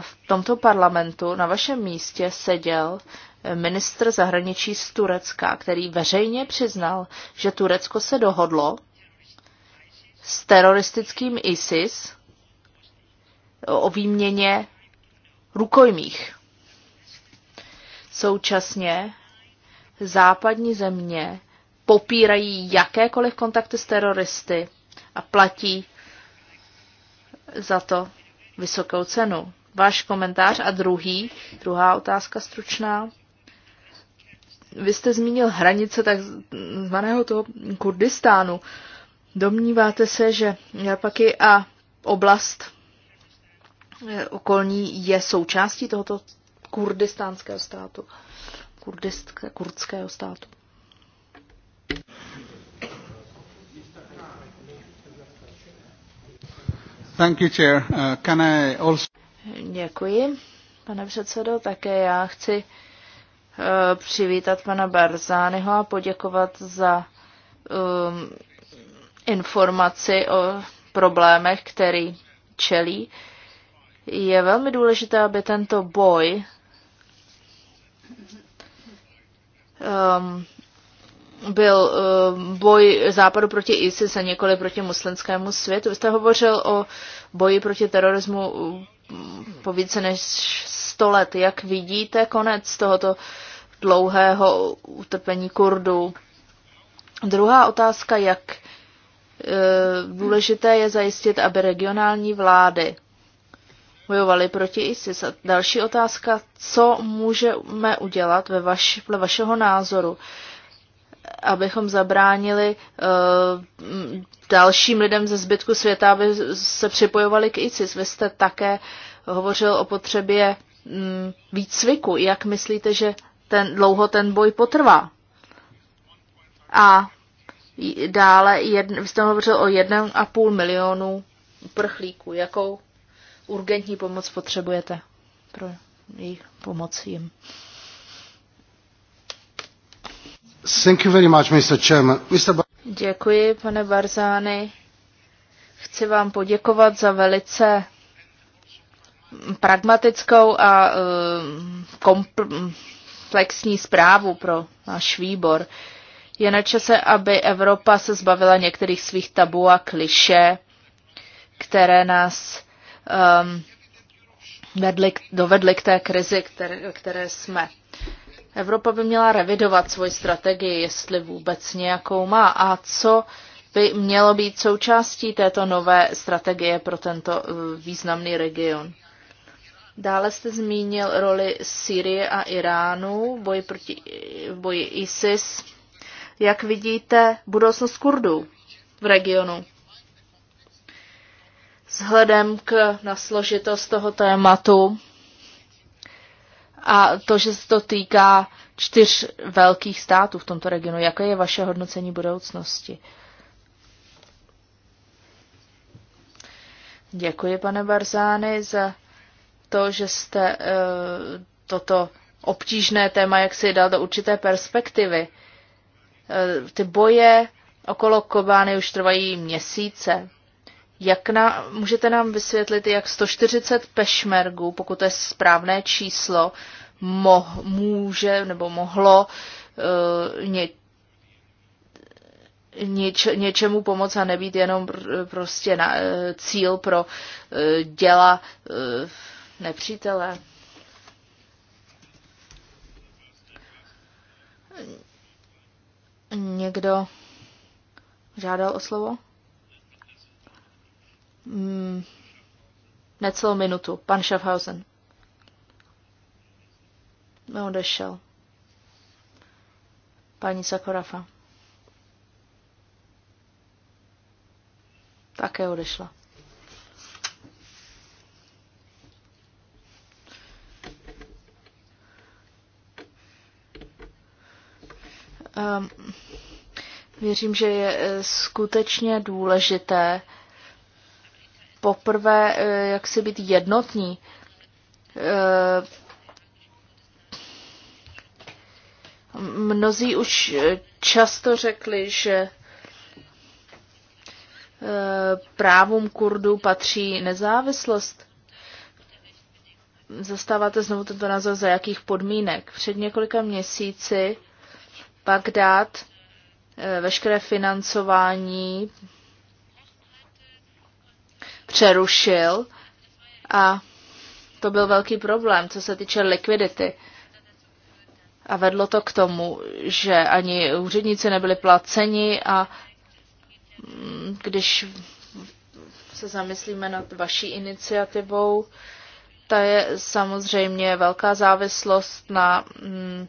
Speaker 3: v tomto parlamentu na vašem místě seděl ministr zahraničí z Turecka, který veřejně přiznal, že Turecko se dohodlo s teroristickým ISIS o výměně rukojmích. Současně západní země popírají jakékoliv kontakty s teroristy a platí za to vysokou cenu. Váš komentář a druhý, druhá otázka stručná. Vy jste zmínil hranice takzvaného toho Kurdistánu. Domníváte se, že i a oblast eh, okolní je součástí tohoto kurdistánského státu, kurdistka, kurdského státu?
Speaker 1: Thank you, chair. Uh, can
Speaker 2: I also...
Speaker 3: Děkuji, pane předsedo. Také já chci uh, přivítat pana Barzányho a poděkovat za um, informaci o problémech, který čelí. Je velmi důležité, aby tento boj um, byl eh, boj západu proti ISIS a několik proti muslimskému světu. Vy jste hovořil o boji proti terorismu eh, po více než 100 let. Jak vidíte konec tohoto dlouhého utrpení Kurdů? Druhá otázka, jak eh, důležité je zajistit, aby regionální vlády bojovali proti ISIS. A další otázka, co můžeme udělat ve vaš, vašeho názoru, abychom zabránili uh, dalším lidem ze zbytku světa, aby se připojovali k ICIS. Vy jste také hovořil o potřebě um, výcviku. Jak myslíte, že ten, dlouho ten boj potrvá? A dále, jedn, vy jste hovořil o 1,5 milionu prchlíků. Jakou urgentní pomoc potřebujete pro jejich pomoc jim?
Speaker 1: Thank you very much, Mr. Chairman. Mr. Bar-
Speaker 3: Děkuji, pane Barzány. Chci vám poděkovat za velice pragmatickou a eh, komplexní zprávu pro náš výbor. Je na čase, aby Evropa se zbavila některých svých tabu a kliše, které nás um, eh, vedli, dovedly k té krizi, které, které jsme. Uh, Evropa by měla revidovat svoji strategii, jestli vůbec nějakou má. A co by mělo být součástí této nové strategie pro tento eh, významný region? Dále jste zmínil roli Syrie a Iránu v boji, proti, v boji ISIS. Jak vidíte budoucnost Kurdů v regionu? Vzhledem k nasložitost toho tématu, a to, že se to týká čtyř velkých států v tomto regionu. Jaké je vaše hodnocení budoucnosti? Děkuji, pane Barzány, za to, že jste e, toto obtížné téma, jak si dal do určité perspektivy. E, ty boje okolo Kobány už trvají měsíce. Jak na? můžete nám vysvětlit, jak 140 pešmergů, pokud to je správné číslo, mo, může nebo mohlo uh, ně, něč, něčemu pomoct a nebýt jenom pr, prostě na, uh, cíl pro uh, děla uh, nepřítele? Někdo žádal o slovo? Hmm. necelou minutu. Pan Schaffhausen. Odešel. Paní Sakorafa. Také odešla. Um, věřím, že je eh, skutečně důležité poprvé eh, jak si být jednotní. Eh, mnozí už eh, často řekli, že právům Kurdů patří nezávislost. Zastáváte znovu tento názor za jakých podmínek? Před několika měsíci dát veškeré financování přerušil a to byl velký problém, co se týče likvidity. A vedlo to k tomu, že ani úředníci nebyli placeni a mm, když se zamyslíme nad vaší iniciativou, ta je samozřejmě velká závislost na mm,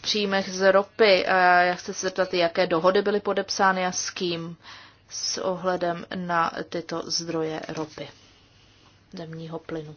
Speaker 3: příjmech z ropy. A já chci se zeptat, jaké dohody byly podepsány a s kým s ohledem na tyto zdroje ropy, zemního plynu.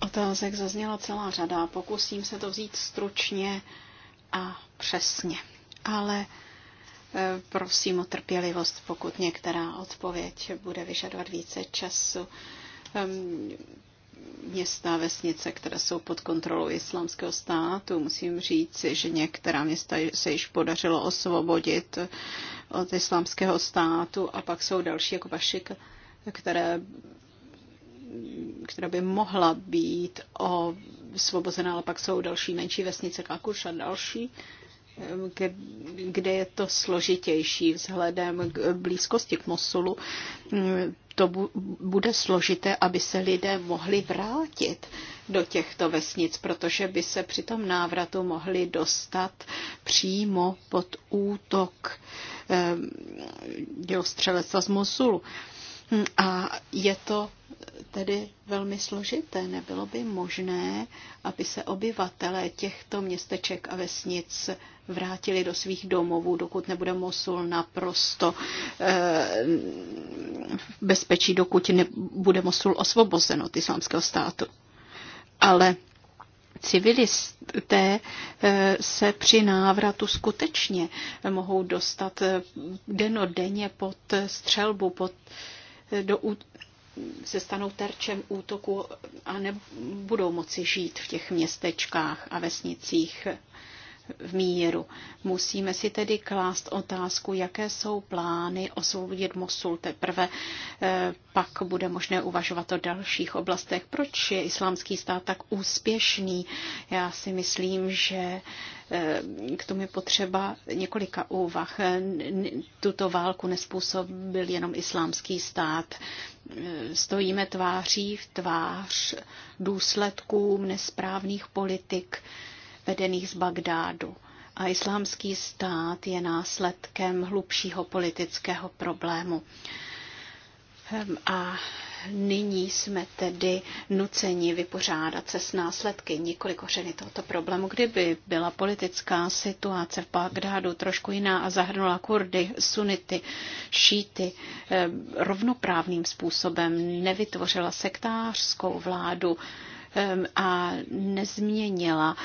Speaker 1: Otázek zazněla celá řada. Pokusím se to vzít stručně a přesně. Ale eh, prosím o trpělivost, pokud některá odpověď bude vyžadovat více času. Ehm, města a vesnice, které jsou pod kontrolou islámského státu, musím říci, že některá města se již podařilo osvobodit od islámského státu a pak jsou další, jako Bašik, které která by mohla být o svobozená, ale pak jsou další menší vesnice, Kakuš a další, eh, kde je to složitější vzhledem k blízkosti k Mosulu. Mm, to bude složité, aby se lidé mohli vrátit do těchto vesnic, protože by se při tom návratu mohli dostat přímo pod útok eh, dělostřelectva z Mosulu. Hm, a je to tedy velmi složité. Nebylo by možné, aby se obyvatelé těchto městeček a vesnic vrátili do svých domovů, dokud nebude Mosul naprosto e, bezpečí, dokud nebude Mosul osvobozen od islámského státu. Ale civilisté eh, se při návratu skutečně mohou dostat eh, denodenně pod střelbu, pod do, se stanou terčem útoku a nebudou moci žít v těch městečkách a vesnicích v míru. Musíme si tedy klást otázku, jaké jsou plány osvobodit Mosul teprve, eh, pak bude možné uvažovat o dalších oblastech. Proč je islámský stát tak úspěšný? Já si myslím, že eh, k tomu je potřeba několika úvah. Tuto válku nespůsobil jenom islámský stát. Eh, stojíme tváří v tvář důsledkům nesprávných politik, vedených z Bagdádu. A islámský stát je následkem hlubšího politického problému. Ehm, a nyní jsme tedy nuceni vypořádat se s následky nikoli kořeny tohoto problému. Kdyby byla politická situace v Bagdádu trošku jiná a zahrnula Kurdy, sunity, šíty ehm, rovnoprávným způsobem, nevytvořila sektářskou vládu, a nezměnila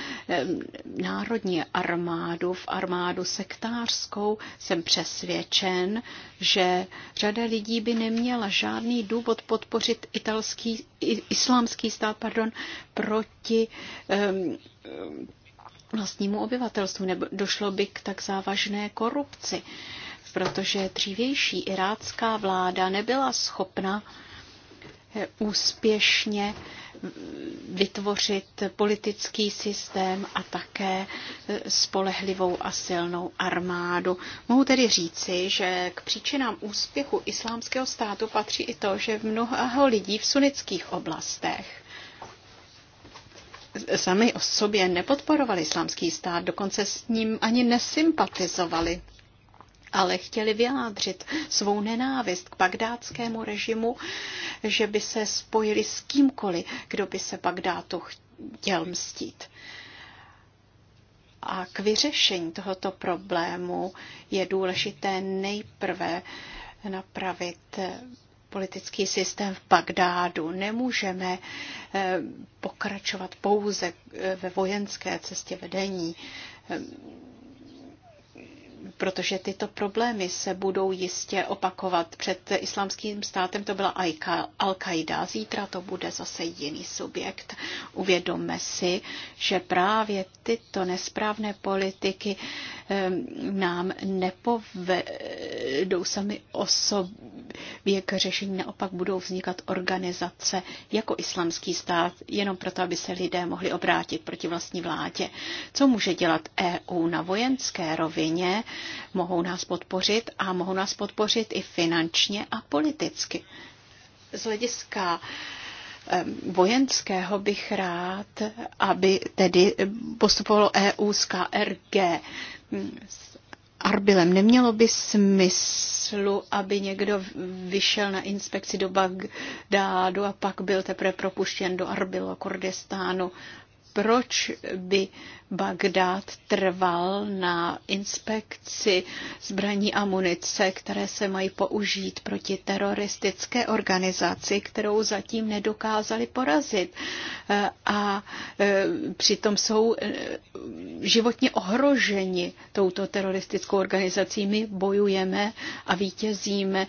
Speaker 1: národní armádu v armádu sektářskou, jsem přesvědčen, že řada lidí by neměla žádný důvod podpořit italský, islámský stát pardon, proti vlastnímu obyvatelstvu, nebo došlo by k tak závažné korupci, protože dřívější irácká vláda nebyla schopna eh, úspěšně vytvořit politický systém a také e, spolehlivou a silnou armádu. Mohu tedy říci, že k příčinám úspěchu islámského státu patří i to, že mnoho lidí v sunnických oblastech sami o sobě nepodporovali islámský stát, dokonce s ním ani nesympatizovali ale chtěli vyjádřit svou nenávist k bagdátskému režimu, že by se spojili s kýmkoliv, kdo by se Bagdátu chtěl mstít. A k vyřešení tohoto problému je důležité nejprve napravit eh, politický systém v Bagdádu. Nemůžeme eh, pokračovat pouze eh, ve vojenské cestě vedení protože tyto problémy se budou jistě opakovat. Před islámským státem to byla Al-Qaida, zítra to bude zase jiný subjekt. Uvědomme si, že právě tyto nesprávné politiky nám nepovedou sami osobě k řešení, naopak budou vznikat organizace jako islámský stát, jenom proto, aby se lidé mohli obrátit proti vlastní vládě. Co může dělat EU na vojenské rovině? mohou nás podpořit a mohou nás podpořit i finančně a politicky. Z hlediska vojenského bych rád, aby tedy postupovalo EU s KRG, s Arbilem. Nemělo by smyslu, aby někdo vyšel na inspekci do Bagdádu a pak byl teprve propuštěn do Arbilu a Kurdistánu proč by Bagdád trval na inspekci zbraní a munice, které se mají použít proti teroristické organizaci, kterou zatím nedokázali porazit. A e, přitom jsou e, životně ohroženi touto teroristickou organizací. My bojujeme a vítězíme.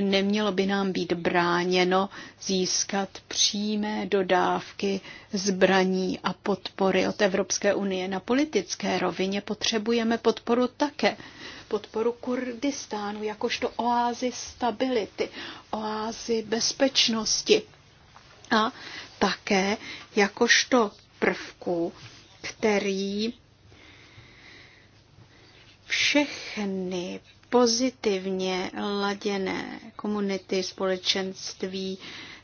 Speaker 1: Nemělo by nám být bráněno získat přímé dodávky zbraní a podpory od Evropské unie. Na politické rovině potřebujeme podporu také. Podporu Kurdistánu jakožto oázy stability, oázy bezpečnosti a také jakožto prvku, který všechny pozitivně laděné komunity, společenství,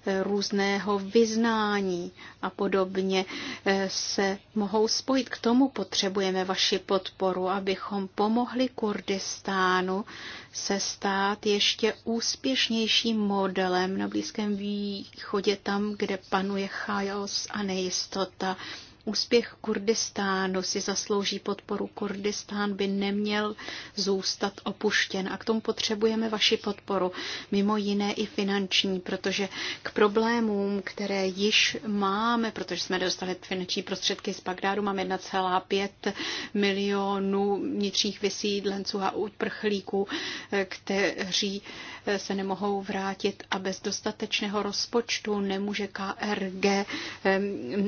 Speaker 1: Eh, různého vyznání a podobně eh, se mohou spojit. K tomu potřebujeme vaši podporu, abychom pomohli Kurdistánu se stát ještě úspěšnějším modelem na Blízkém východě, tam, kde panuje chaos a nejistota. Úspěch Kurdistánu si zaslouží podporu. Kurdistán by neměl zůstat opuštěn a k tomu potřebujeme vaši podporu, mimo jiné i finanční, protože k problémům, které již máme, protože jsme dostali finanční prostředky z Bagdádu, máme 1,5 milionů vnitřních vysídlenců a uprchlíků, kteří se nemohou vrátit a bez dostatečného rozpočtu nemůže KRG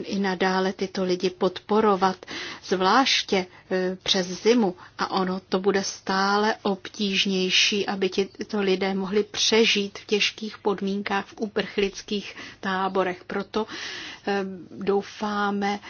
Speaker 1: i nadále tyto lidi podporovat, zvláště eh, přes zimu a ono to bude stále obtížnější, aby tyto lidé mohli přežít v těžkých podmínkách v uprchlických táborech. Proto eh, doufáme,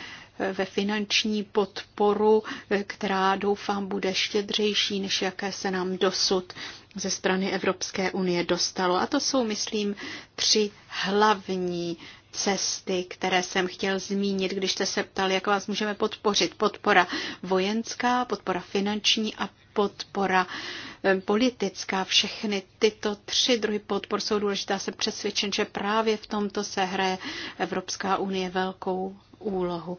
Speaker 1: eh, ve finanční podporu, která doufám bude štědřejší, než jaké se nám dosud ze strany Evropské unie dostalo. A to jsou, myslím, tři hlavní cesty, které jsem chtěl zmínit, když jste se ptali, jak vás můžeme podpořit. Podpora vojenská, podpora finanční a podpora eh, politická. Všechny tyto tři druhy podpor jsou důležité. Jsem přesvědčen, že právě v tomto se hraje Evropská unie velkou úlohu.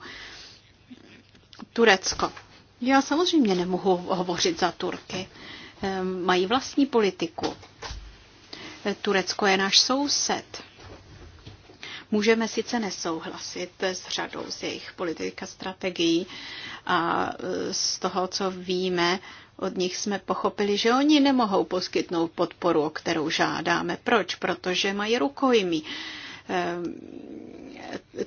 Speaker 1: Turecko. Já samozřejmě nemohu hovořit za Turky. Ehm, mají vlastní politiku. Eh, Turecko je náš soused. Můžeme sice nesouhlasit s řadou z jejich politika strategií a eh, z toho, co víme, od nich jsme pochopili, že oni nemohou poskytnout podporu, o kterou žádáme. Proč? Protože mají rukojmí ehm,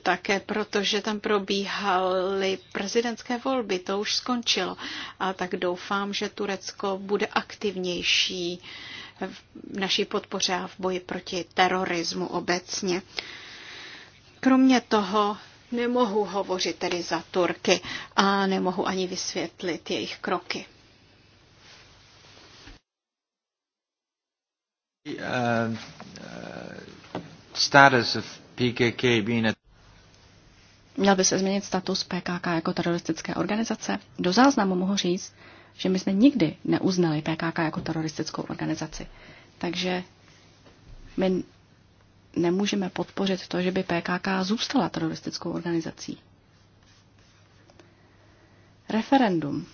Speaker 1: také proto, že tam probíhaly prezidentské volby, to už skončilo. A tak doufám, že Turecko bude aktivnější v naší podpoře a v boji proti terorismu obecně. Kromě toho nemohu hovořit tedy za Turky a nemohu ani vysvětlit jejich kroky.
Speaker 3: Uh, uh, status of PKK
Speaker 1: being a...
Speaker 2: Měl by se změnit status PKK jako teroristické organizace. Do záznamu mohu říct, že my jsme nikdy neuznali PKK jako teroristickou organizaci. Takže my nemůžeme podpořit to, že by PKK zůstala teroristickou organizací. Referendum.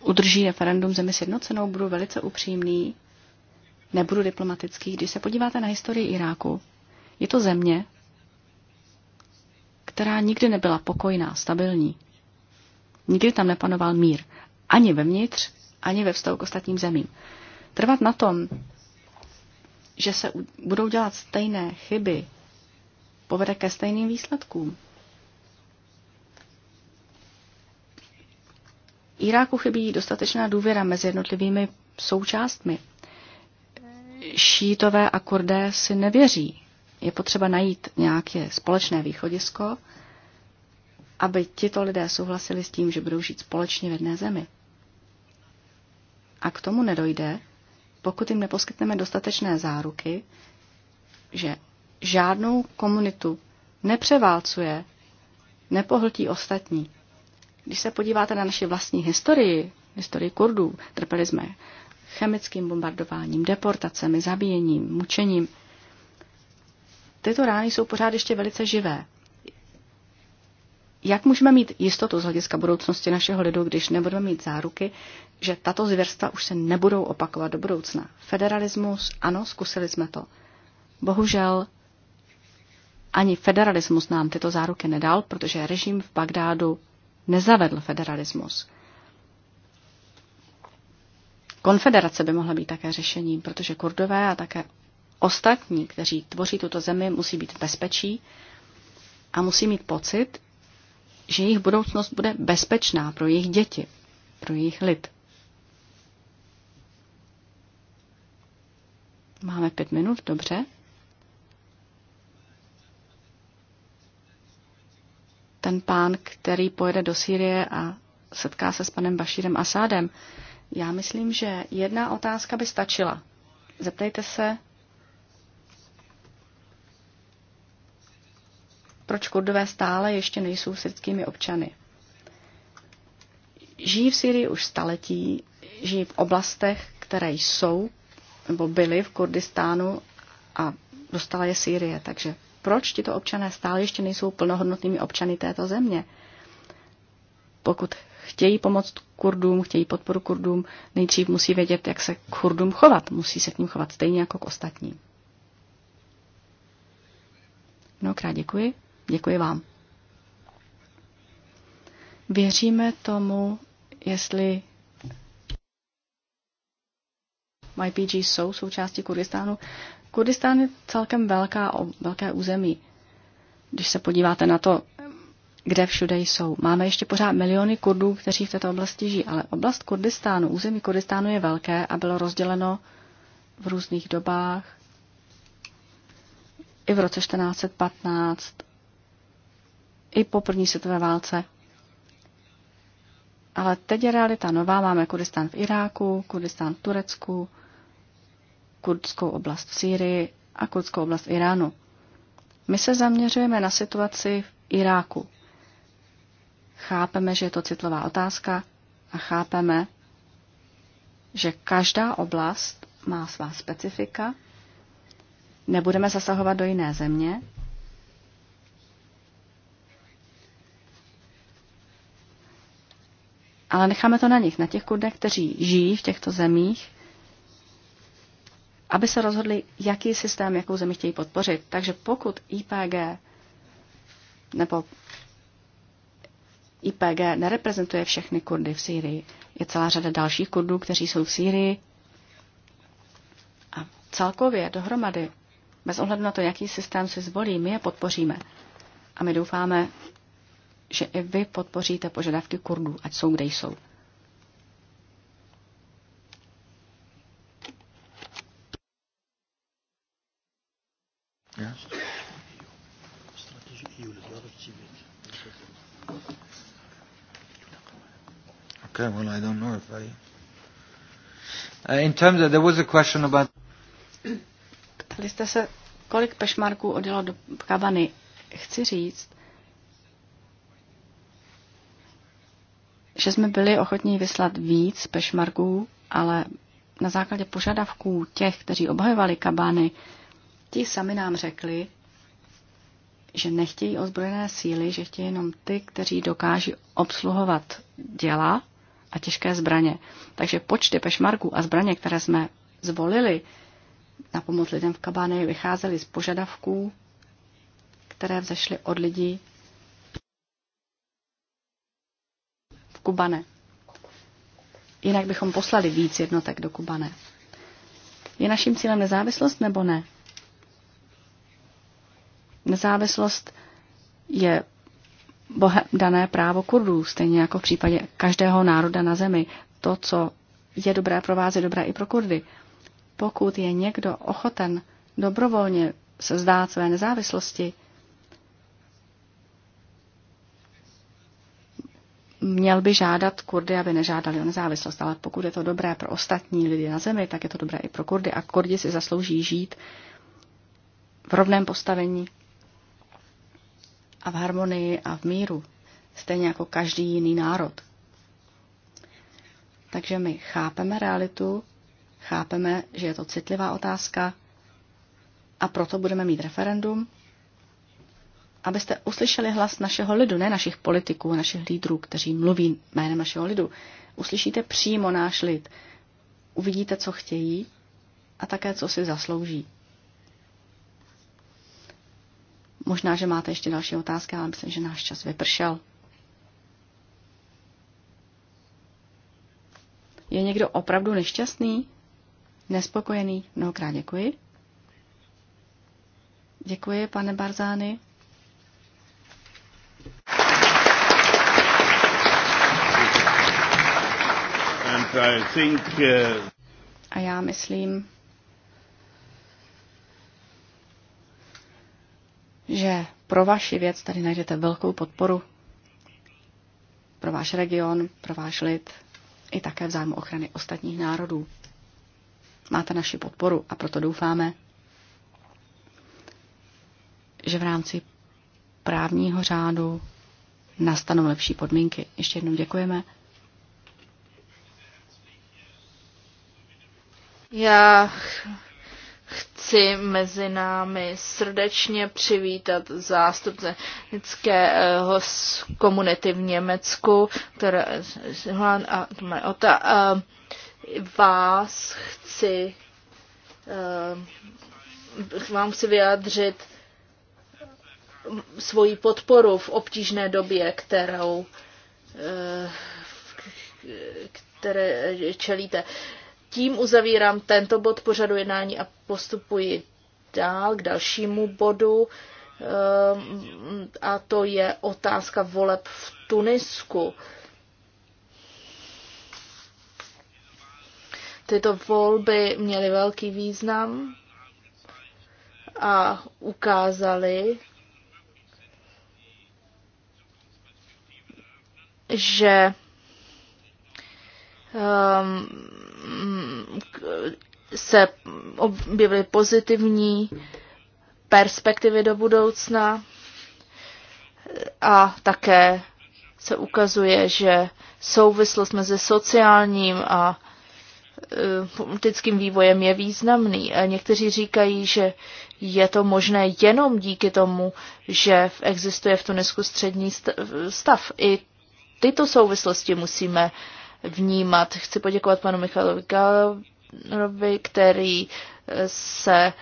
Speaker 2: Udrží referendum zemi sjednocenou, budu velice upřímný. Nebudu diplomatický. Když se podíváte na historii Iráku, je to země, která nikdy nebyla pokojná, stabilní. Nikdy tam nepanoval mír. Ani vevnitř, ani ve vztahu k ostatním zemím. Trvat na tom, že se budou dělat stejné chyby, povede ke stejným výsledkům. Iráku chybí dostatečná důvěra mezi jednotlivými součástmi šítové a kurdé si nevěří. Je potřeba najít nějaké společné východisko, aby tito lidé souhlasili s tím, že budou žít společně v jedné zemi. A k tomu nedojde, pokud jim neposkytneme dostatečné záruky, že žádnou komunitu nepřeválcuje, nepohltí ostatní. Když se podíváte na naši vlastní historii, historii Kurdů, trpěli jsme chemickým bombardováním, deportacemi, zabíjením, mučením. Tyto rány jsou pořád ještě velice živé. Jak můžeme mít jistotu z hlediska budoucnosti našeho lidu, když nebudeme mít záruky, že tato zvěrstva už se nebudou opakovat do budoucna? Federalismus, ano, zkusili jsme to. Bohužel ani federalismus nám tyto záruky nedal, protože režim v Bagdádu nezavedl federalismus. Konfederace by mohla být také řešením, protože kurdové a také ostatní, kteří tvoří tuto zemi, musí být v bezpečí a musí mít pocit, že jejich budoucnost bude bezpečná pro jejich děti, pro jejich lid. Máme pět minut, dobře. Ten pán, který pojede do Sýrie a setká se s panem Bašírem Asádem, já myslím, že jedna otázka by stačila. Zeptejte se, proč kurdové stále ještě nejsou syrskými občany. Žijí v Syrii už staletí, žijí v oblastech, které jsou nebo byly v Kurdistánu a dostala je Sýrie. Takže proč tito občané stále ještě nejsou plnohodnotnými občany této země? Pokud chtějí pomoct Kurdům, chtějí podporu Kurdům, nejdřív musí vědět, jak se k Kurdům chovat. Musí se k ním chovat stejně jako k ostatním. Mnohokrát děkuji. Děkuji vám. Věříme tomu, jestli MyPG jsou součástí Kurdistánu. Kurdistán je celkem velká, velké území. Když se podíváte na to, kde všude jsou. Máme ještě pořád miliony Kurdů, kteří v této oblasti žijí, ale oblast Kurdistánu, území Kurdistánu je velké a bylo rozděleno v různých dobách. I v roce 1415, i po první světové válce. Ale teď je realita nová. Máme Kurdistán v Iráku, Kurdistán v Turecku, kurdskou oblast v Sýrii a kurdskou oblast v Iránu. My se zaměřujeme na situaci v Iráku. Chápeme, že je to citlivá otázka a chápeme, že každá oblast má svá specifika. Nebudeme zasahovat do jiné země. Ale necháme to na nich, na těch kurdech, kteří žijí v těchto zemích, aby se rozhodli, jaký systém, jakou zemi chtějí podpořit. Takže pokud IPG nebo IPG nereprezentuje všechny Kurdy v Sýrii. Je celá řada dalších Kurdů, kteří jsou v Sýrii. A celkově dohromady, bez ohledu na to, jaký systém si zvolí, my je podpoříme. A my doufáme, že i vy podpoříte požadavky Kurdů, ať jsou kde jsou.
Speaker 1: Yes. Okay, well, I don't know if I... Uh, in terms of, there was a question about...
Speaker 2: Ptali jste se, kolik pešmarků odjelo do kabany. Chci říct, že jsme byli ochotní vyslat víc pešmarků, ale na základě požadavků těch, kteří obhajovali kabány, ti sami nám řekli, že nechtějí ozbrojené síly, že chtějí jenom ty, kteří dokáží obsluhovat děla a těžké zbraně. Takže počty pešmarků a zbraně, které jsme zvolili na pomoc lidem v kabáně, vycházely z požadavků, které vzešly od lidí v Kubane. Jinak bychom poslali víc jednotek do Kubane. Je naším cílem nezávislost nebo ne? Nezávislost je bohem dané právo Kurdů, stejně jako v případě každého národa na zemi. To, co je dobré pro vás, je dobré i pro Kurdy. Pokud je někdo ochoten dobrovolně se zdát své nezávislosti, měl by žádat Kurdy, aby nežádali o nezávislost, ale pokud je to dobré pro ostatní lidi na zemi, tak je to dobré i pro Kurdy a Kurdi si zaslouží žít v rovném postavení a v harmonii a v míru, stejně jako každý jiný národ. Takže my chápeme realitu, chápeme, že je to citlivá otázka a proto budeme mít referendum, abyste uslyšeli hlas našeho lidu, ne našich politiků, našich lídrů, kteří mluví jménem našeho lidu. Uslyšíte přímo náš lid, uvidíte, co chtějí a také, co si zaslouží. Možná, že máte ještě další otázky, ale myslím, že náš čas vypršel. Je někdo opravdu nešťastný? Nespokojený? Mnohokrát děkuji. Děkuji, pane Barzány.
Speaker 1: Uh,
Speaker 2: A já myslím, že pro vaši věc tady najdete velkou podporu pro váš region, pro váš lid i také v zájmu ochrany ostatních národů. Máte naši podporu a proto doufáme, že v rámci právního řádu nastanou lepší podmínky. Ještě jednou děkujeme.
Speaker 3: Já chci mezi námi srdečně přivítat zástupce lidského komunity v Německu, které a Ota. Vás chci eh, vám chci vyjádřit svoji podporu v obtížné době, kterou eh, které čelíte tím uzavírám tento bod pořadu jednání a postupuji dál k dalšímu bodu ehm, a to je otázka voleb v Tunisku. Tyto volby měly velký význam a ukázaly, že um, se objevily pozitivní perspektivy do budoucna a také se ukazuje, že souvislost mezi sociálním a e, politickým vývojem je významný. Někteří říkají, že je to možné jenom díky tomu, že existuje v Tunisku střední stav. I tyto souvislosti musíme vnímat. Chci poděkovat panu Michalovi Galovi, který eh, se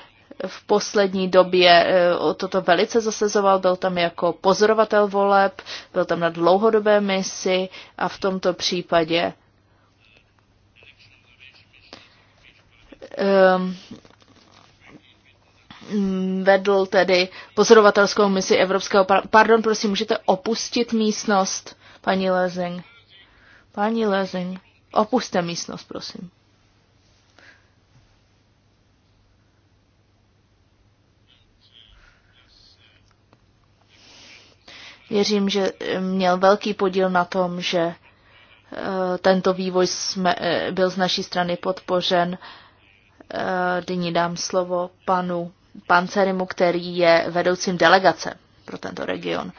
Speaker 3: v poslední době eh, o toto velice zasazoval, byl tam jako pozorovatel voleb, byl tam na dlouhodobé misi a v tomto případě um, vedl tedy pozorovatelskou misi Evropského... Pardon, prosím, můžete opustit místnost, paní Lezing. Pani lezeň, opuste místnost, prosím. Věřím, že eh, měl velký podíl na tom, že eh, tento vývoj jsme, eh, byl z naší strany podpořen. Nyní dám slovo panu Pancerimu, který je vedoucím delegace pro tento region.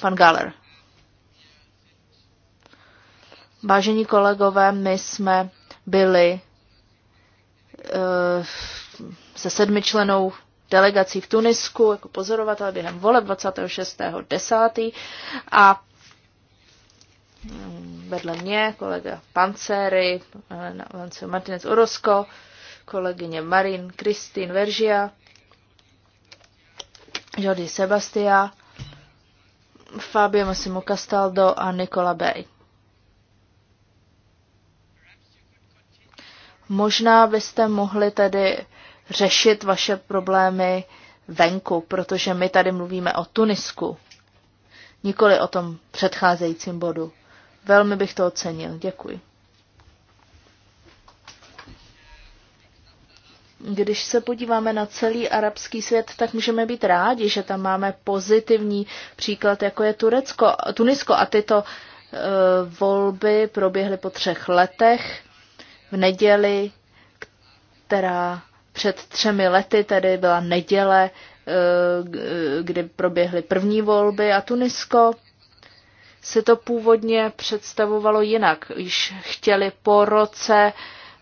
Speaker 3: Pan Galer. Vážení kolegové, my jsme byli eh, se sedmičlenou delegací v Tunisku jako pozorovatel během voleb 26.10. a mm, vedle mě kolega Pancery, eh, Lancio Martinez Orosko, kolegyně Marin, Kristýn Veržia, Jordi Sebastia, Fabio Massimo Castaldo a Nicola Bej. Možná byste mohli tedy řešit vaše problémy venku, protože my tady mluvíme o Tunisku, nikoli o tom předcházejícím bodu. Velmi bych to ocenil. Děkuji. Když se podíváme na celý arabský svět, tak můžeme být rádi, že tam máme pozitivní příklad, jako je Turecko, Tunisko. A tyto e, volby proběhly po třech letech v neděli, která před třemi lety tedy byla neděle, eh, eh, kdy proběhly první volby a Tunisko se to původně představovalo jinak. Již chtěli po roce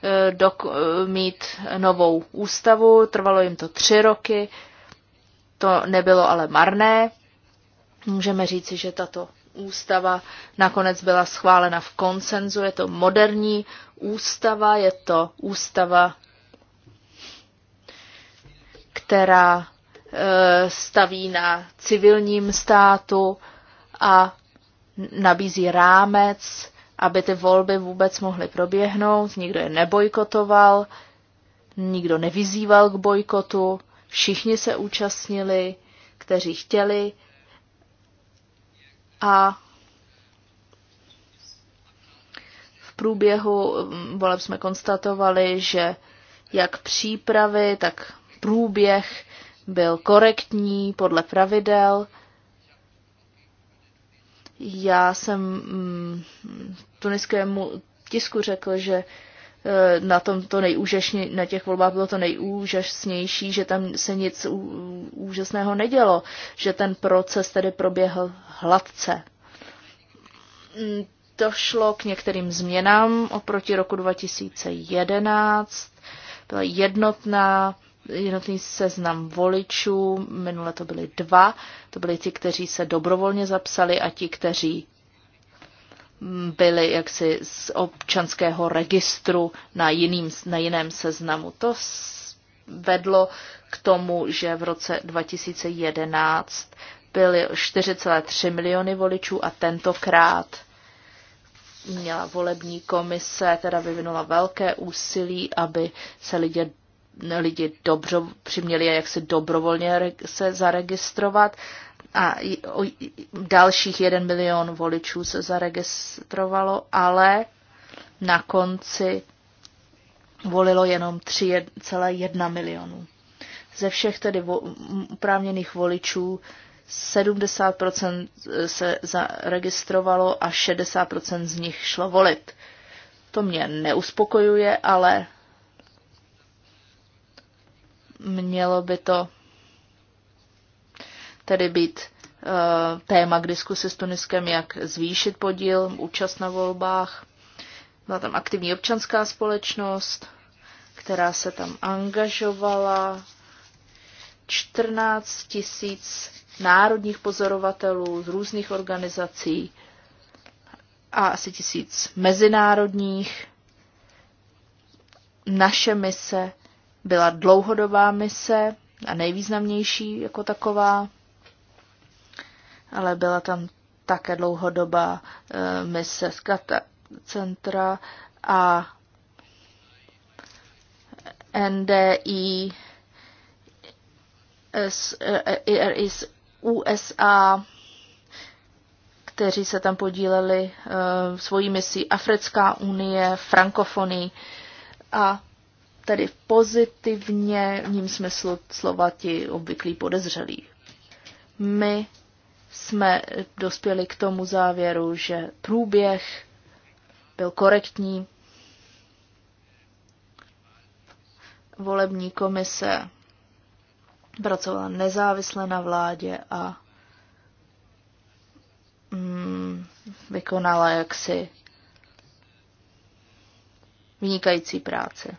Speaker 3: eh, dok- mít novou ústavu, trvalo jim to tři roky, to nebylo ale marné. Můžeme říci, že tato ústava nakonec byla schválena v konsenzu. Je to moderní ústava, je to ústava, která eh, staví na civilním státu a nabízí rámec, aby ty volby vůbec mohly proběhnout. Nikdo je nebojkotoval, nikdo nevyzýval k bojkotu, všichni se účastnili, kteří chtěli a v průběhu voleb jsme konstatovali, že jak přípravy, tak průběh byl korektní podle pravidel. Já jsem mm, tuniskému tisku řekl, že Eh, na tom to nejúžasně, na těch volbách bylo to nejúžasnější, že tam se nic úžasného nedělo, že ten proces tedy proběhl hladce. Došlo mm, k některým změnám oproti roku 2011. Byla jednotná jednotný seznam voličů, minule to byly dva, to byly ti, kteří se dobrovolně zapsali a ti, kteří byly jaksi z občanského registru na, jiným, na jiném seznamu. To vedlo k tomu, že v roce 2011 byly 4,3 miliony voličů a tentokrát měla volební komise, teda vyvinula velké úsilí, aby se lidé lidi dobře přiměli, jak se dobrovolně se zaregistrovat a dalších jeden milion voličů se zaregistrovalo, ale na konci volilo jenom 3,1 milionů. Ze všech tedy vo, oprávněných voličů 70% e, se zaregistrovalo a 60% z nich šlo volit. To mě neuspokojuje, ale mělo by to tedy být eh, téma k diskusi s Tuniskem, jak zvýšit podíl, účast na volbách. Byla tam aktivní občanská společnost, která se tam angažovala. 14 tisíc národních pozorovatelů z různých organizací a asi tisíc mezinárodních. Naše mise byla dlouhodobá mise a nejvýznamnější jako taková ale byla tam také dlouhodobá e, mise z Kata centra a NDI z, e, e, USA, kteří se tam podíleli e, svojí misí Africká unie, frankofonii a tedy v pozitivně v ním smyslu slova ti obvyklí podezřelí. My jsme dospěli k tomu závěru, že průběh byl korektní. Volební komise pracovala nezávisle na vládě a mm, vykonala jaksi vynikající práci.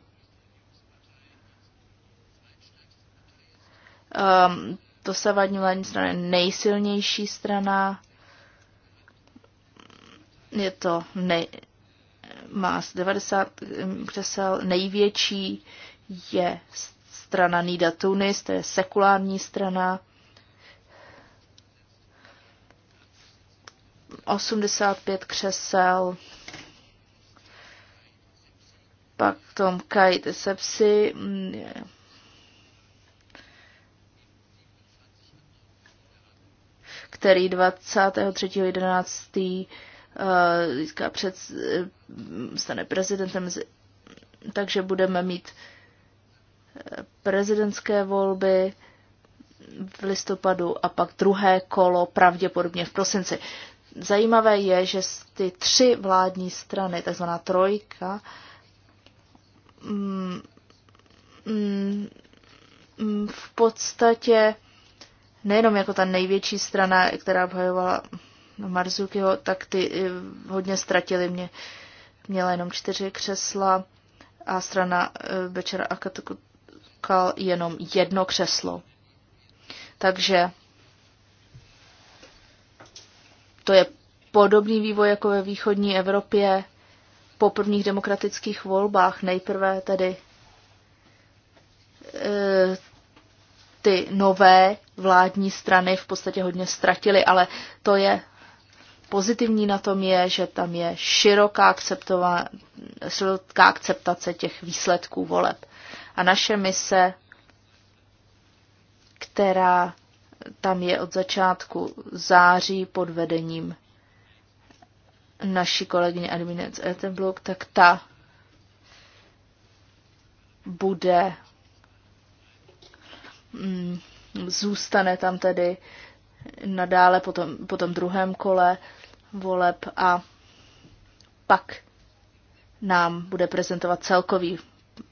Speaker 3: Um, dosavadní vládní strana je nejsilnější strana. Je to nej, má z 90 mm, křesel největší je strana Nida Tunis, to je sekulární strana. 85 křesel. Pak tom Kajt Sepsi, mm, který 23.11. Eh, získá před, eh, stane prezidentem, takže budeme mít eh, prezidentské volby v listopadu a pak druhé kolo pravděpodobně v prosinci. Zajímavé je, že ty tři vládní strany, takzvaná trojka, mm, mm, mm, v podstatě nejenom jako ta největší strana, která obhajovala Marzukiho, tak ty eh, hodně ztratili mě. Měla jenom čtyři křesla a strana eh, Bečera Katukal jenom jedno křeslo. Takže to je podobný vývoj jako ve východní Evropě po prvních demokratických volbách. Nejprve tedy eh, ty nové vládní strany v podstatě hodně ztratily, ale to je pozitivní na tom je, že tam je široká, široká akceptace těch výsledků voleb. A naše mise, která tam je od začátku září pod vedením naší kolegyně Adminec Etenblock, tak ta bude mm, zůstane tam tedy nadále po tom, po tom druhém kole voleb a pak nám bude prezentovat celkový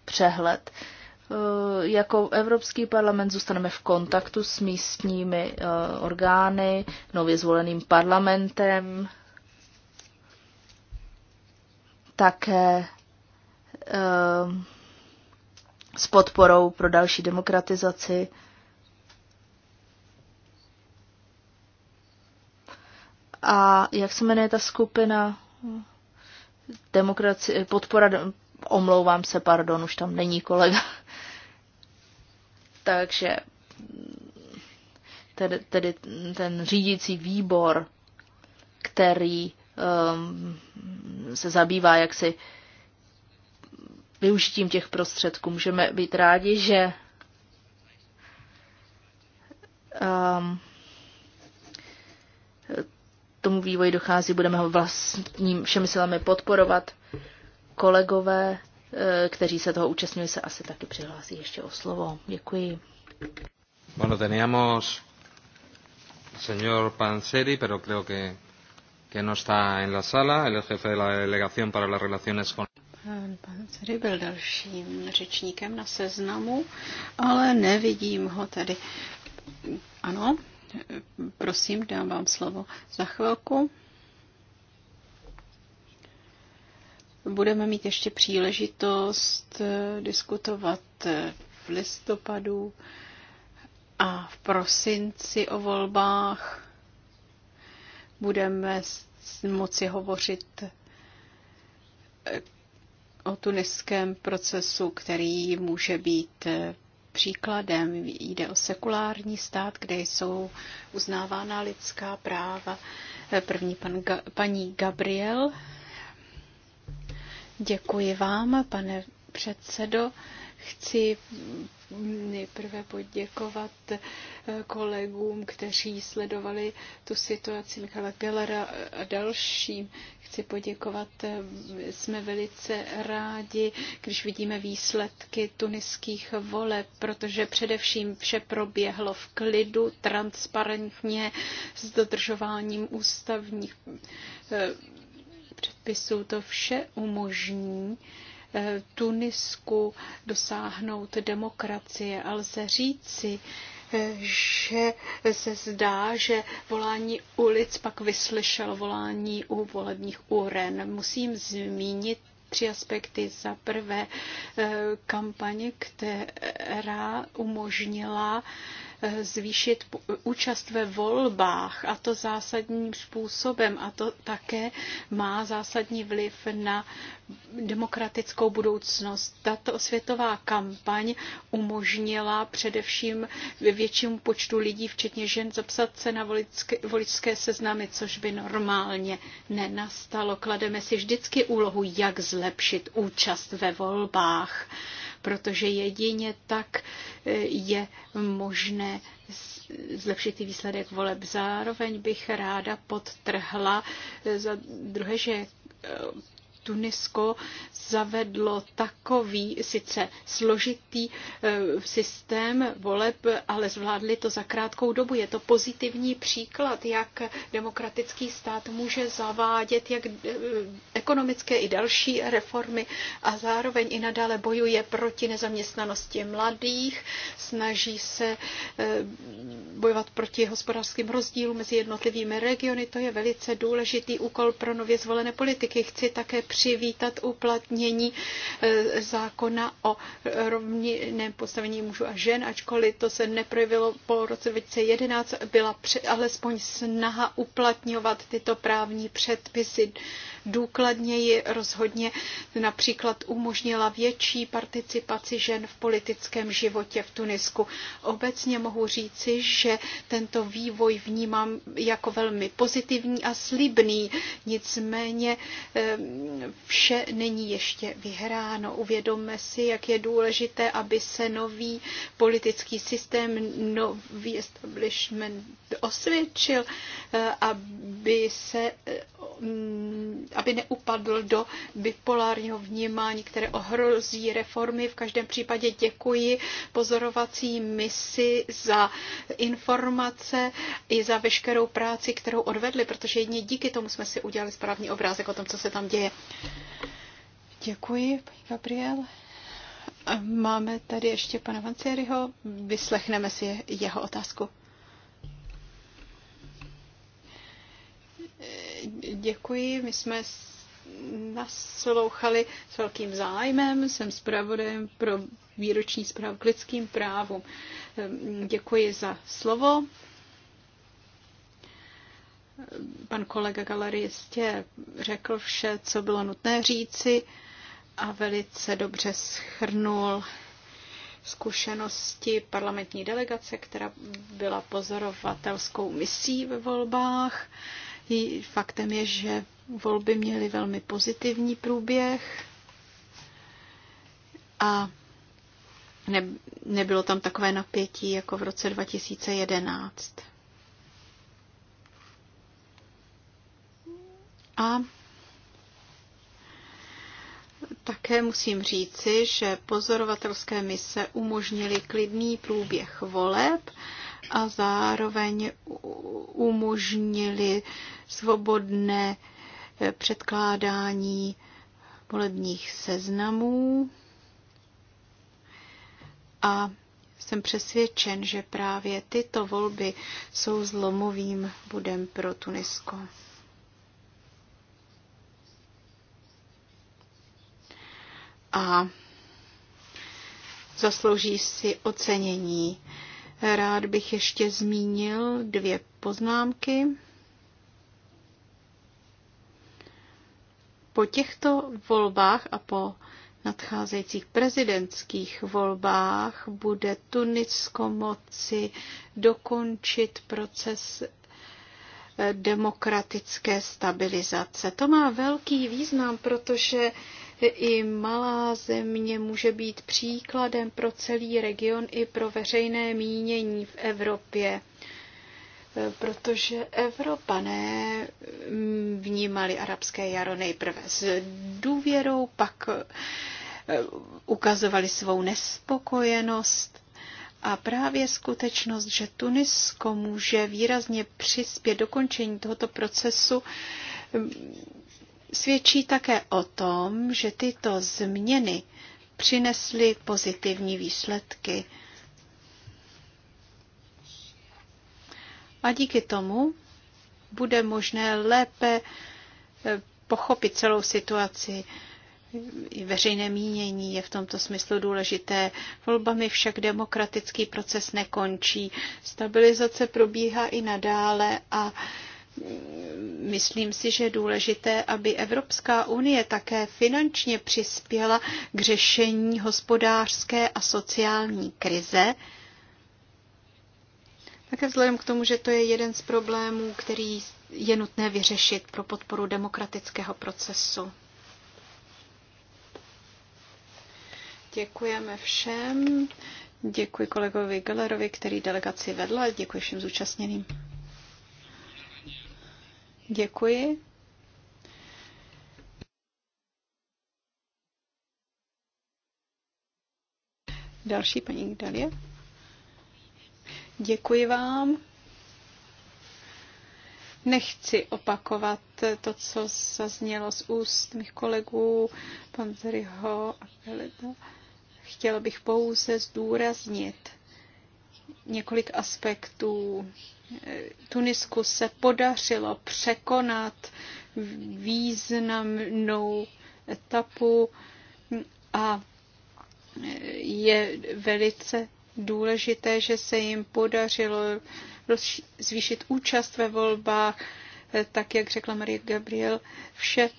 Speaker 3: přehled. E, jako Evropský parlament zůstaneme v kontaktu s místními e, orgány, nově zvoleným parlamentem, také e, s podporou pro další demokratizaci A jak se jmenuje ta skupina? Demokracie, podpora, omlouvám se, pardon, už tam není kolega. Takže tedy, tedy ten řídící výbor, který um, se zabývá jaksi využitím těch prostředků. Můžeme být rádi, že um, tomu vývoji dochází, budeme ho vlastním všemi silami podporovat. Kolegové, eh, kteří se toho účastnili, se asi taky přihlásí ještě o slovo. Děkuji. Bueno, teníamos señor Panseri, pero creo que, que no está en la sala, el jefe de la delegación para las relaciones con...
Speaker 1: Pan Panseri byl dalším řečníkem na seznamu, ale nevidím ho tady. Ano, Prosím, dám vám slovo za chvilku. Budeme mít ještě příležitost eh, diskutovat eh, v listopadu a v prosinci o volbách. Budeme moci hovořit eh, o tuniském procesu, který může být příkladem. Jde o sekulární stát, kde jsou uznávána lidská práva. První pan Ga- paní Gabriel. Děkuji vám, pane předsedo. Chci nejprve poděkovat eh, kolegům, kteří sledovali tu situaci Michala Gellera a dalším. Chci poděkovat, eh, jsme velice rádi, když vidíme výsledky tuniských voleb, protože především vše proběhlo v klidu, transparentně, s dodržováním ústavních eh, předpisů. To vše umožní, Eh, Tunisku dosáhnout demokracie. A lze říci, eh, že se zdá, že volání ulic pak vyslyšel volání u volebních úren. Musím zmínit tři aspekty. Za prvé eh, kampaně, která umožnila zvýšit účast ve volbách a to zásadním způsobem a to také má zásadní vliv na demokratickou budoucnost. Tato osvětová kampaň umožnila především většímu počtu lidí, včetně žen, zapsat se na voličské, voličské seznamy, což by normálně nenastalo. Klademe si vždycky úlohu, jak zlepšit účast ve volbách protože jedině tak eh, je možné zlepšit ty výsledek voleb. Zároveň bych ráda podtrhla eh, za druhé, že eh, Tunisko zavedlo takový sice složitý eh, systém voleb, ale zvládli to za krátkou dobu. Je to pozitivní příklad, jak demokratický stát může zavádět jak eh, ekonomické i další reformy a zároveň i nadále bojuje proti nezaměstnanosti mladých, snaží se eh, bojovat proti hospodářským rozdílům mezi jednotlivými regiony. To je velice důležitý úkol pro nově zvolené politiky. Chci také přivítat uplatnění eh, zákona o rovněném postavení mužů a žen, ačkoliv to se neprojevilo po roce 2011, byla alespoň snaha uplatňovat tyto právní předpisy důkladněji rozhodně například umožnila větší participaci žen v politickém životě v Tunisku. Obecně mohu říci, že tento vývoj vnímám jako velmi pozitivní a slibný, nicméně ehm, vše není ještě vyhráno. Uvědomme si, jak je důležité, aby se nový politický systém, nový establishment osvědčil, eh, aby se eh, aby neupadl do bipolárního vnímání, které ohrozí reformy. V každém případě děkuji pozorovací misi za informace i za veškerou práci, kterou odvedli, protože jedině díky tomu jsme si udělali správný obrázek o tom, co se tam děje. Děkuji, paní Gabriel. Máme tady ještě pana Vancieriho, vyslechneme si jeho otázku. Děkuji, my jsme naslouchali s velkým zájmem. Jsem zpravodajem pro výroční zprávu k lidským právům. Ehm, děkuji za slovo. Pan kolega galeristě řekl vše, co bylo nutné říci a velice dobře schrnul zkušenosti parlamentní delegace, která byla pozorovatelskou misí ve volbách. Faktem je, že volby měly velmi pozitivní průběh a ne, nebylo tam takové napětí jako v roce 2011. A také musím říci, že pozorovatelské mise umožnily klidný průběh voleb a zároveň umožnili svobodné eh, předkládání volebních seznamů. A jsem přesvědčen, že právě tyto volby jsou zlomovým budem pro Tunisko. A zaslouží si ocenění Rád bych ještě zmínil dvě poznámky. Po těchto volbách a po nadcházejících prezidentských volbách bude Tunisko moci dokončit proces eh, demokratické stabilizace. To má velký význam, protože i malá země může být příkladem pro celý region i pro veřejné mínění v Evropě e, protože Evropané mm, vnímali arabské jaro nejprve s důvěrou, pak e, ukazovali svou nespokojenost a právě skutečnost, že Tunisko může výrazně přispět dokončení tohoto procesu, svědčí také o tom, že tyto změny přinesly pozitivní výsledky. A díky tomu bude možné lépe eh, pochopit celou situaci. Veřejné mínění je v tomto smyslu důležité. Volbami však demokratický proces nekončí. Stabilizace probíhá i nadále a Myslím si, že je důležité, aby Evropská unie také finančně přispěla k řešení hospodářské a sociální krize. Také vzhledem k tomu, že to je jeden z problémů, který je nutné vyřešit pro podporu demokratického procesu. Děkujeme všem. Děkuji kolegovi Gellerovi, který delegaci vedla. Děkuji všem zúčastněným. Děkuji. Další paní Dalie. Děkuji vám. Nechci opakovat to, co zaznělo z úst mých kolegů, pan Zryho a Peleta. Chtěla bych pouze zdůraznit několik aspektů Tunisku se podařilo překonat významnou etapu a je velice důležité, že se jim podařilo zvýšit účast ve volbách, tak jak řekla Marie Gabriel, vše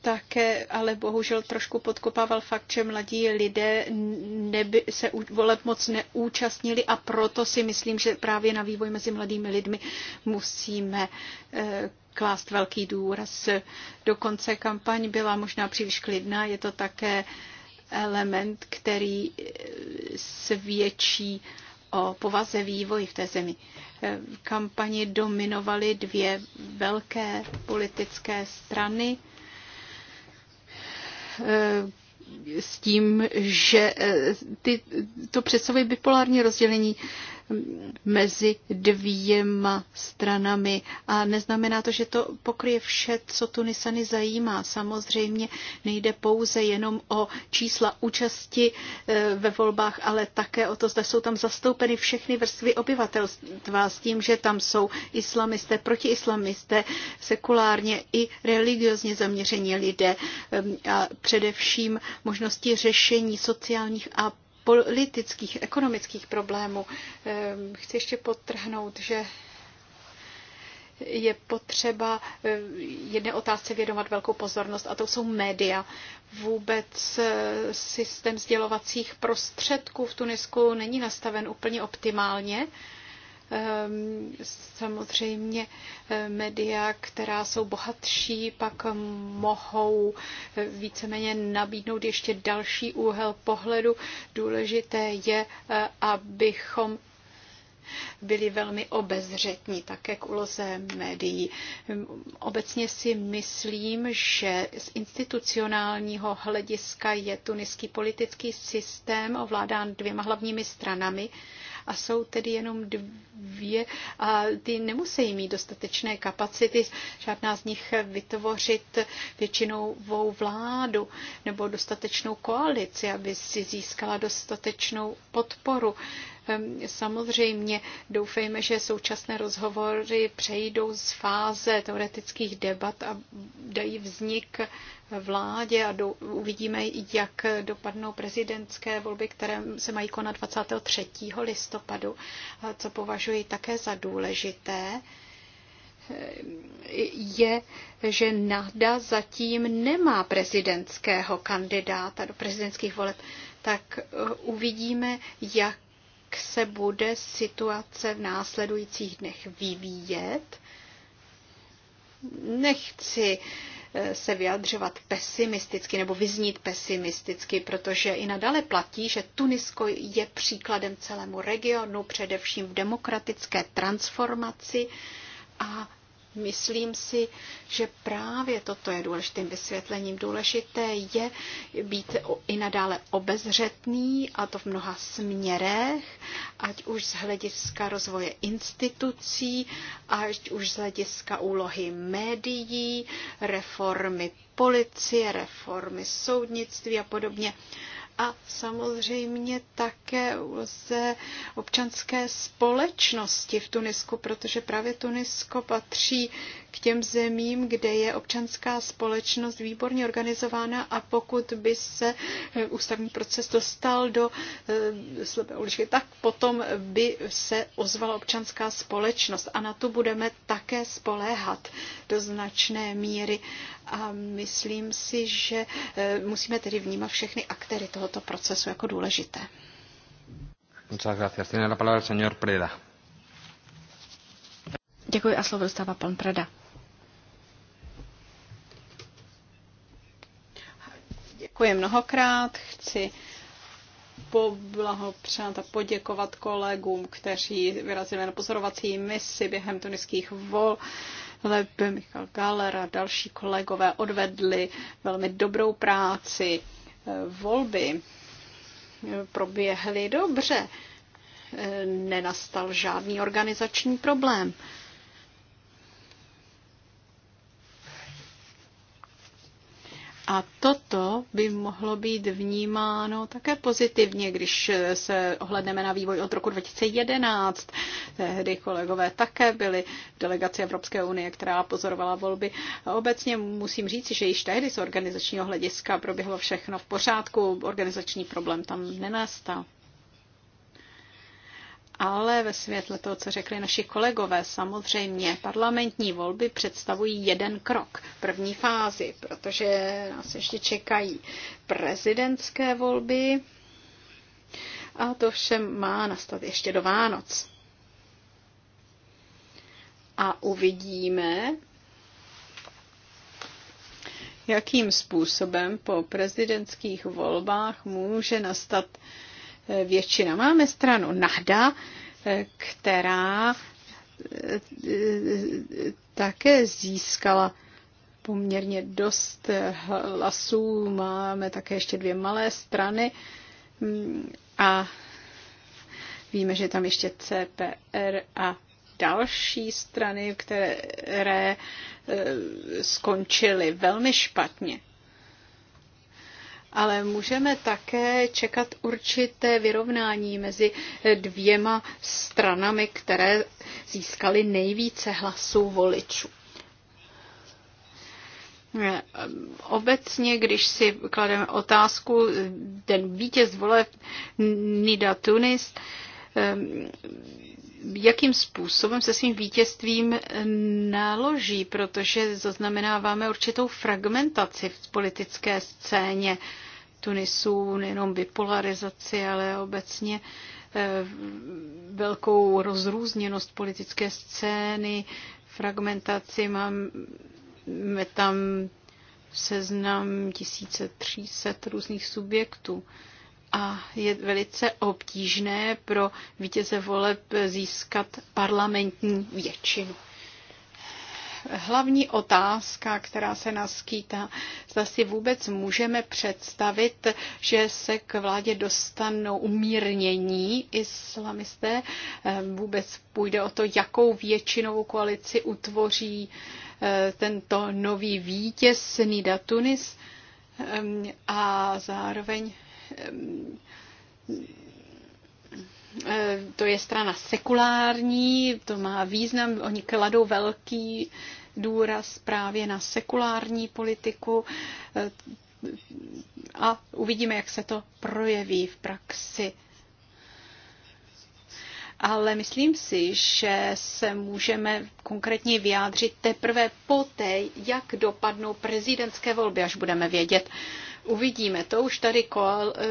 Speaker 1: také ale bohužel trošku podkopával fakt, že mladí lidé neby, se voleb moc neúčastnili a proto si myslím, že právě na vývoj mezi mladými lidmi musíme eh, klást velký důraz. Dokonce kampaň byla možná příliš klidná, je to také element, který eh, svědčí o povaze vývoji v té zemi. Eh, v kampani dominovaly dvě velké politické strany, s tím, že eh, ty, to představuje bipolární rozdělení mezi dvěma stranami. A neznamená to, že to pokryje vše, co Tunisany zajímá. Samozřejmě nejde pouze jenom o čísla účasti eh, ve volbách, ale také o to, zda jsou tam zastoupeny všechny vrstvy obyvatelstva s tím, že tam jsou islamisté, protiislamisté, sekulárně i religiozně zaměření lidé eh, a především možnosti řešení sociálních a politických, ekonomických problémů. Ehm, chci ještě podtrhnout, že je potřeba ehm, jedné otázce vědomat velkou pozornost a to jsou média. Vůbec ehm, systém sdělovacích prostředků v Tunisku není nastaven úplně optimálně. Ehm, samozřejmě eh, média, která jsou bohatší, pak mohou eh, víceméně nabídnout ještě další úhel pohledu. Důležité je, eh, abychom byli velmi obezřetní také k úloze médií. Ehm, obecně si myslím, že z institucionálního hlediska je tuniský politický systém ovládán dvěma hlavními stranami, a jsou tedy jenom dvě a ty nemusí mít dostatečné kapacity, žádná z nich vytvořit většinovou vládu nebo dostatečnou koalici, aby si získala dostatečnou podporu. Ehm, samozřejmě doufejme, že současné rozhovory přejdou z fáze teoretických debat a dají vznik vládě a do, uvidíme, jak dopadnou prezidentské volby, které se mají konat 23. listopadu, co považuji také za důležité ehm, je, že NADA zatím nemá prezidentského kandidáta do prezidentských voleb, tak eh, uvidíme, jak jak se bude situace v následujících dnech vyvíjet. Nechci eh, se vyjadřovat pesimisticky nebo vyznít pesimisticky, protože i nadále platí, že Tunisko je příkladem celému regionu, především v demokratické transformaci a Myslím si, že právě toto je důležitým vysvětlením. Důležité je být i nadále obezřetný a to v mnoha směrech, ať už z hlediska rozvoje institucí, ať už z hlediska úlohy médií, reformy policie, reformy soudnictví a podobně a samozřejmě také ze občanské společnosti v Tunisku, protože právě Tunisko patří k těm zemím, kde je občanská společnost výborně organizována a pokud by se eh, ústavní proces dostal do eh, slepé uličky, tak potom by se ozvala občanská společnost a na tu budeme také spoléhat do značné míry a myslím si, že eh, musíme tedy vnímat všechny aktéry tohoto procesu jako důležité.
Speaker 3: Muchas gracias. Tiene la palabra el señor Preda.
Speaker 2: Děkuji a slovo dostává pan Preda.
Speaker 1: Děkuji mnohokrát. Chci poblahopřát a poděkovat kolegům, kteří vyrazili na pozorovací misi během tuniských vol Lepe, Michal Galera, další kolegové odvedli velmi dobrou práci. Volby proběhly dobře. Nenastal žádný organizační problém. A toto by mohlo být vnímáno také pozitivně, když se ohledneme na vývoj od roku 2011. Tehdy kolegové také byli v delegaci Evropské unie, která pozorovala volby. Obecně musím říct, že již tehdy z organizačního hlediska proběhlo všechno v pořádku, organizační problém tam nenastal ale ve světle toho, co řekli naši kolegové, samozřejmě parlamentní volby představují jeden krok, první fázi, protože nás ještě čekají prezidentské volby a to vše má nastat ještě do Vánoc. A uvidíme, jakým způsobem po prezidentských volbách může nastat uh, většina. Máme stranu Nahda, která eh, také získala poměrně dost hlasů. Máme také ještě dvě malé strany a víme, že tam ještě CPR a další strany, které eh, skončily velmi špatně ale můžeme také čekat určité vyrovnání mezi dvěma stranami, které získaly nejvíce hlasů voličů. Obecně, když si klademe otázku, ten vítěz voleb Nida Tunis, Ehm, jakým způsobem se svým vítězstvím naloží, protože zaznamenáváme určitou fragmentaci v politické scéně Tunisu, nejenom bipolarizaci, ale obecně ehm, velkou rozrůzněnost politické scény, fragmentaci. Máme tam seznam 1300 různých subjektů a je velice obtížné pro vítěze voleb získat parlamentní většinu. Hlavní otázka, která se naskýtá, zda si vůbec můžeme představit, že se k vládě dostanou umírnění islamisté. Vůbec půjde o to, jakou většinovou koalici utvoří eh, tento nový vítěz Nida Tunis ehm, a zároveň Ehm, to je strana sekulární, to má význam, oni kladou velký důraz právě na sekulární politiku ehm, a uvidíme, jak se to projeví v praxi. Ale myslím si, že se můžeme konkrétně vyjádřit teprve poté, jak dopadnou prezidentské volby, až budeme vědět, Uvidíme, to už tady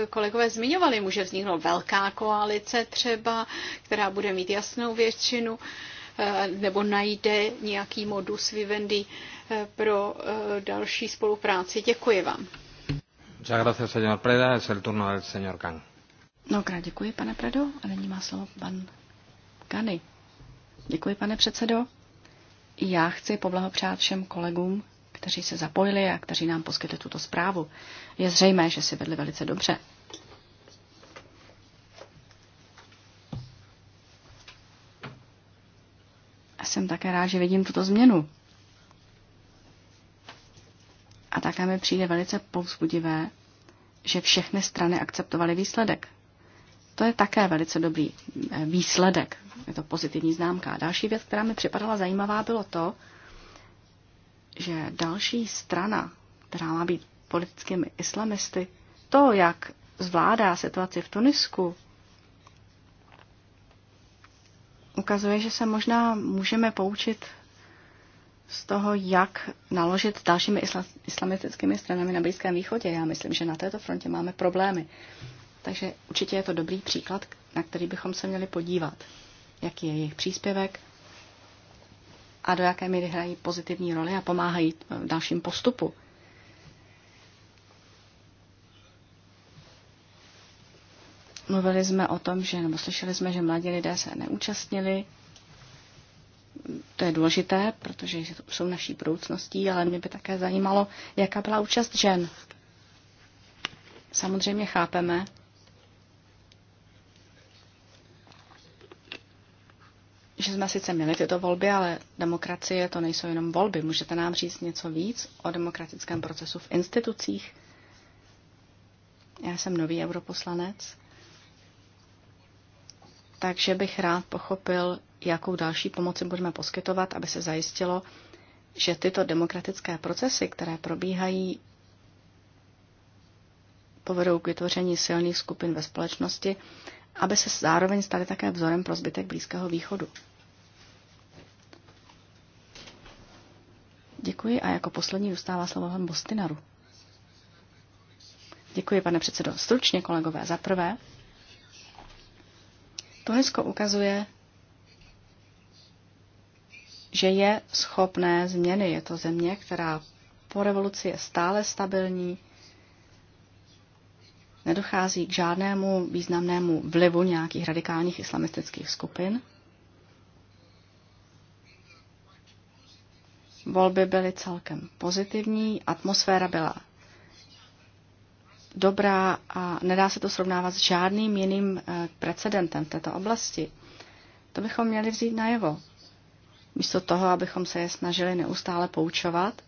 Speaker 1: kolegové zmiňovali, může vzniknout velká koalice třeba, která bude mít jasnou většinu eh, nebo najde nějaký modus vivendi eh, pro eh, další spolupráci. Děkuji vám.
Speaker 3: Muchas gracias, señor Preda. Es el turno del señor Kang.
Speaker 2: děkuji, pane Predo. A nyní má slovo pan Kany. Děkuji, pane předsedo. Já chci poblahopřát všem kolegům, kteří se zapojili a kteří nám poskytli tuto zprávu. Je zřejmé, že si vedli velice dobře. A jsem také rád, že vidím tuto změnu. A také mi přijde velice povzbudivé, že všechny strany akceptovaly výsledek. To je také velice dobrý eh, výsledek. Je to pozitivní známka. Další věc, která mi připadala zajímavá, bylo to, že další strana, která má být politickými islamisty, to, jak zvládá situaci v Tunisku, ukazuje, že se možná můžeme poučit z toho, jak naložit s dalšími isla- islamistickými stranami na Blízkém východě. Já myslím, že na této frontě máme problémy. Takže určitě je to dobrý příklad, na který bychom se měli podívat, jaký je jejich příspěvek a do jaké míry hrají pozitivní roli a pomáhají eh, dalším postupu. Mluvili jsme o tom, že, nebo slyšeli jsme, že mladí lidé se neúčastnili. To je důležité, protože jsou naší budoucností, ale mě by také zajímalo, jaká byla účast žen. Samozřejmě chápeme, že jsme sice měli tyto volby, ale demokracie to nejsou jenom volby. Můžete nám říct něco víc o demokratickém procesu v institucích? Já jsem nový europoslanec, takže bych rád pochopil, jakou další pomoci budeme poskytovat, aby se zajistilo, že tyto demokratické procesy, které probíhají, povedou k vytvoření silných skupin ve společnosti, aby se zároveň staly také vzorem pro zbytek Blízkého východu. Děkuji a jako poslední dostává slovo pan Bostinaru. Děkuji, pane předsedo. Stručně, kolegové, za prvé. Tunisko ukazuje, že je schopné změny. Je to země, která po revoluci je stále stabilní, nedochází k žádnému významnému vlivu nějakých radikálních islamistických skupin. Volby byly celkem pozitivní, atmosféra byla dobrá a nedá se to srovnávat s žádným jiným eh, precedentem v této oblasti. To bychom měli vzít najevo. Místo toho, abychom se je snažili neustále poučovat,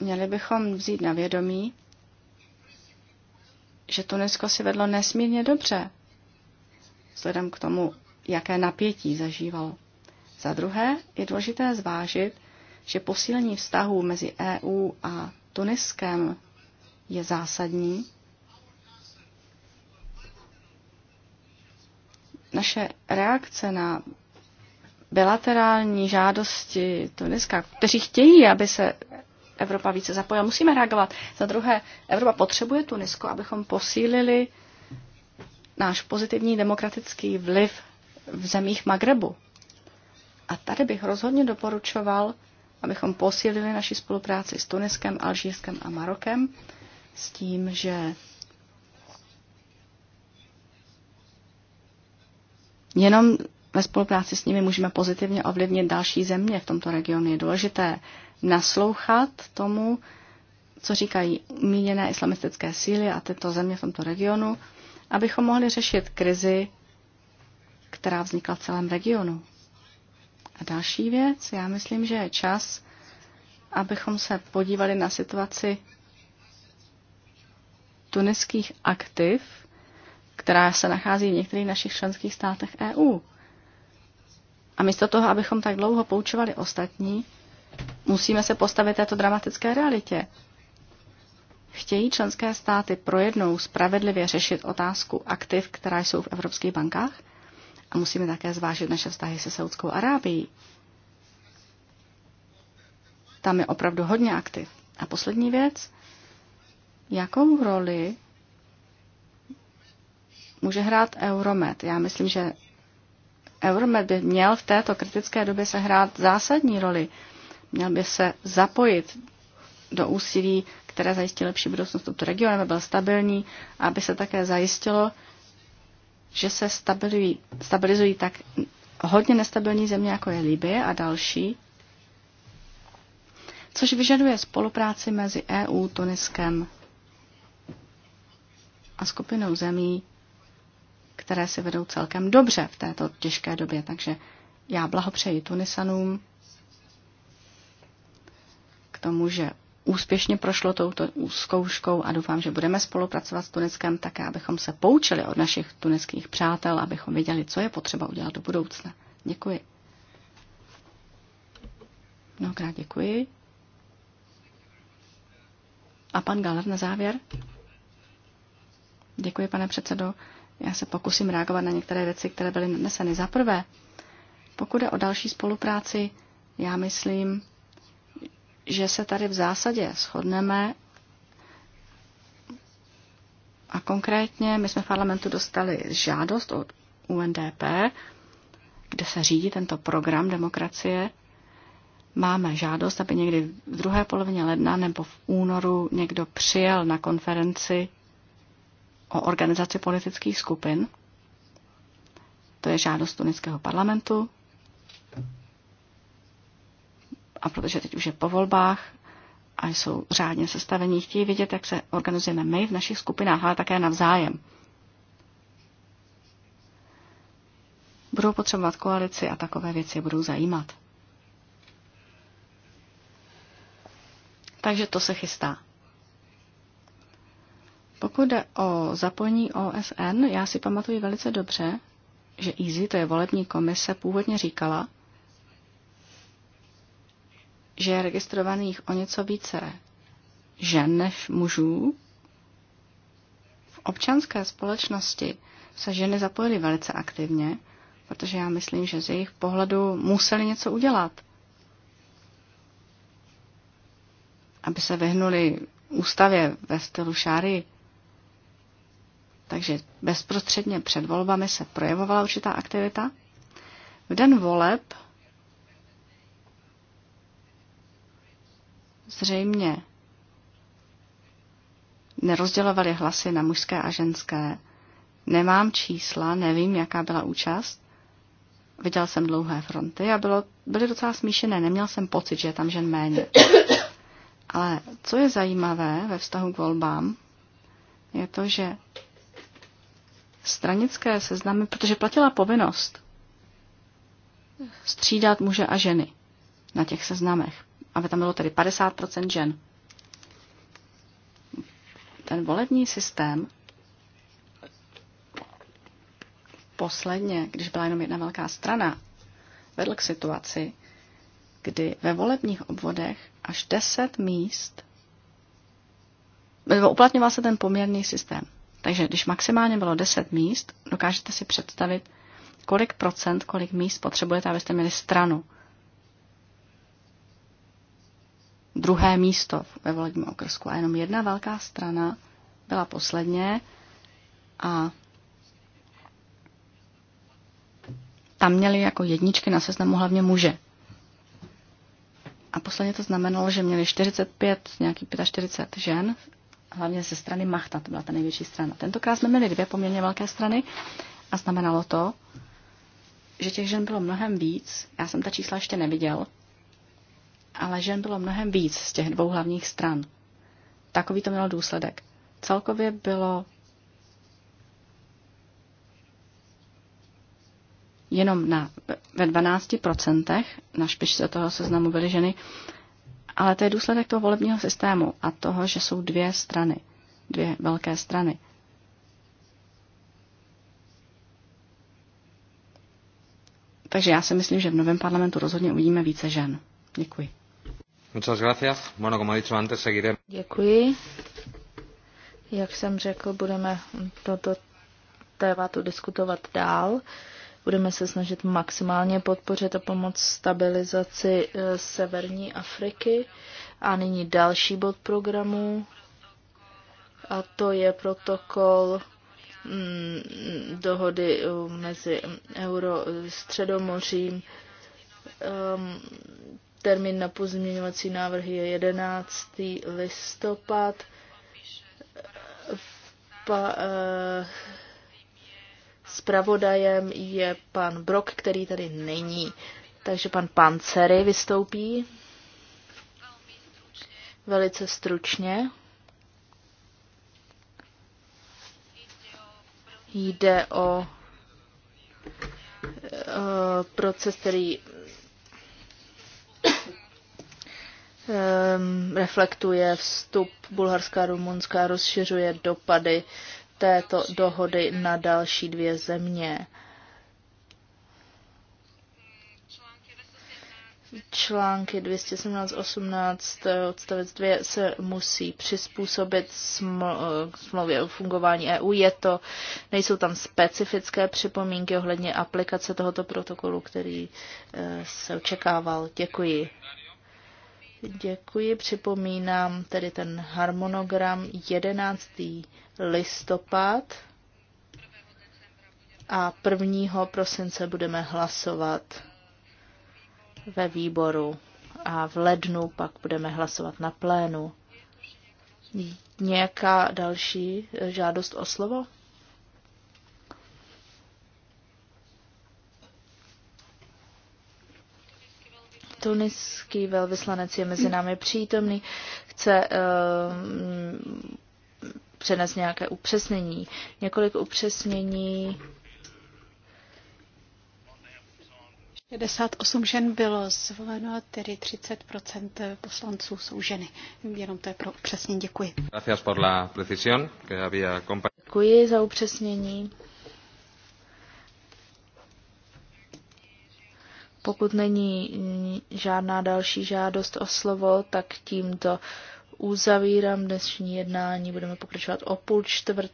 Speaker 2: měli bychom vzít na vědomí, že Tunisko si vedlo nesmírně dobře, vzhledem k tomu, jaké napětí zažívalo. Za druhé je důležité zvážit, že posílení vztahů mezi EU a Tuniskem je zásadní. Naše reakce na bilaterální žádosti Tuniska, kteří chtějí, aby se Evropa více zapojila, musíme reagovat. Za druhé, Evropa potřebuje Tunisko, abychom posílili náš pozitivní demokratický vliv v zemích Magrebu. A tady bych rozhodně doporučoval, abychom posílili naši spolupráci s Tuniskem, Alžírskem a Marokem s tím, že jenom ve spolupráci s nimi můžeme pozitivně ovlivnit další země v tomto regionu. Je důležité naslouchat tomu, co říkají míněné islamistické síly a tyto země v tomto regionu, abychom mohli řešit krizi, která vznikla v celém regionu. A další věc, já myslím, že je čas, abychom se podívali na situaci tuniských aktiv, která se nachází v některých našich členských státech EU. A místo toho, abychom tak dlouho poučovali ostatní, musíme se postavit této dramatické realitě. Chtějí členské státy projednou spravedlivě řešit otázku aktiv, která jsou v evropských bankách? A musíme také zvážit naše vztahy se Saudskou Arábií. Tam je opravdu hodně aktiv. A poslední věc, jakou roli může hrát Euromed? Já myslím, že Euromed by měl v této kritické době se hrát zásadní roli. Měl by se zapojit do úsilí, které zajistí lepší budoucnost tohoto regionu, aby byl stabilní, aby se také zajistilo, že se stabilizují, stabilizují tak hodně nestabilní země, jako je Libie a další, což vyžaduje spolupráci mezi EU, Tuniskem a skupinou zemí, které si vedou celkem dobře v této těžké době. Takže já blahopřeji Tunisanům k tomu, že úspěšně prošlo touto zkouškou a doufám, že budeme spolupracovat s Tuniskem také, abychom se poučili od našich tuneckých přátel, abychom věděli, co je potřeba udělat do budoucna. Děkuji. Mnohokrát děkuji. A pan Galer na závěr. Děkuji, pane předsedo. Já se pokusím reagovat na některé věci, které byly nadneseny. Za prvé, pokud je o další spolupráci, já myslím, že se tady v zásadě shodneme a konkrétně my jsme v parlamentu dostali žádost od UNDP, kde se řídí tento program demokracie. Máme žádost, aby někdy v druhé polovině ledna nebo v únoru někdo přijel na konferenci o organizaci politických skupin. To je žádost tunického parlamentu, a protože teď už je po volbách a jsou řádně sestavení, chtějí vidět, jak se organizujeme my v našich skupinách, ale také navzájem. Budou potřebovat koalici a takové věci budou zajímat. Takže to se chystá. Pokud jde o zapojení OSN, já si pamatuju velice dobře, že EASY, to je volební komise, původně říkala, že je registrovaných o něco více žen než mužů. V občanské společnosti se ženy zapojily velice aktivně, protože já myslím, že z jejich pohledu museli něco udělat, aby se vyhnuli ústavě ve stylu šáry. Takže bezprostředně před volbami se projevovala určitá aktivita. V den voleb zřejmě nerozdělovali hlasy na mužské a ženské. Nemám čísla, nevím, jaká byla účast. Viděl jsem dlouhé fronty a bylo, byly docela smíšené. Neměl jsem pocit, že je tam žen méně. Ale co je zajímavé ve vztahu k volbám, je to, že stranické seznamy, protože platila povinnost střídat muže a ženy na těch seznamech aby tam bylo tedy 50 žen. Ten volební systém posledně, když byla jenom jedna velká strana, vedl k situaci, kdy ve volebních obvodech až 10 míst nebo uplatňoval se ten poměrný systém. Takže když maximálně bylo 10 míst, dokážete si představit, kolik procent, kolik míst potřebujete, abyste měli stranu. druhé místo ve volebním okrsku a jenom jedna velká strana byla posledně a tam měli jako jedničky na seznamu hlavně muže. A posledně to znamenalo, že měli 45, nějaký 45 žen, hlavně ze strany Machta, to byla ta největší strana. Tentokrát jsme měli dvě poměrně velké strany a znamenalo to, že těch žen bylo mnohem víc. Já jsem ta čísla ještě neviděl, ale žen bylo mnohem víc z těch dvou hlavních stran. Takový to mělo důsledek. Celkově bylo jenom na, ve 12% na špičce toho seznamu byly ženy, ale to je důsledek toho volebního systému a toho, že jsou dvě strany, dvě velké strany. Takže já si myslím, že v novém parlamentu rozhodně uvidíme více žen. Děkuji.
Speaker 3: Děkuji. Jak jsem řekl, budeme toto tématu diskutovat dál. Budeme se snažit maximálně podpořit a pomoc stabilizaci eh, severní Afriky. A nyní další bod programu. A to je protokol mm, dohody eh, mezi Euro středomořím. Ehm, Termín na pozměňovací návrhy je 11. listopad. Pa, eh, spravodajem je pan Brok, který tady není. Takže pan Pancery vystoupí velice stručně. Jde o eh, proces, který Ehm, reflektuje vstup Bulharska a Rumunska a rozšiřuje dopady této dohody na další dvě země. Články 217.18 eh, odstavec 2 se musí přizpůsobit eh, smlouvě o fungování EU. Je to, nejsou tam specifické připomínky ohledně aplikace tohoto protokolu, který eh, se očekával. Děkuji. Děkuji, připomínám tedy ten harmonogram 11. listopad a 1. prosince budeme hlasovat ve výboru a v lednu pak budeme hlasovat na plénu. Nějaká další žádost o slovo? tuniský velvyslanec je mezi námi přítomný, chce uh, ehm, přenes nějaké upřesnění. Několik upřesnění.
Speaker 1: 68
Speaker 3: žen bylo zvoleno,
Speaker 1: tedy 30 poslanců jsou ženy. Jenom to je pro upřesnění. Děkuji.
Speaker 3: Děkuji za upřesnění. Pokud není žádná další žádost o slovo, tak tímto uzavírám dnešní jednání. Budeme pokračovat o půl čtvrté.